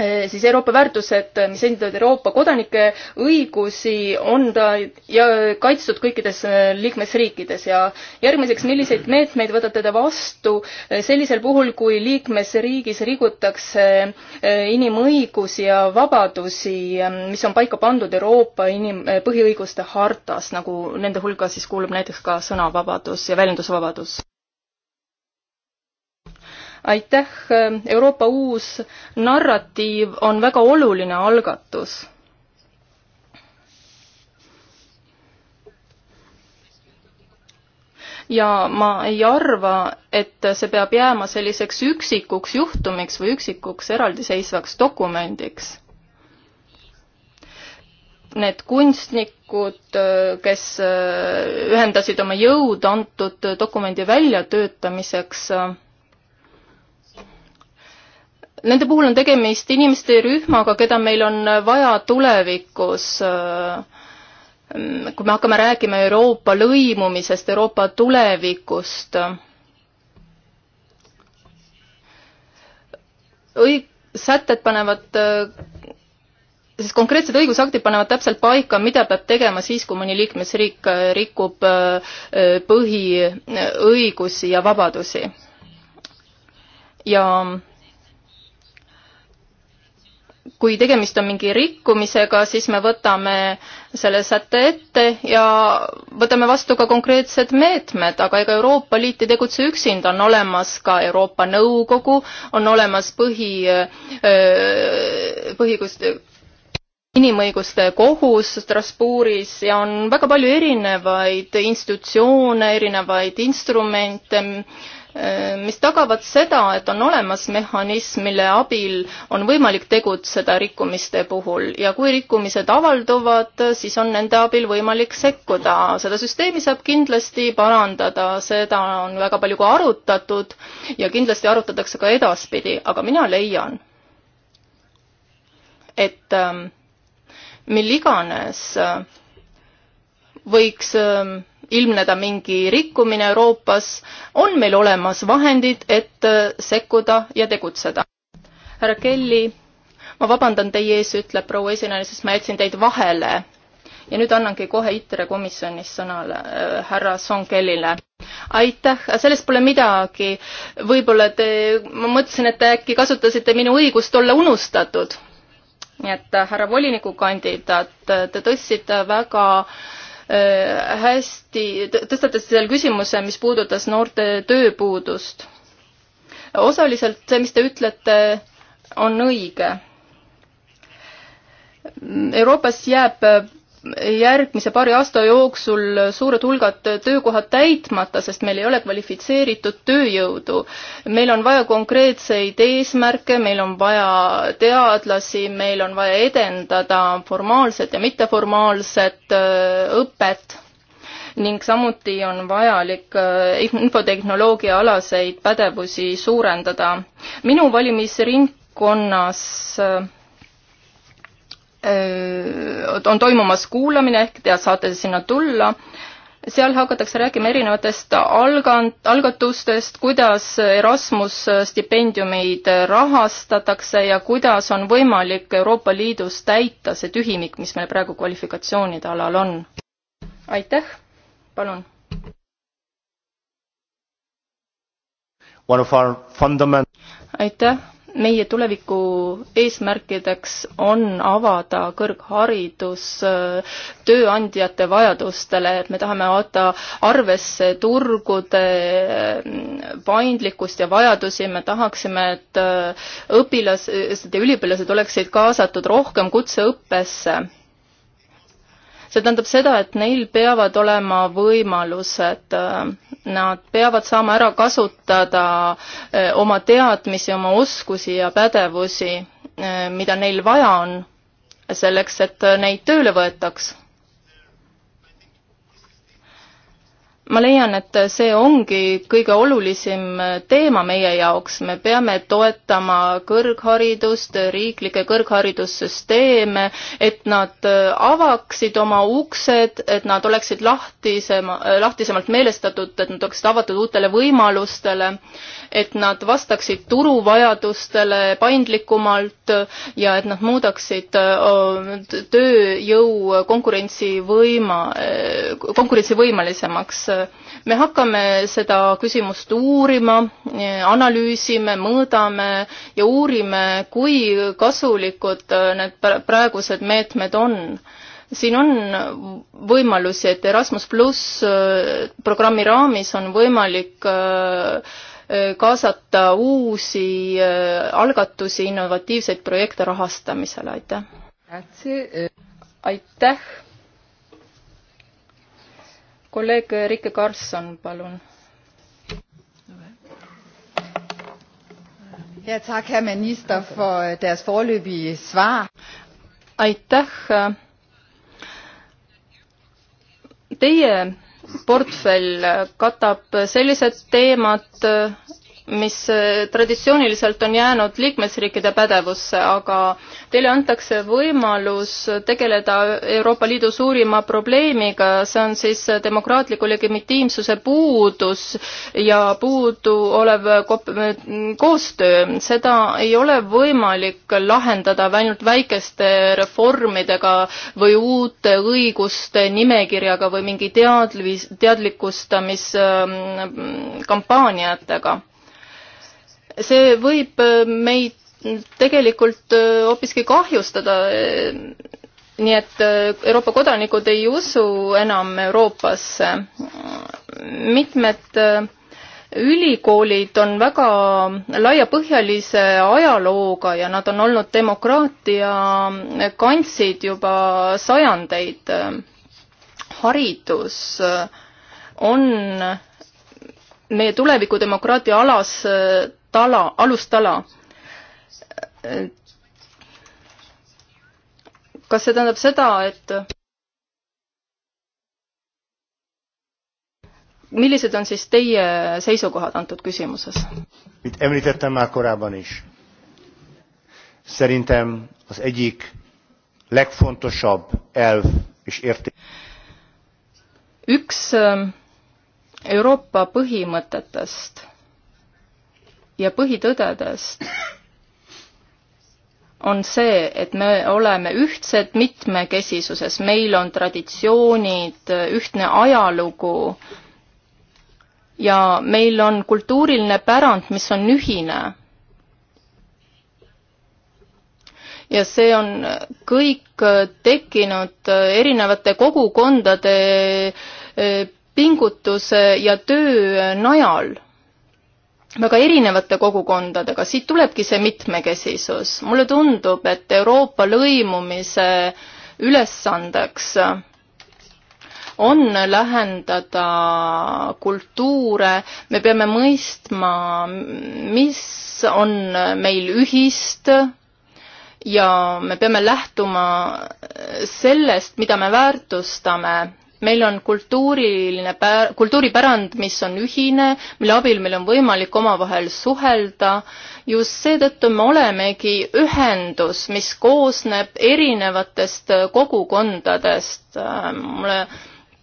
Eh, siis Euroopa väärtused, mis esindavad Euroopa kodanike õigusi, on ta ja kaitstud kõikides eh, liikmesriikides ja järgmiseks, milliseid meetmeid võtate te vastu eh, sellisel puhul, kui liikmesriigis rigutakse inimõigusi ja vabadusi, mis on paika pandud Euroopa inim-, põhiõiguste hartas, nagu nende hulgas siis kuulub näiteks ka sõnavabadus ja väljendusvabadus? aitäh, Euroopa uus narratiiv on väga oluline algatus. ja ma ei arva, et see peab jääma selliseks üksikuks juhtumiks või üksikuks eraldiseisvaks dokumendiks need kunstnikud, kes ühendasid oma jõud antud dokumendi väljatöötamiseks, nende puhul on tegemist inimeste rühmaga, keda meil on vaja tulevikus. Äh, kui me hakkame rääkima Euroopa lõimumisest, Euroopa tulevikust. õig-, sätted panevad äh, siis konkreetsed õigusaktid panevad täpselt paika, mida peab tegema siis, kui mõni liikmesriik äh, rikub põhiõigusi ja vabadusi. ja kui tegemist on mingi rikkumisega, siis me võtame selle sätte ette ja võtame vastu ka konkreetsed meetmed, aga ega Euroopa Liit ei tegutse üksinda, on olemas ka Euroopa Nõukogu, on olemas põhi, äh, põhiõigust, inimõiguste kohus Strasbourgis ja on väga palju erinevaid institutsioone, erinevaid instrumente Äh, mis tagavad seda, et on olemas mehhanism, mille abil on võimalik tegutseda rikkumiste puhul ja kui rikkumised avalduvad, siis on nende abil võimalik sekkuda. seda süsteemi saab kindlasti parandada, seda on väga palju ka arutatud ja kindlasti arutatakse ka edaspidi, aga mina leian, et ähm, mil iganes äh, võiks ähm, ilmneda mingi rikkumine Euroopas, on meil olemas vahendid, et äh, sekkuda ja tegutseda. härra Kelly, ma vabandan teie ees, ütleb proua esinaine, sest ma jätsin teid vahele. ja nüüd annangi kohe ITRE komisjonis sõnale äh, härra Song Kellyle. aitäh, sellest pole midagi. võib-olla te, ma mõtlesin, et te äkki kasutasite minu õigust olla unustatud nii et äh, härra volinikukandidaat, te tõstsite väga äh, Äh, hästi, tõstatas seal küsimuse, mis puudutas noorte tööpuudust. osaliselt see, mis te ütlete, on õige Euroopas jääb järgmise paari aasta jooksul suured hulgad töökohad täitmata, sest meil ei ole kvalifitseeritud tööjõudu. meil on vaja konkreetseid eesmärke, meil on vaja teadlasi, meil on vaja edendada formaalset ja mitteformaalset äh, õpet ning samuti on vajalik äh, infotehnoloogia alaseid pädevusi suurendada. minu valimisringkonnas äh, on toimumas kuulamine, ehk te saate sinna tulla. seal hakatakse rääkima erinevatest algan-, algatustest, kuidas Erasmus stipendiumeid rahastatakse ja kuidas on võimalik Euroopa Liidus täita see tühimik, mis meil praegu kvalifikatsioonide alal on. aitäh, palun. aitäh meie tuleviku eesmärkideks on avada kõrgharidus äh, tööandjate vajadustele, et me tahame vaadata arvesse turgude äh, paindlikkust ja vajadusi, me tahaksime, et äh, õpilased ja üliõpilased oleksid kaasatud rohkem kutseõppesse see tähendab seda, et neil peavad olema võimalused, äh, nad peavad saama ära kasutada äh, oma teadmisi, oma oskusi ja pädevusi, äh, mida neil vaja on, selleks et neid tööle võetaks ma leian, et see ongi kõige olulisem teema meie jaoks, me peame toetama kõrgharidust, riiklikke kõrgharidussüsteeme, et nad avaksid oma uksed, et nad oleksid lahtisema, lahtisemalt meelestatud, et nad oleksid avatud uutele võimalustele, et nad vastaksid turuvajadustele paindlikumalt ja et nad muudaksid äh, tööjõu konkurentsivõima, konkurentsivõimelisemaks me hakkame seda küsimust uurima, analüüsime, mõõdame ja uurime, kui kasulikud äh, need praegused meetmed on siin on võimalusi, et Erasmus pluss äh, programmi raamis on võimalik äh, kaasata uusi algatusi, innovatiivseid projekte rahastamisele, aitäh! aitäh! kolleeg Rikke Karlsson, palun. ja tak, härra minister, for teie øh, foreløpige svar. aitäh. Teie portfell katab sellised teemad, mis eh, traditsiooniliselt on jäänud liikmesriikide pädevusse, aga teile antakse võimalus tegeleda Euroopa Liidu suurima probleemiga, see on siis demokraatliku legitiimsuse puudus ja puuduolev koostöö. seda ei ole võimalik lahendada ainult väikeste reformidega või uute õiguste nimekirjaga või mingi teadlis, teadlikustamis kampaaniatega see võib äh, meid tegelikult äh, hoopiski kahjustada. Äh, nii et Euroopa kodanikud ei usu enam Euroopasse. mitmed ülikoolid on väga laiapõhjalise ajalooga ja nad on olnud demokraatia kantsid juba sajandeid. haridus on meie tuleviku demokraatia alas tala, alustala. kas see tähendab seda, et millised on siis teie seisukohad antud küsimuses? Mit említettem már korábban is. Szerintem az egyik legfontosabb elv és érték. Üks Euroopa põhimõtetest ja põhitõdedest on see, et me oleme ühtsed mitmekesisuses, meil on traditsioonid, ühtne ajalugu ja meil on kultuuriline pärand, mis on ühine. ja see on kõik tekkinud erinevate kogukondade pingutuse ja töö najal väga erinevate kogukondadega, siit tulebki see mitmekesisus. mulle tundub, et Euroopa lõimumise ülesandeks on lähendada kultuure, me peame mõistma, mis on meil ühist ja me peame lähtuma sellest, mida me väärtustame meil on kultuuriline pär-, kultuuripärand, mis on ühine, mille abil meil on võimalik omavahel suhelda. just seetõttu me olemegi ühendus, mis koosneb erinevatest kogukondadest. mulle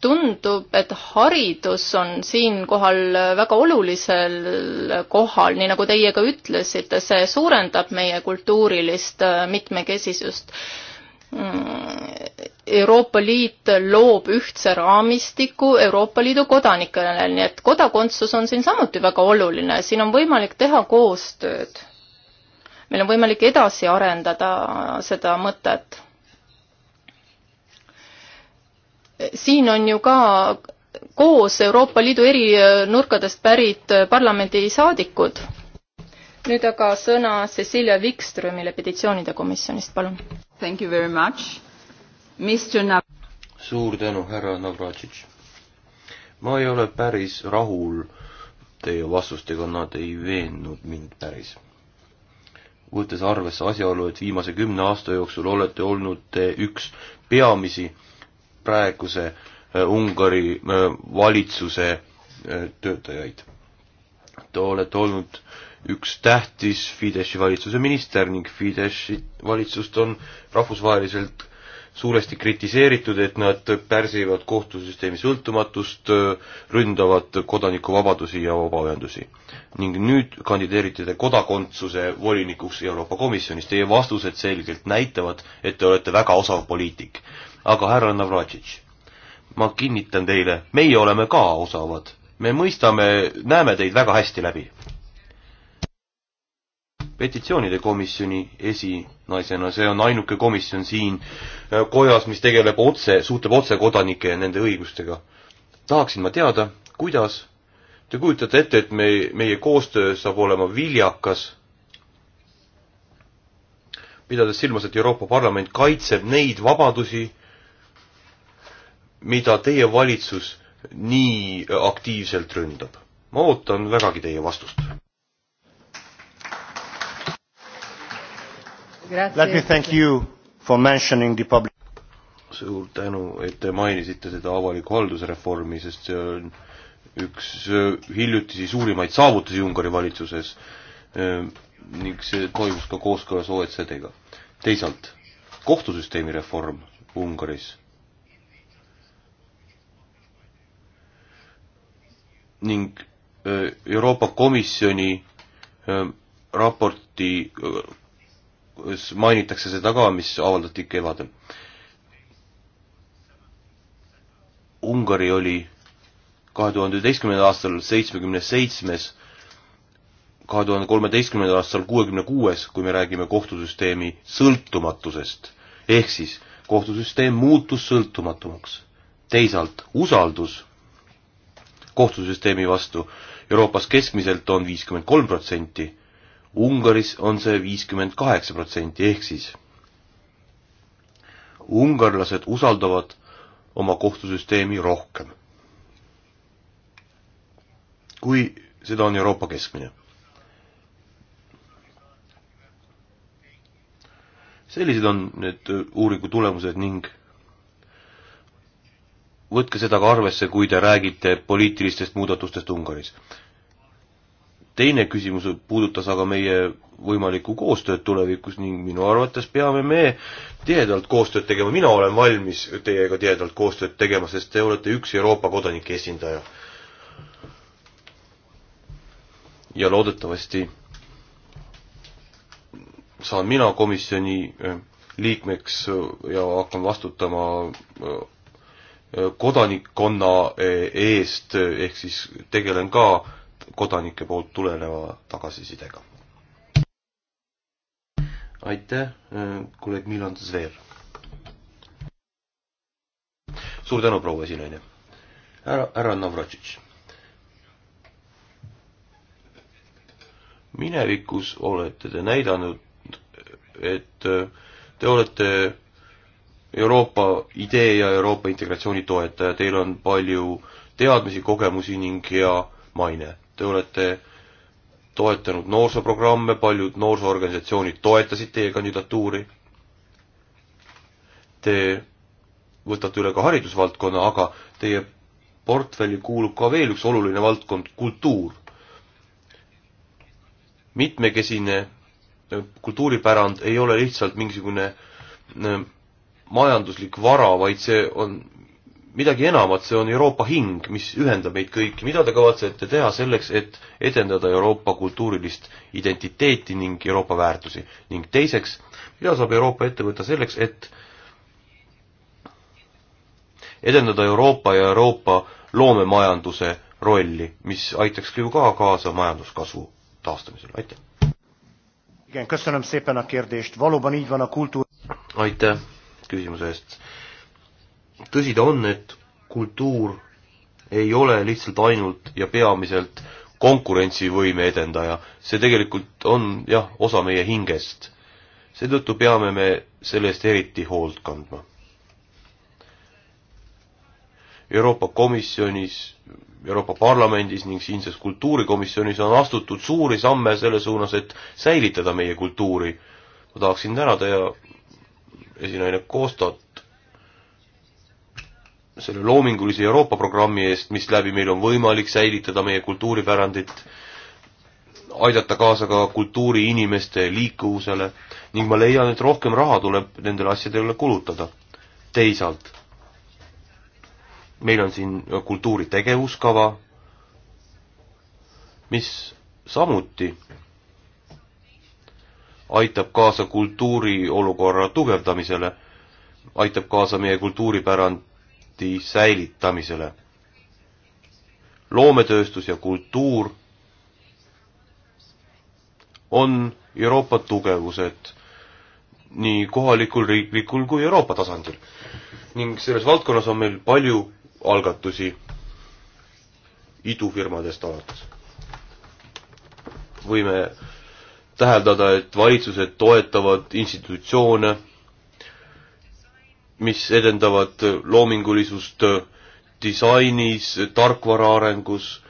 tundub, et haridus on siinkohal väga olulisel kohal, nii nagu teie ka ütlesite, see suurendab meie kultuurilist mitmekesisust Euroopa Liit loob ühtse raamistiku Euroopa Liidu kodanikele, nii et kodakondsus on siin samuti väga oluline, siin on võimalik teha koostööd. meil on võimalik edasi arendada seda mõtet. siin on ju ka koos Euroopa Liidu eri nurkadest pärit parlamendisaadikud. nüüd aga sõna Cecilia Wikströmile petitsioonide komisjonist, palun. Thank you very much suur tänu, härra Navratšitš. ma ei ole päris rahul teie vastustega, nad ei veennud mind päris. võttes arvesse asjaolu, et viimase kümne aasta jooksul olete olnud te üks peamisi praeguse äh, Ungari äh, valitsuse äh, töötajaid. Te olete olnud üks tähtis Fideszi valitsuse minister ning Fideszi valitsust on rahvusvaheliselt suuresti kritiseeritud, et nad pärsivad kohtusüsteemi sõltumatust, ründavad kodanikuvabadusi ja vabaühendusi. ning nüüd kandideerite te kodakondsuse volinikuks Euroopa Komisjonis, teie vastused selgelt näitavad, et te olete väga osav poliitik. aga härra Navratšitš, ma kinnitan teile, meie oleme ka osavad. me mõistame, näeme teid väga hästi läbi petitsioonide komisjoni esinaisena, see on ainuke komisjon siin äh, kojas, mis tegeleb otse, suhtleb otse kodanike ja nende õigustega. tahaksin ma teada, kuidas te kujutate ette, et me, meie koostöö saab olema viljakas, pidades silmas, et Euroopa Parlament kaitseb neid vabadusi, mida teie valitsus nii aktiivselt ründab. ma ootan vägagi teie vastust. Let me thank you for mentioning the public suur tänu, et te mainisite seda avaliku halduse reformi, sest see on üks äh, hiljutisi suurimaid saavutusi Ungari valitsuses äh, ning see toimus ka kooskõlas OECD-ga. teisalt, kohtusüsteemi reform Ungaris ning äh, Euroopa Komisjoni raporti kus mainitakse seda ka, mis avaldati kevadel. Ungari oli kahe tuhande üheteistkümnendal aastal seitsmekümne seitsmes, kahe tuhande kolmeteistkümnendal aastal kuuekümne kuues, kui me räägime kohtusüsteemi sõltumatusest. ehk siis kohtusüsteem muutus sõltumatumaks. teisalt usaldus kohtusüsteemi vastu Euroopas keskmiselt on viiskümmend kolm protsenti Ungaris on see viiskümmend kaheksa protsenti, ehk siis ungarlased usaldavad oma kohtusüsteemi rohkem, kui seda on Euroopa keskmine. sellised on need uuringu tulemused ning võtke seda ka arvesse, kui te räägite poliitilistest muudatustest Ungaris teine küsimus puudutas aga meie võimalikku koostööd tulevikus ning minu arvates peame me tihedalt koostööd tegema, mina olen valmis teiega tihedalt koostööd tegema, sest te olete üks Euroopa kodanike esindaja. ja loodetavasti saan mina komisjoni äh, liikmeks äh, ja hakkan vastutama äh, kodanikkonna eest, ehk siis tegelen ka kodanike poolt tuleneva tagasisidega. aitäh, äh, kolleeg Milan Zver. suur tänu, proua esinaine. härra, härra Navratšitš. minevikus olete te näidanud, et äh, te olete Euroopa idee ja Euroopa integratsiooni toetaja, teil on palju teadmisi, kogemusi ning hea maine te olete toetanud noorsooprogramme, paljud noorsoorganisatsioonid toetasid teie kandidatuuri. Te võtate üle ka haridusvaldkonna, aga teie portfelli kuulub ka veel üks oluline valdkond, kultuur. mitmekesine äh, kultuuripärand ei ole lihtsalt mingisugune äh, majanduslik vara, vaid see on midagi enamat, see on Euroopa hing, mis ühendab meid kõiki. mida te kavatsete teha selleks, et edendada Euroopa kultuurilist identiteeti ning Euroopa väärtusi? ning teiseks, mida saab Euroopa ette võtta selleks, et edendada Euroopa ja Euroopa loomemajanduse rolli, mis aitaks ju ka kaasa majanduskasvu taastamisele, aitäh! aitäh küsimuse eest! tõsi ta on, et kultuur ei ole lihtsalt ainult ja peamiselt konkurentsivõime edendaja, see tegelikult on jah, osa meie hingest. seetõttu peame me selle eest eriti hoolt kandma. Euroopa Komisjonis, Euroopa Parlamendis ning siinses kultuurikomisjonis on astutud suuri samme selle suunas, et säilitada meie kultuuri. ma tahaksin tänada ja esinaine Koostat selle loomingulise Euroopa programmi eest, mis läbi meil on võimalik säilitada meie kultuuripärandit, aidata kaasa ka kultuuriinimeste liikuvusele ning ma leian, et rohkem raha tuleb nendele asjadele kulutada. teisalt, meil on siin kultuuri tegevuskava, mis samuti aitab kaasa kultuuri olukorra tugevdamisele, aitab kaasa meie kultuuripärand kvaliteedi säilitamisele. loometööstus ja kultuur on Euroopa tugevused nii kohalikul, riiklikul kui Euroopa tasandil. ning selles valdkonnas on meil palju algatusi idufirmadest alates. võime täheldada, et valitsused toetavad institutsioone mis edendavad loomingulisust disainis, tarkvara arengus,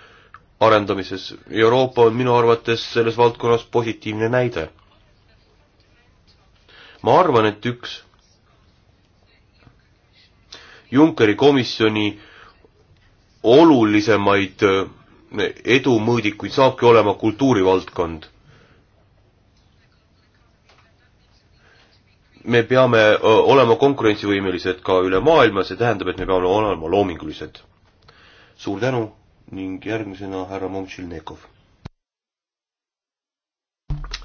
arendamises. Euroopa on minu arvates selles valdkonnas positiivne näide. ma arvan, et üks Junckeri komisjoni olulisemaid edumõõdikuid saabki olema kultuurivaldkond me peame olema konkurentsivõimelised ka üle maailma, see tähendab, et me peame olema loomingulised. suur tänu ning järgmisena härra Momtšilnikov.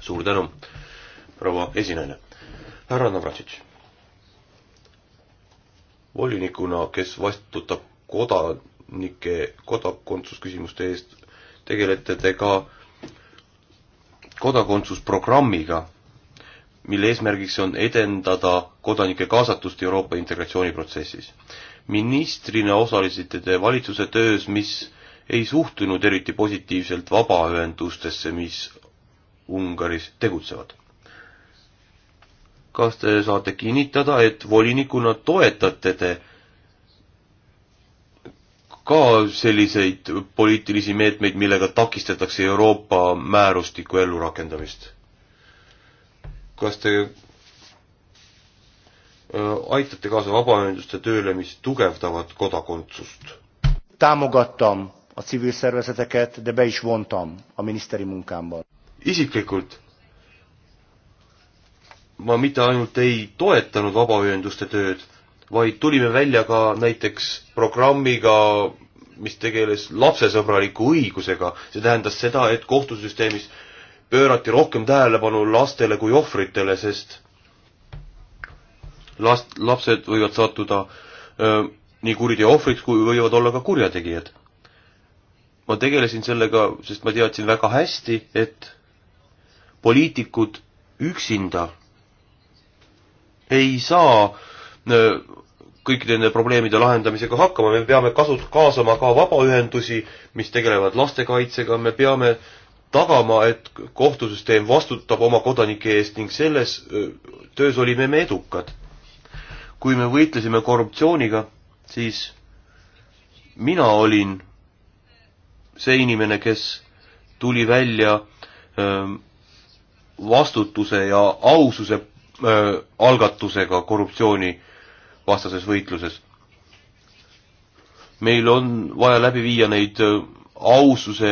suur tänu, proua esinaine. härra Navratšitš. volinikuna, kes vastutab kodanike kodakondsusküsimuste eest, tegelete te ka kodakondsusprogrammiga mille eesmärgiks on edendada kodanike kaasatust Euroopa integratsiooniprotsessis. ministrina osalesite te valitsuse töös, mis ei suhtunud eriti positiivselt vabaühendustesse, mis Ungaris tegutsevad. kas te saate kinnitada, et volinikuna toetate te ka selliseid poliitilisi meetmeid, millega takistatakse Euroopa määrustiku ellurakendamist? kas te äh, aitate kaasa vabaühenduste tööle, mis tugevdavad kodakondsust? támogattam a civil szervezeteket, de be is vontam a miniszteri munkámban. isiklikult ma mitte ainult ei toetanud vabaühenduste tööd, vaid tulime välja ka näiteks programmiga, mis tegeles lapsesõbraliku õigusega. see tähendas seda, et kohtusüsteemis pöörati rohkem tähelepanu lastele kui ohvritele, sest last, lapsed võivad sattuda öö, nii kuriteo ohvriks kui võivad olla ka kurjategijad. ma tegelesin sellega, sest ma teadsin väga hästi, et poliitikud üksinda ei saa öö, kõikide nende probleemide lahendamisega hakkama, me peame kasu-, kaasama ka vabaühendusi, mis tegelevad lastekaitsega, me peame öö, tagama, et kohtusüsteem vastutab oma kodanike eest ning selles töös olime me edukad. kui me võitlesime korruptsiooniga, siis mina olin see inimene, kes tuli välja vastutuse ja aususe algatusega korruptsioonivastases võitluses. meil on vaja läbi viia neid aususe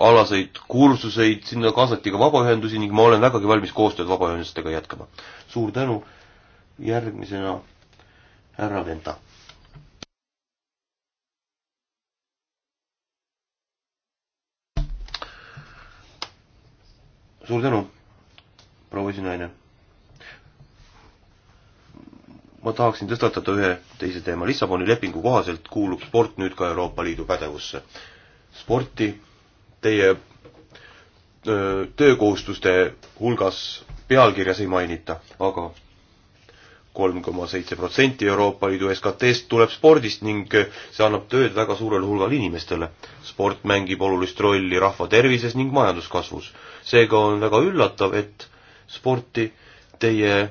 alaseid kursuseid, sinna kaasati ka vabaühendusi ning ma olen vägagi valmis koostööd vabaühendustega jätkama. suur tänu, järgmisena härra Venta. suur tänu, proua esinaine. ma tahaksin tõstatada ühe teise teema. Lissaboni lepingu kohaselt kuulub sport nüüd ka Euroopa Liidu pädevusse sporti teie töökohustuste hulgas pealkirjas ei mainita aga, aga kolm koma seitse protsenti Euroopa Liidu SKT-st tuleb spordist ning see annab tööd väga suurele hulgale inimestele. sport mängib olulist rolli rahva tervises ning majanduskasvus. seega on väga üllatav, et sporti teie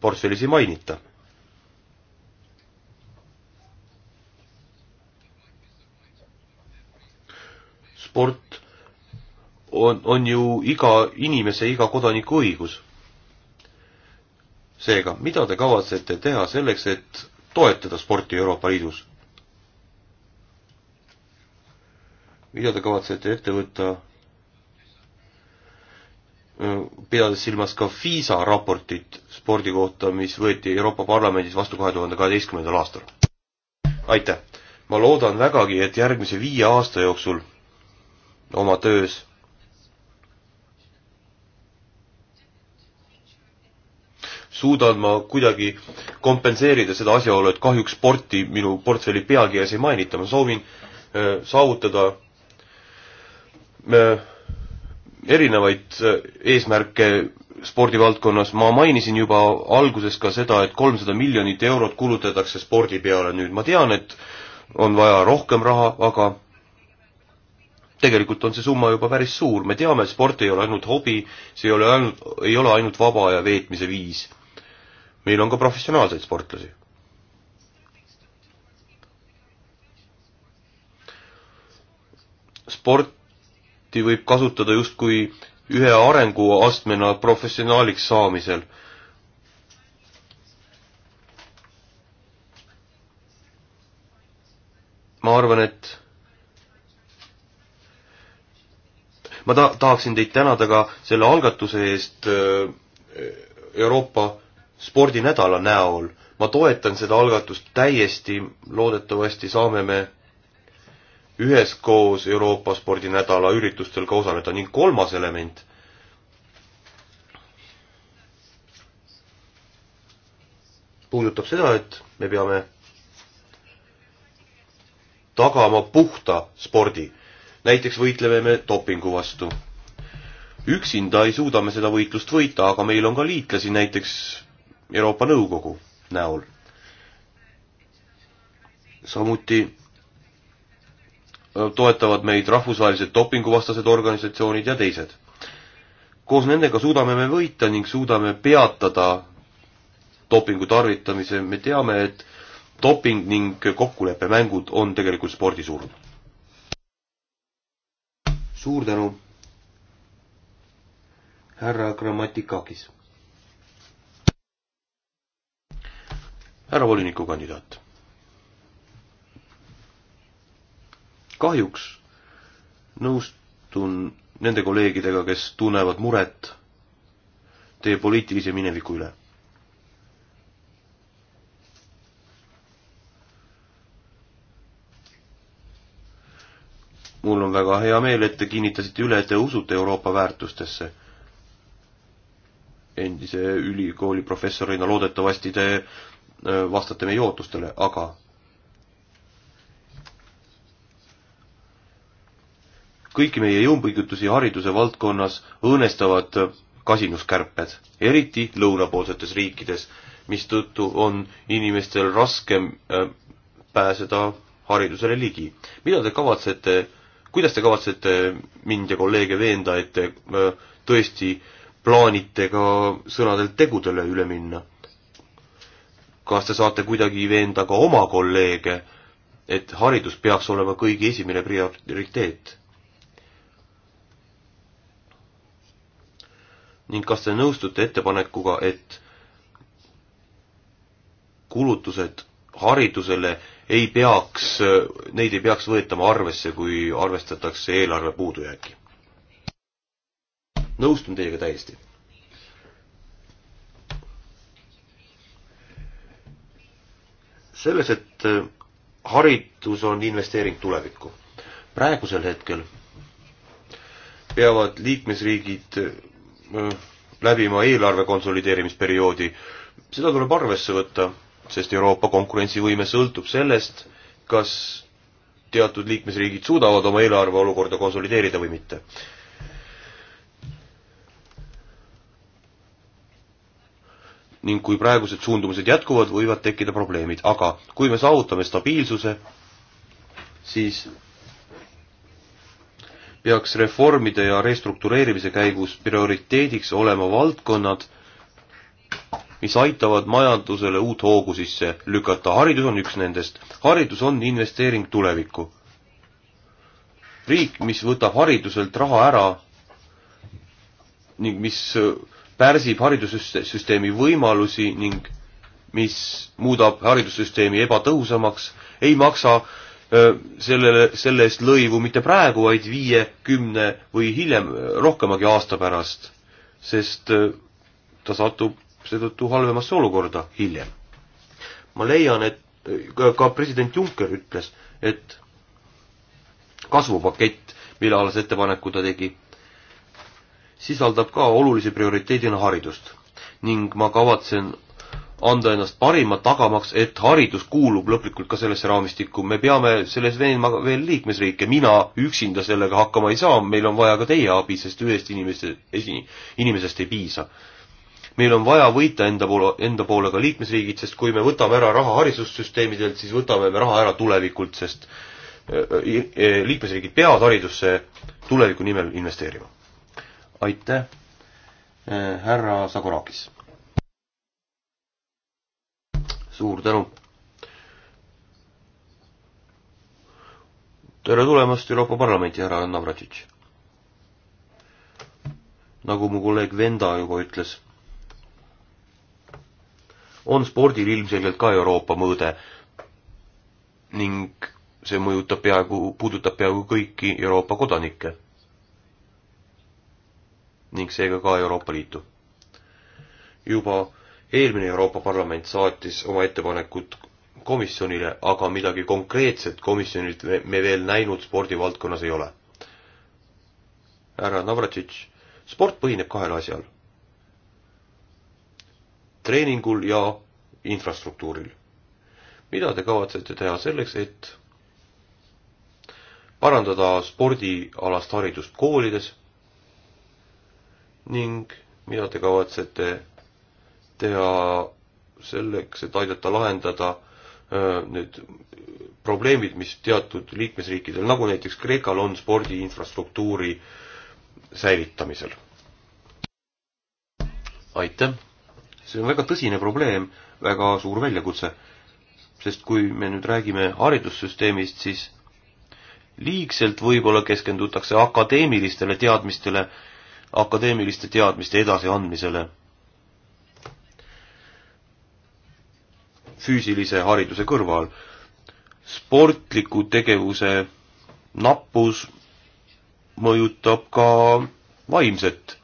portfellis ei mainita. transport on, on ju iga inimese, iga kodaniku õigus. seega, mida te kavatsete teha selleks, et toetada sporti Euroopa Liidus? mida te kavatsete ette võtta, pidades silmas ka FISA raportit spordi kohta, mis võeti Euroopa Parlamendis vastu kahe tuhande kaheteistkümnendal aastal? aitäh! ma loodan vägagi, et järgmise viie aasta jooksul oma töös. suudan ma kuidagi kompenseerida seda asjaolu, et kahjuks sporti minu portfelli pealkirjas ei mainita, ma soovin äh, saavutada äh, erinevaid äh, eesmärke spordivaldkonnas, ma mainisin juba alguses ka seda, et kolmsada miljonit eurot kulutatakse spordi peale nüüd, ma tean, et on vaja rohkem raha, aga tegelikult on see summa juba päris suur, me teame, sport ei ole ainult hobi, see ei ole ainult, ei ole ainult vaba aja veetmise viis. meil on ka professionaalseid sportlasi. sporti võib kasutada justkui ühe arenguastmena professionaaliks saamisel ma arvan, et ma ta-, tahaksin teid tänada ka selle algatuse eest äh, Euroopa spordinädala näol. ma toetan seda algatust täiesti, loodetavasti saame me üheskoos Euroopa spordinädala üritustel ka osaleda ning kolmas element, puudutab seda, et me peame tagama puhta spordi näiteks võitleme me dopingu vastu. üksinda ei suuda me seda võitlust võita, aga meil on ka liitlasi, näiteks Euroopa Nõukogu näol. samuti äh, toetavad meid rahvusvahelised dopinguvastased organisatsioonid ja teised. koos nendega suudame me võita ning suudame peatada dopingu tarvitamise, me teame, et doping ning kokkuleppemängud on tegelikult spordisurm suur tänu, härra Grammatikakis. härra volinikukandidaat. kahjuks nõustun nende kolleegidega, kes tunnevad muret teie poliitilise mineviku üle mul on väga hea meel, et te kinnitasite üle, et te usute Euroopa väärtustesse. endise ülikooli professorina loodetavasti te äh, vastate meie ootustele, aga kõiki meie jõupingutusi hariduse valdkonnas õõnestavad kasinuskärped, eriti lõunapoolsetes riikides, mistõttu on inimestel raskem äh, pääseda haridusele ligi. mida te kavatsete äh, kuidas te kavatsete mind ja kolleege veenda, et te äh, tõesti plaanite ka sõnadelt tegudele üle minna? kas te saate kuidagi veenda ka oma kolleege, et haridus peaks olema kõigi esimene prioriteet? ning kas te nõustute ettepanekuga, et kulutused haridusele ei peaks, neid ei peaks võetama arvesse, kui arvestatakse eelarve puudujääki. nõustun teiega täiesti. selles, et haridus on investeering tulevikku. praegusel hetkel peavad liikmesriigid äh, läbima eelarve konsolideerimisperioodi, seda tuleb arvesse võtta sest Euroopa konkurentsivõime sõltub sellest, kas teatud liikmesriigid suudavad oma eelarve olukorda konsolideerida või mitte. ning kui praegused suundumused jätkuvad, võivad tekkida probleemid, aga kui me saavutame stabiilsuse, siis peaks reformide ja restruktureerimise käigus prioriteediks olema valdkonnad, mis aitavad majandusele uut hoogu sisse lükata. haridus on üks nendest. haridus on investeering tulevikku. riik, mis võtab hariduselt raha ära ning mis äh, pärsib haridussüsteemi võimalusi ning mis muudab haridussüsteemi ebatõhusamaks, ei maksa äh, sellele, selle eest lõivu mitte praegu, vaid viie, kümne või hiljem, äh, rohkemagi aasta pärast, sest ta satub seetõttu halvemasse olukorda hiljem. ma leian, et äh, ka president Juncker ütles, et kasvupakett, mille alles ettepaneku ta tegi, sisaldab ka olulise prioriteedina haridust ning ma kavatsen anda ennast parima, tagamaks, et haridus kuulub lõplikult ka sellesse raamistikku. me peame selles veenma veel liikmesriike, mina üksinda sellega hakkama ei saa, meil on vaja ka teie abi, sest ühest inimesest, inimesest ei piisa meil on vaja võita enda poole, enda poole ka liikmesriigid, sest kui me võtame ära raha haridussüsteemidelt, siis võtame me raha ära tulevikult, sest äh, äh, äh, liikmesriigid peavad haridusse tuleviku nimel investeerima. aitäh, härra Sagorakis. suur tänu. tere tulemast Euroopa Parlamenti, härra Navratšitš. nagu mu kolleeg Venda juba ütles on spordil ilmselgelt ka Euroopa mõõde ning see mõjutab peaaegu, puudutab peaaegu kõiki Euroopa kodanikke ning seega ka Euroopa Liitu. juba eelmine Euroopa Parlament saatis oma ettepanekud komisjonile, aga midagi konkreetset komisjonilt me veel näinud spordivaldkonnas ei ole. härra Navratšitš, sport põhineb kahel asjal treeningul ja infrastruktuuril. mida te kavatsete teha selleks, et parandada spordialast haridust koolides ning mida te kavatsete teha selleks, et aidata lahendada öö, äh, need probleemid, mis teatud liikmesriikidel, nagu näiteks Kreekal on spordi infrastruktuuri säilitamisel. aitäh! see on väga tõsine probleem, väga suur väljakutse. sest kui me nüüd räägime haridussüsteemist, siis liigselt võib-olla keskendutakse akadeemilistele teadmistele, akadeemiliste teadmiste edasiandmisele. füüsilise hariduse kõrval. sportliku tegevuse nappus mõjutab ka vaimset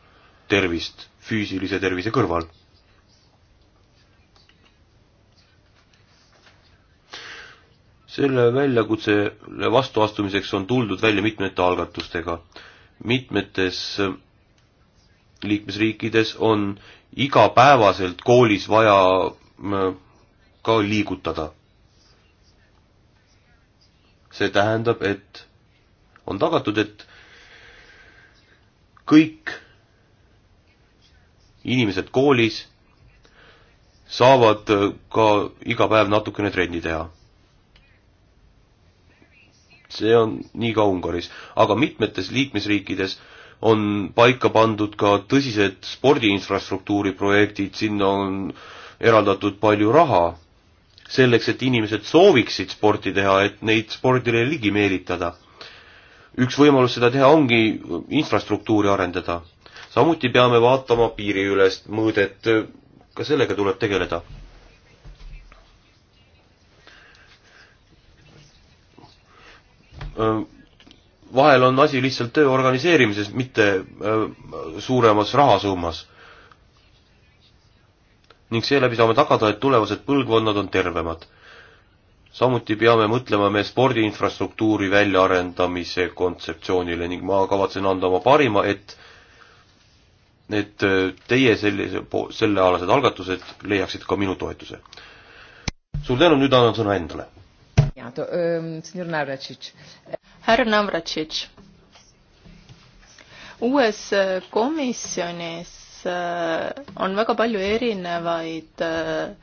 tervist füüsilise tervise kõrval selle väljakutsele vastuastumiseks on tuldud välja mitmete algatustega. mitmetes liikmesriikides on igapäevaselt koolis vaja ka liigutada. see tähendab, et on tagatud, et kõik inimesed koolis saavad ka iga päev natukene trenni teha see on nii ka Ungaris, aga mitmetes liikmesriikides on paika pandud ka tõsised spordiinfrastruktuuri projektid, sinna on eraldatud palju raha selleks, et inimesed sooviksid sporti teha, et neid spordile ligi meelitada. üks võimalus seda teha ongi infrastruktuuri arendada. samuti peame vaatama piiriülest mõõdet, ka sellega tuleb tegeleda vahel on asi lihtsalt töö organiseerimises, mitte suuremas rahasummas. ning seeläbi saame tagada, et tulevased põlvkonnad on tervemad. samuti peame mõtlema me spordiinfrastruktuuri väljaarendamise kontseptsioonile ning ma kavatsen anda oma parima, et et teie sellise, sellealased algatused leiaksid ka minu toetuse. suur tänu, nüüd annan sõna endale Ehm, härra Navratšitš. uues eh, komisjonis eh, on väga palju erinevaid eh,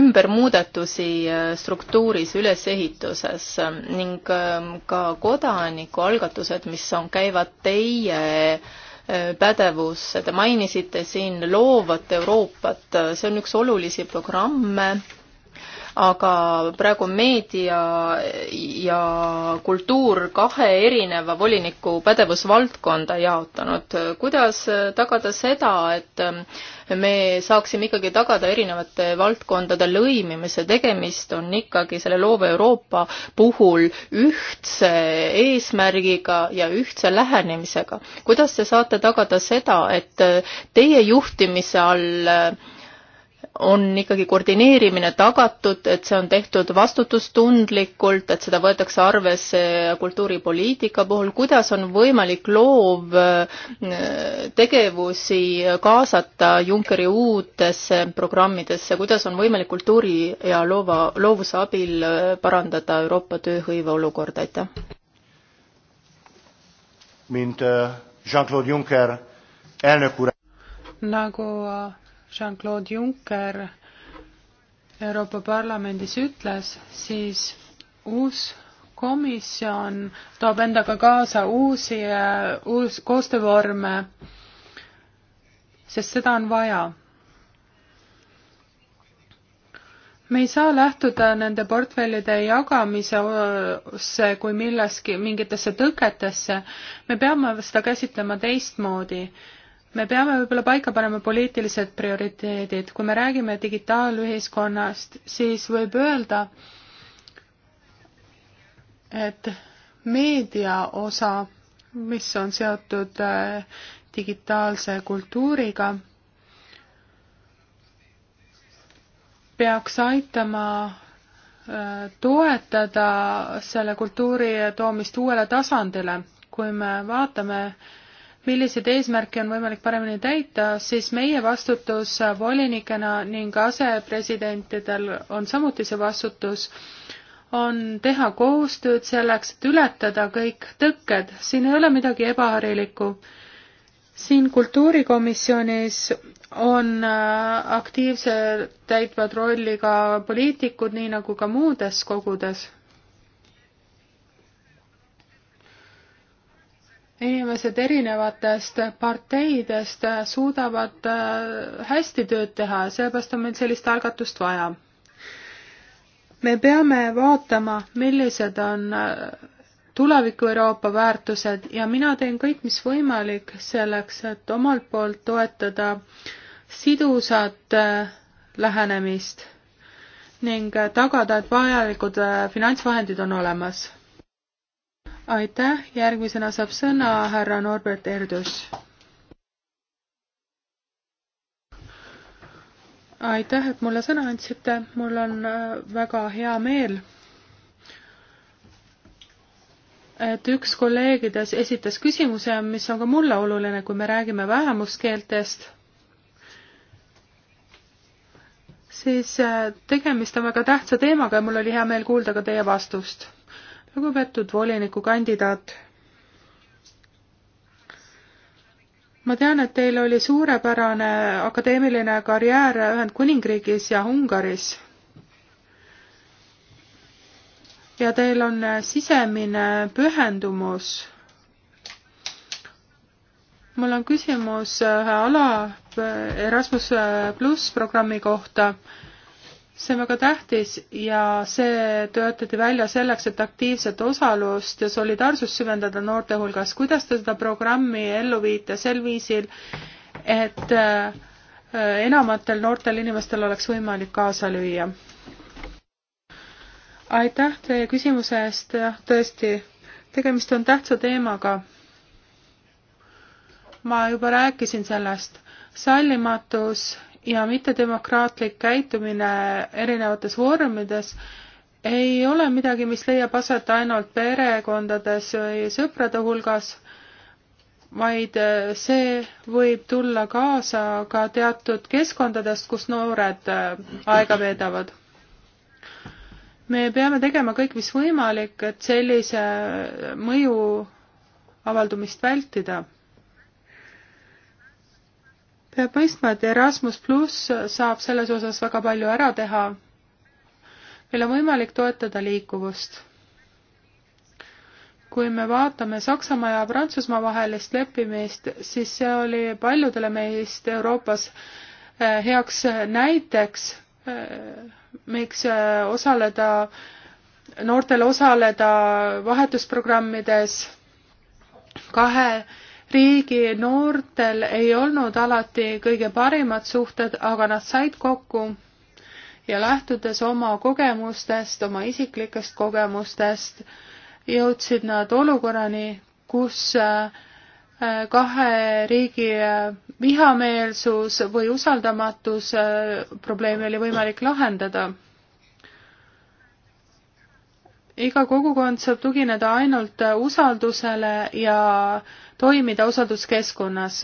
ümbermuudatusi struktuuris, ülesehituses ning ehm, ka kodanikualgatused, mis on, käivad teie pädevusse, te mainisite siin loovat Euroopat, see on üks olulisi programme aga praegu meedia ja kultuur kahe erineva voliniku pädevusvaldkonda jaotanud. kuidas tagada seda, et me saaksime ikkagi tagada erinevate valdkondade lõimimise, tegemist on ikkagi selle loova Euroopa puhul ühtse eesmärgiga ja ühtse lähenemisega. kuidas te saate tagada seda, et teie juhtimise all on ikkagi koordineerimine tagatud, et see on tehtud vastutustundlikult, et seda võetakse arvesse kultuuripoliitika puhul, kuidas on võimalik loovtegevusi äh, kaasata Junckeri uutesse programmidesse, kuidas on võimalik kultuuri ja loova, loovuse abil äh, parandada Euroopa tööhõive olukorda, aitäh? mind äh, Jean-Claude Juncker elnök úr nagu Jean-Claude Juncker Euroopa Parlamendis ütles, siis uus komisjon toob endaga kaasa uusi, äh, uus koostöövorme, sest seda on vaja. me ei saa lähtuda nende portfellide jagamisse kui milleski, mingitesse tõketesse. me peame seda käsitlema teistmoodi me peame võib-olla paika panema poliitilised prioriteedid. kui me räägime digitaalühiskonnast, siis võib öelda, et meedia osa, mis on seotud äh, digitaalse kultuuriga, peaks aitama äh, toetada selle kultuuri toomist uuele tasandile. kui me vaatame äh, milliseid eesmärke on võimalik paremini täita, siis meie vastutus volinikena ning asepresidentidel on samuti see vastutus, on teha koostööd selleks, et ületada kõik tõkked, siin ei ole midagi ebaharilikku. siin kultuurikomisjonis on äh, aktiivse täitvad rolli ka poliitikud, nii nagu ka muudes kogudes inimesed erinevatest parteidest suudavad äh, hästi tööd teha ja sellepärast on meil sellist algatust vaja. me peame vaatama, millised on äh, tuleviku Euroopa väärtused ja mina teen kõik, mis võimalik selleks, et omalt poolt toetada sidusat äh, lähenemist ning tagada, et vajalikud finantsvahendid on olemas aitäh, järgmisena saab sõna härra Norbert Erdős. aitäh, et mulle sõna andsite, mul on äh, väga hea meel, et üks kolleegidest esitas küsimuse, mis on ka mulle oluline, kui me räägime vähemuskeeltest, siis äh, tegemist on väga tähtsa teemaga ja mul oli hea meel kuulda ka teie vastust lugupeetud volinikukandidaat. ma tean, et teil oli suurepärane akadeemiline karjäär Ühendkuningriigis ja Ungaris. ja teil on sisemine pühendumus mul on küsimus ühe ala Erasmus pluss programmi kohta see on väga tähtis ja see töötati välja selleks, et aktiivset osalust ja solidaarsust süvendada noorte hulgas. kuidas te seda programmi ellu viite sel viisil, et äh, enamatel noortel inimestel oleks võimalik kaasa lüüa? aitäh teie küsimuse eest, jah, tõesti, tegemist on tähtsa teemaga. ma juba rääkisin sellest, sallimatus ja mittedemokraatlik käitumine erinevates vormides ei ole midagi, mis leiab aset ainult perekondades või sõprade hulgas, vaid äh, see võib tulla kaasa ka teatud keskkondadest, kus noored äh, aega veedavad. me peame tegema kõik, mis võimalik, et sellise äh, mõju avaldumist vältida peab mõistma, et Erasmus pluss saab selles osas väga palju ära teha. meil on võimalik toetada liikuvust. kui me vaatame Saksamaa ja Prantsusmaa vahelist leppimist, siis see oli paljudele meist Euroopas eh, heaks eh, näiteks, eh, miks osaleda, noortel osaleda vahetusprogrammides kahe riigi noortel ei olnud alati kõige paremad suhted, aga nad said kokku ja lähtudes oma kogemustest, oma isiklikest kogemustest, jõudsid nad olukorrani, kus äh, kahe riigi äh, vihameelsus või usaldamatus äh, probleemi oli võimalik lahendada. iga kogukond saab tugineda ainult usaldusele ja toimida usalduskeskkonnas.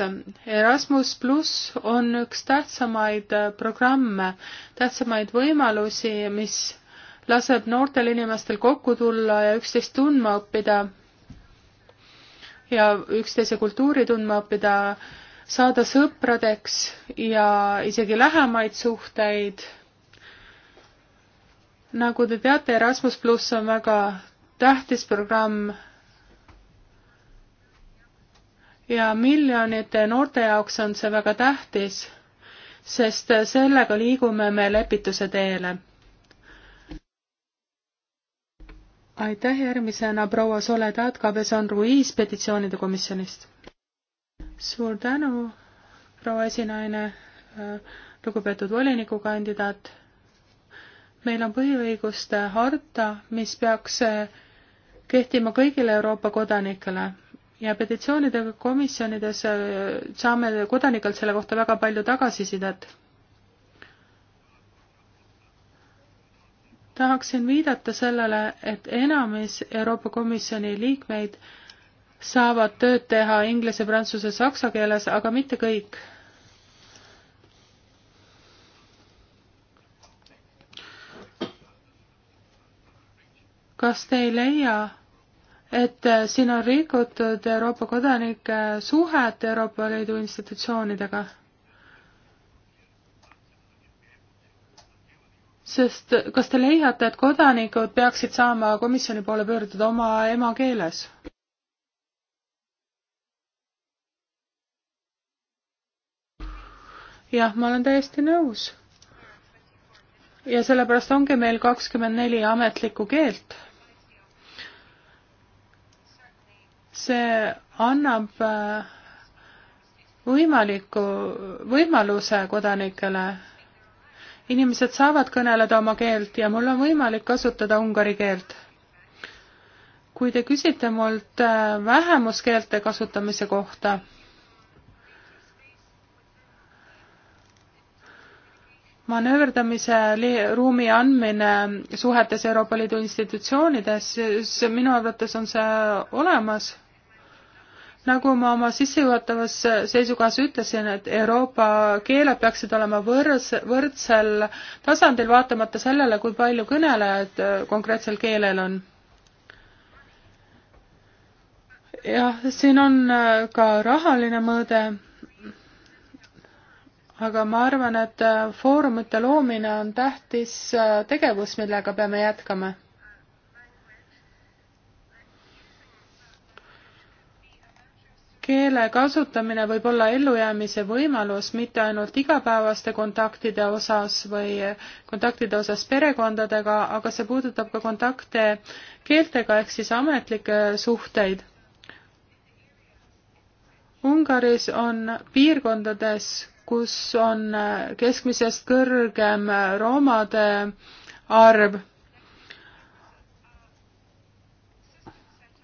Erasmus pluss on üks tähtsamaid äh, programme, tähtsamaid võimalusi, mis laseb noortel inimestel kokku tulla ja üksteist tundma õppida ja üksteise kultuuri tundma õppida, saada sõpradeks ja isegi lähemaid suhteid. nagu te teate, Erasmus pluss on väga tähtis programm ja miljonite noorte jaoks on see väga tähtis, sest sellega liigume me lepituse teele. aitäh, järgmisena proua Soledad Kabeson Ruiz petitsioonide komisjonist. suur tänu, proua esinaine, lugupeetud volinikukandidaat. meil on põhiõiguste harta, mis peaks kehtima kõigile Euroopa kodanikele ja petitsioonidega komisjonides äh, saame kodanikelt selle kohta väga palju tagasisidet. tahaksin viidata sellele, et enamus Euroopa Komisjoni liikmeid saavad tööd teha inglise, prantsuse, saksa keeles, aga mitte kõik kas te ei leia, et äh, siin on rikutud Euroopa kodanike suhet Euroopa Liidu institutsioonidega. sest kas te leiate, et kodanikud peaksid saama komisjoni poole pöörduda oma emakeeles? jah, ma olen täiesti nõus. ja sellepärast ongi meil kakskümmend neli ametlikku keelt see annab äh, võimaliku, võimaluse kodanikele. inimesed saavad kõneleda oma keelt ja mul on võimalik kasutada ungari keelt. kui te küsite mult äh, vähemuskeelte kasutamise kohta, manööverdamise ruumi andmine suhetes Euroopa Liidu institutsioonides, minu arvates on see olemas nagu ma oma sissejuhatavas seisukohas ütlesin, et Euroopa keeled peaksid olema võrs-, võrdsel tasandil, vaatamata sellele, kui palju kõnelejaid konkreetsel keelel on. jah, siin on äh, ka rahaline mõõde, aga ma arvan, et äh, foorumite loomine on tähtis äh, tegevus, millega peame jätkama keele kasutamine võib olla ellujäämise võimalus mitte ainult igapäevaste kontaktide osas või kontaktide osas perekondadega, aga see puudutab ka kontakte keeltega ehk siis ametlikke suhteid. Ungaris on piirkondades, kus on keskmisest kõrgem roomade arv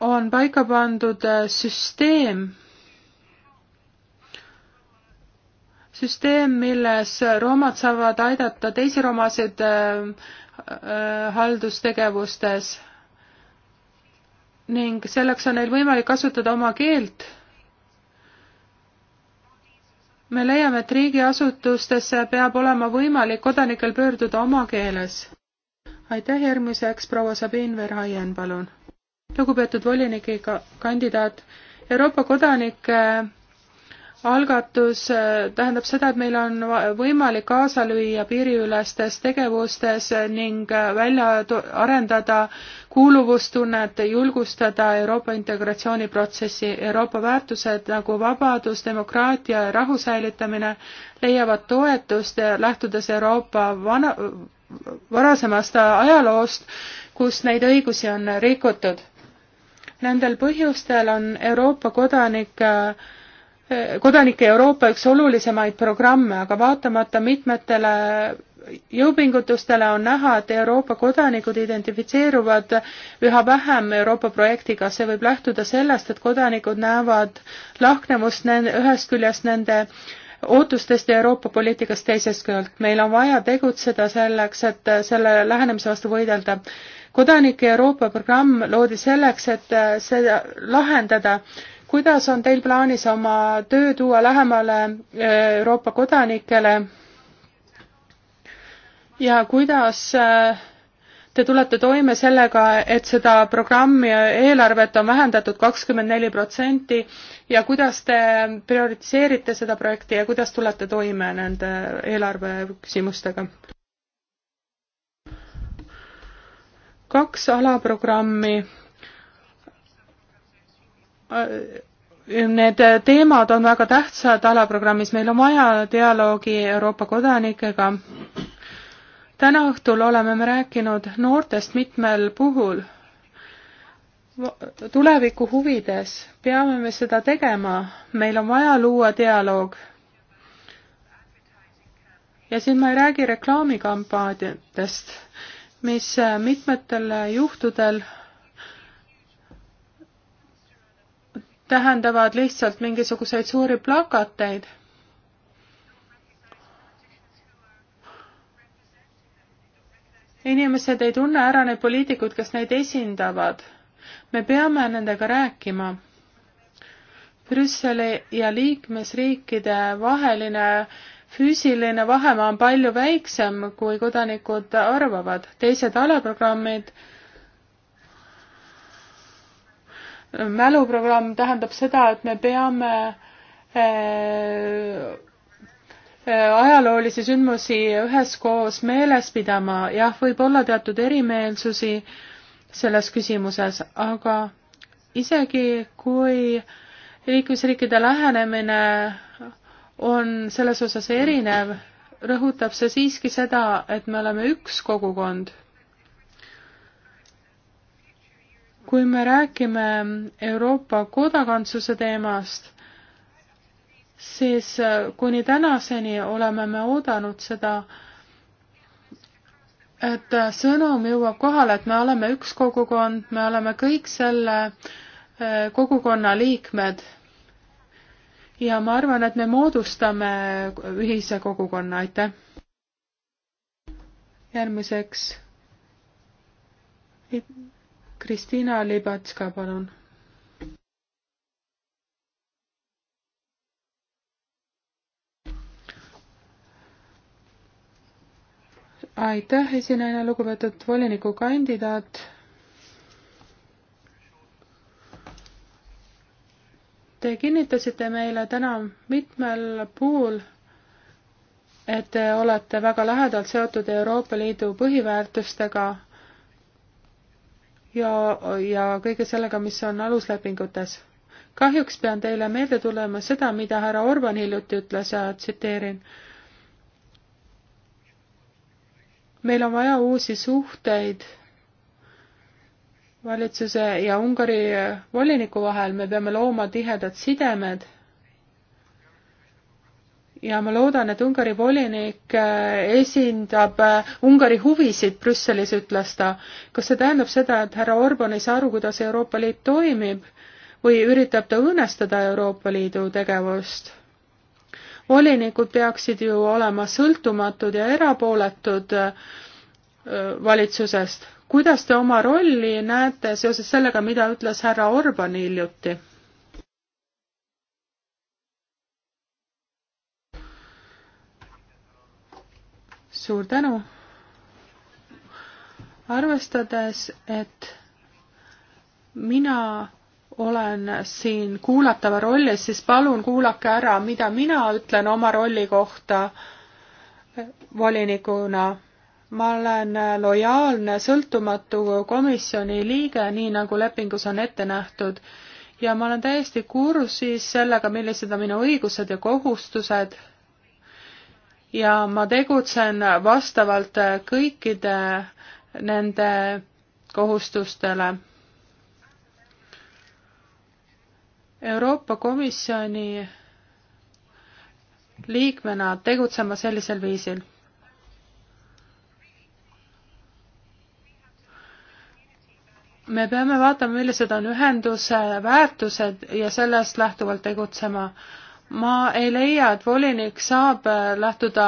on paika pandud süsteem, süsteem, milles roomad saavad aidata teisi romasid äh, äh, haldustegevustes ning selleks on neil võimalik kasutada oma keelt. me leiame, et riigiasutustesse peab olema võimalik kodanikel pöörduda oma keeles. aitäh, järgmiseks proua Sabin Verhaien, palun. lugupeetud volinike kandidaat, Euroopa kodanike algatus äh, tähendab seda, et meil on võimalik kaasa lüüa piiriülestes tegevustes ning äh, välja arendada kuuluvustunnet, julgustada Euroopa integratsiooniprotsessi, Euroopa väärtused nagu vabadus, demokraatia ja rahu säilitamine leiavad toetust, äh, lähtudes Euroopa vana, varasemast ajaloost, kus neid õigusi on rikutud. Nendel põhjustel on Euroopa kodanike äh, kodanike Euroopa üks olulisemaid programme, aga vaatamata mitmetele jõupingutustele on näha, et Euroopa kodanikud identifitseeruvad üha vähem Euroopa projektiga, see võib lähtuda sellest, et kodanikud näevad lahknevust nende, ühest küljest nende ootustest ja Euroopa poliitikast teisest küljest. meil on vaja tegutseda selleks, et selle lähenemise vastu võidelda. kodanike Euroopa programm loodi selleks, et seda lahendada kuidas on teil plaanis oma töö tuua lähemale eh, Euroopa kodanikele ja kuidas eh, te tulete toime sellega, et seda programmi eelarvet on vähendatud kakskümmend neli protsenti ja kuidas te prioritiseerite seda projekti ja kuidas tulete toime nende eelarve küsimustega? kaks alaprogrammi Äh, need teemad on väga tähtsad alaprogrammis, meil on vaja dialoogi Euroopa kodanikega. täna õhtul oleme me rääkinud noortest mitmel puhul. tuleviku huvides peame me seda tegema, meil on vaja luua dialoog. ja siin ma ei räägi reklaamikampaaniatest, mis mitmetel juhtudel tähendavad lihtsalt mingisuguseid suuri plakateid. inimesed ei tunne ära neid poliitikuid, kes neid esindavad. me peame nendega rääkima. Brüsseli ja liikmesriikide vaheline füüsiline vahemaa on palju väiksem, kui kodanikud arvavad. teised alaprogrammid äh, mäluprogramm tähendab seda, et me peame eh, eh, ajaloolisi sündmusi üheskoos meeles pidama, jah, võib olla teatud erimeelsusi selles küsimuses, aga isegi kui liikmesriikide lähenemine on selles osas erinev, rõhutab see siiski seda, et me oleme üks kogukond kui me räägime Euroopa kodakondsuse teemast, siis äh, kuni tänaseni oleme me oodanud seda, et äh, sõnum jõuab kohale, et me oleme üks kogukond, me oleme kõik selle äh, kogukonna liikmed. ja ma arvan, et me moodustame ühise kogukonna, aitäh. järgmiseks Kristiina Libatska, palun. aitäh, esinejana lugupeetud volinikukandidaat. Te kinnitasite meile täna mitmel puhul, et te olete väga lähedalt seotud Euroopa Liidu põhiväärtustega ja, ja kõige sellega, mis on aluslepingutes. kahjuks pean teile meelde tulema seda, mida härra Orban hiljuti ütles ja tsiteerin. meil on vaja uusi suhteid valitsuse ja Ungari voliniku vahel, me peame looma tihedad sidemed ja ma loodan, et Ungari volinik äh, esindab äh, Ungari huvisid Brüsselis, ütles ta. kas see tähendab seda, et härra Orban ei saa aru, kuidas Euroopa Liit toimib või üritab ta õõnestada Euroopa Liidu tegevust? volinikud peaksid ju olema sõltumatud ja erapooletud äh, valitsusest. kuidas te oma rolli näete seoses sellega, mida ütles härra Orban hiljuti? suur tänu. arvestades, et mina olen siin kuulatava rollis, siis palun kuulake ära, mida mina ütlen oma rolli kohta volinikuna. ma olen lojaalne sõltumatu komisjoni liige, nii nagu lepingus on ette nähtud ja ma olen täiesti kursis sellega, millised on minu õigused ja kohustused ja ma tegutsen vastavalt kõikide nende kohustustele. Euroopa Komisjoni liikmena tegutsema sellisel viisil. me peame vaatama, millised on ühenduse väärtused ja sellest lähtuvalt tegutsema ma ei leia, et volinik saab äh, lähtuda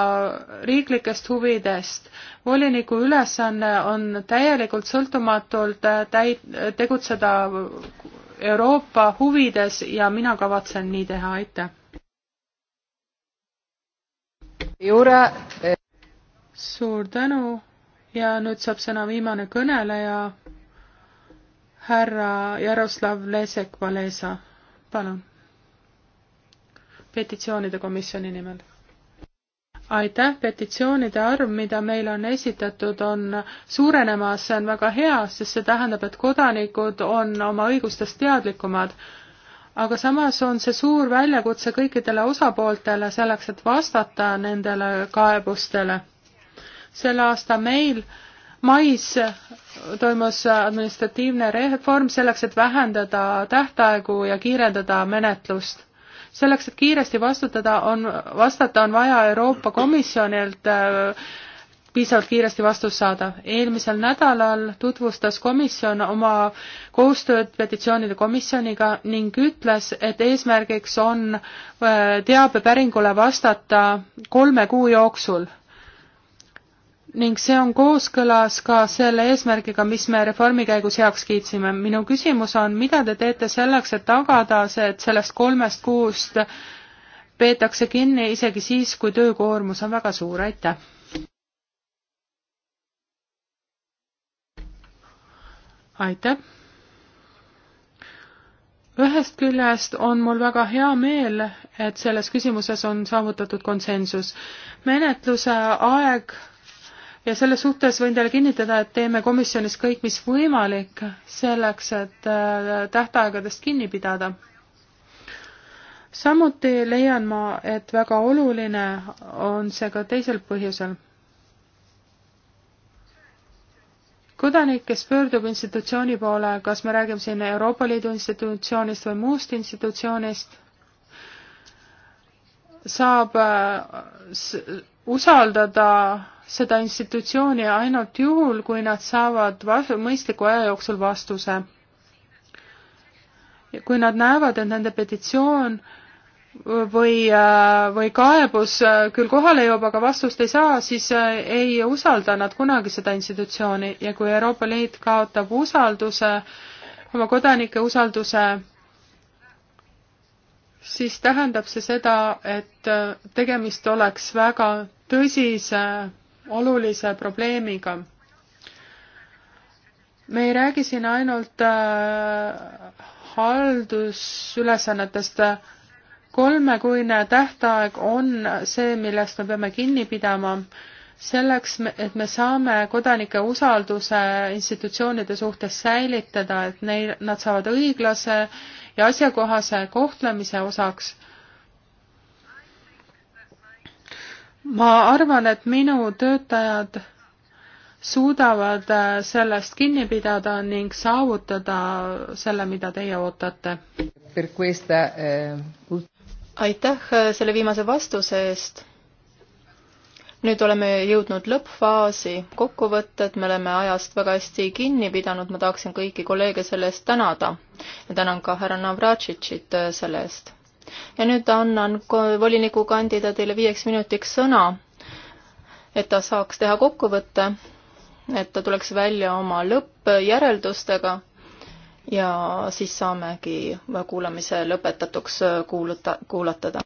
riiklikest huvidest. voliniku ülesanne on täielikult sõltumatult äh, täit-, tegutseda Euroopa huvides ja mina kavatsen nii teha, aitäh. Jure. Eh, suur tänu ja nüüd saab sõna viimane kõneleja, härra Jaroslav Lesek-Valesa, palun petitsioonide komisjoni nimel. aitäh, petitsioonide arv, mida meile on esitatud, on suurenemas, see on väga hea, sest see tähendab, et kodanikud on oma õigustest teadlikumad. aga samas on see suur väljakutse kõikidele osapooltele selleks, et vastata nendele kaebustele. selle aasta meil mais toimus administratiivne reform selleks, et vähendada tähtaegu ja kiirendada menetlust selleks, et kiiresti vastutada, on, vastata, on vaja Euroopa Komisjonilt äh, piisavalt kiiresti vastust saada. eelmisel nädalal tutvustas komisjon oma koostööd petitsioonide komisjoniga ning ütles, et eesmärgiks on äh, teabepäringule vastata kolme kuu jooksul ning see on kooskõlas ka selle eesmärgiga, mis me reformi käigus heaks kiitsime. minu küsimus on, mida te teete selleks, et tagada see, et sellest kolmest kuust peetakse kinni isegi siis, kui töökoormus on väga suur, aitäh! aitäh! ühest küljest on mul väga hea meel, et selles küsimuses on saavutatud konsensus. menetluse aeg ja selles suhtes võin teile kinnitada, et teeme komisjonis kõik, mis võimalik selleks, et äh, tähtaegadest kinni pidada. samuti leian ma, et väga oluline on see ka teisel põhjusel. kodanik, kes pöördub institutsiooni poole, kas me räägime siin Euroopa Liidu institutsioonist või muust institutsioonist, saab äh, usaldada seda institutsiooni ainult juhul, kui nad saavad mõistliku aja jooksul vastuse. kui nad näevad, et nende petitsioon või, või kaebus küll kohale jõuab, aga vastust ei saa, siis eh, ei usalda nad kunagi seda institutsiooni ja kui Euroopa Liit kaotab usalduse, oma kodanike usalduse siis tähendab see seda, et äh, tegemist oleks väga tõsise, olulise probleemiga. me ei räägi siin ainult äh, haldusülesannetest, kolmekuine tähtaeg on see, millest me peame kinni pidama, selleks, et me saame kodanike usalduse institutsioonide suhtes säilitada, et neil, nad saavad õiglase ja asjakohase kohtlemise osaks. ma arvan, et minu töötajad suudavad äh, sellest kinni pidada ning saavutada selle, mida teie ootate. Eh, aitäh äh, selle viimase vastuse eest nüüd oleme jõudnud lõppfaasi, kokkuvõtted, me oleme ajast väga hästi kinni pidanud, ma tahaksin kõiki kolleege selle eest tänada. ja tänan ka härra Navratšitšit äh, selle eest. ja nüüd annan volinikukandidaadile viieks minutiks sõna, et ta saaks teha kokkuvõtte, et ta tuleks välja oma lõppjäreldustega ja siis saamegi kuulamise lõpetatuks äh, kuuluta, kuulatada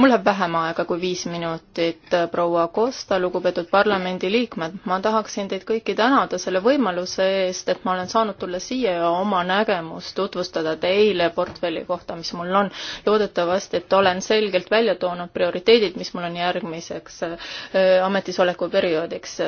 mul läheb vähem aega kui viis minutit, äh, proua Costa, lugupeetud parlamendiliikmed, ma tahaksin teid kõiki tänada selle võimaluse eest, et ma olen saanud tulla siia ja oma nägemust tutvustada teile portfelli kohta, mis mul on. loodetavasti, et olen selgelt välja toonud prioriteedid, mis mul on järgmiseks äh, ametisoleku perioodiks.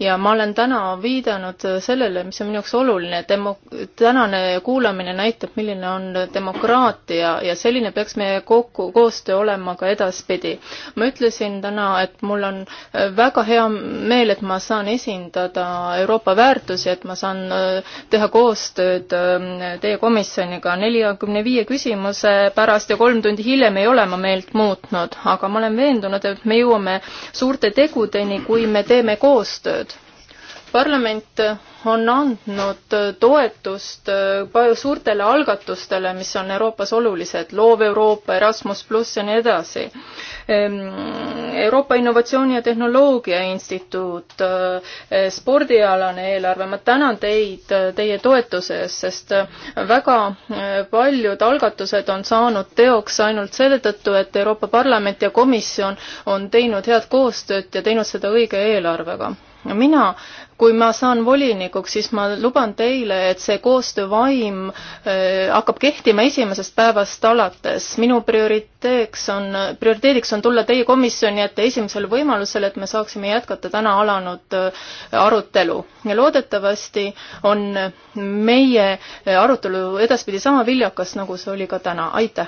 ja ma olen täna viidanud sellele, mis on minu jaoks oluline, demo-, tänane kuulamine näitab, milline on demokraatia ja selline peaks meie kokku, koostöö olema olema ka edaspidi. ma ütlesin täna, et mul on äh, väga hea meel, et ma saan esindada Euroopa väärtusi, et ma saan äh, teha koostööd äh, teie komisjoniga neljakümne viie küsimuse pärast ja kolm tundi hiljem ei ole ma meelt muutnud, aga ma olen veendunud, et me jõuame suurte tegudeni, kui me teeme koostööd parlament on andnud toetust palju äh, suurtele algatustele, mis on Euroopas olulised, loov Euroopa, Erasmus pluss ja nii edasi. Ehm, Euroopa Innovatsiooni ja Tehnoloogia Instituut, äh, spordialane eelarve, ma tänan teid äh, teie toetuse eest, sest väga paljud algatused on saanud teoks ainult selle tõttu, et Euroopa Parlament ja Komisjon on teinud head koostööd ja teinud seda õige eelarvega mina, kui ma saan volinikuks, siis ma luban teile, et see koostöövaim äh, hakkab kehtima esimesest päevast alates. minu prioriteeks on, prioriteediks on tulla teie komisjoni ette esimesel võimalusel, et me saaksime jätkata täna alanud äh, arutelu. ja loodetavasti on meie äh, arutelu edaspidi sama viljakas, nagu see oli ka täna. aitäh!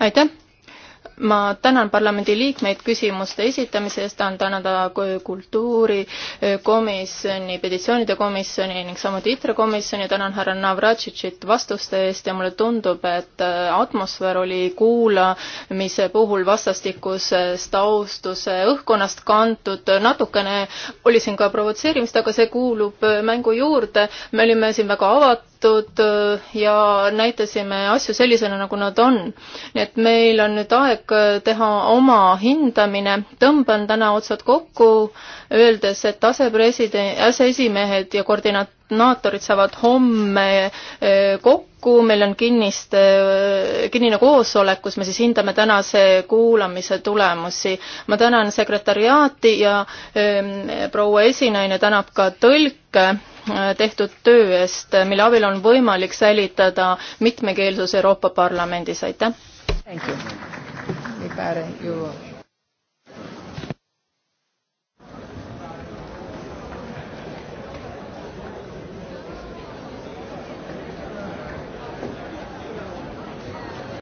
aitäh! ma tänan parlamendi liikmeid küsimuste esitamise eest, tahan tänada kultuurikomisjoni, eh, petitsioonide komisjoni ning samuti ITRE komisjoni, tänan härra Navratšitšit vastuste eest ja mulle tundub, et eh, atmosfäär oli kuulamise puhul vastastikusest austuse õhkkonnast kantud, natukene oli siin ka provotseerimist, aga see kuulub eh, mängu juurde, me olime siin väga avatud, avatud äh, ja näitasime asju sellisena, nagu nad on. nii et meil on nüüd aeg äh, teha oma hindamine, tõmban täna otsad kokku, öeldes, et asepresidendi, aseesimehed ja koordinaat-, koordinaatorid saavad homme eh, kokku, meil on kinnist, eh, kinnine koosolek, kus me siis hindame tänase kuulamise tulemusi. ma tänan sekretariaati ja eh, proua esinaine tänab ka tõlke tehtud töö eest, mille abil on võimalik säilitada mitmekeelsus Euroopa Parlamendis, aitäh! Thank you. Mi pare you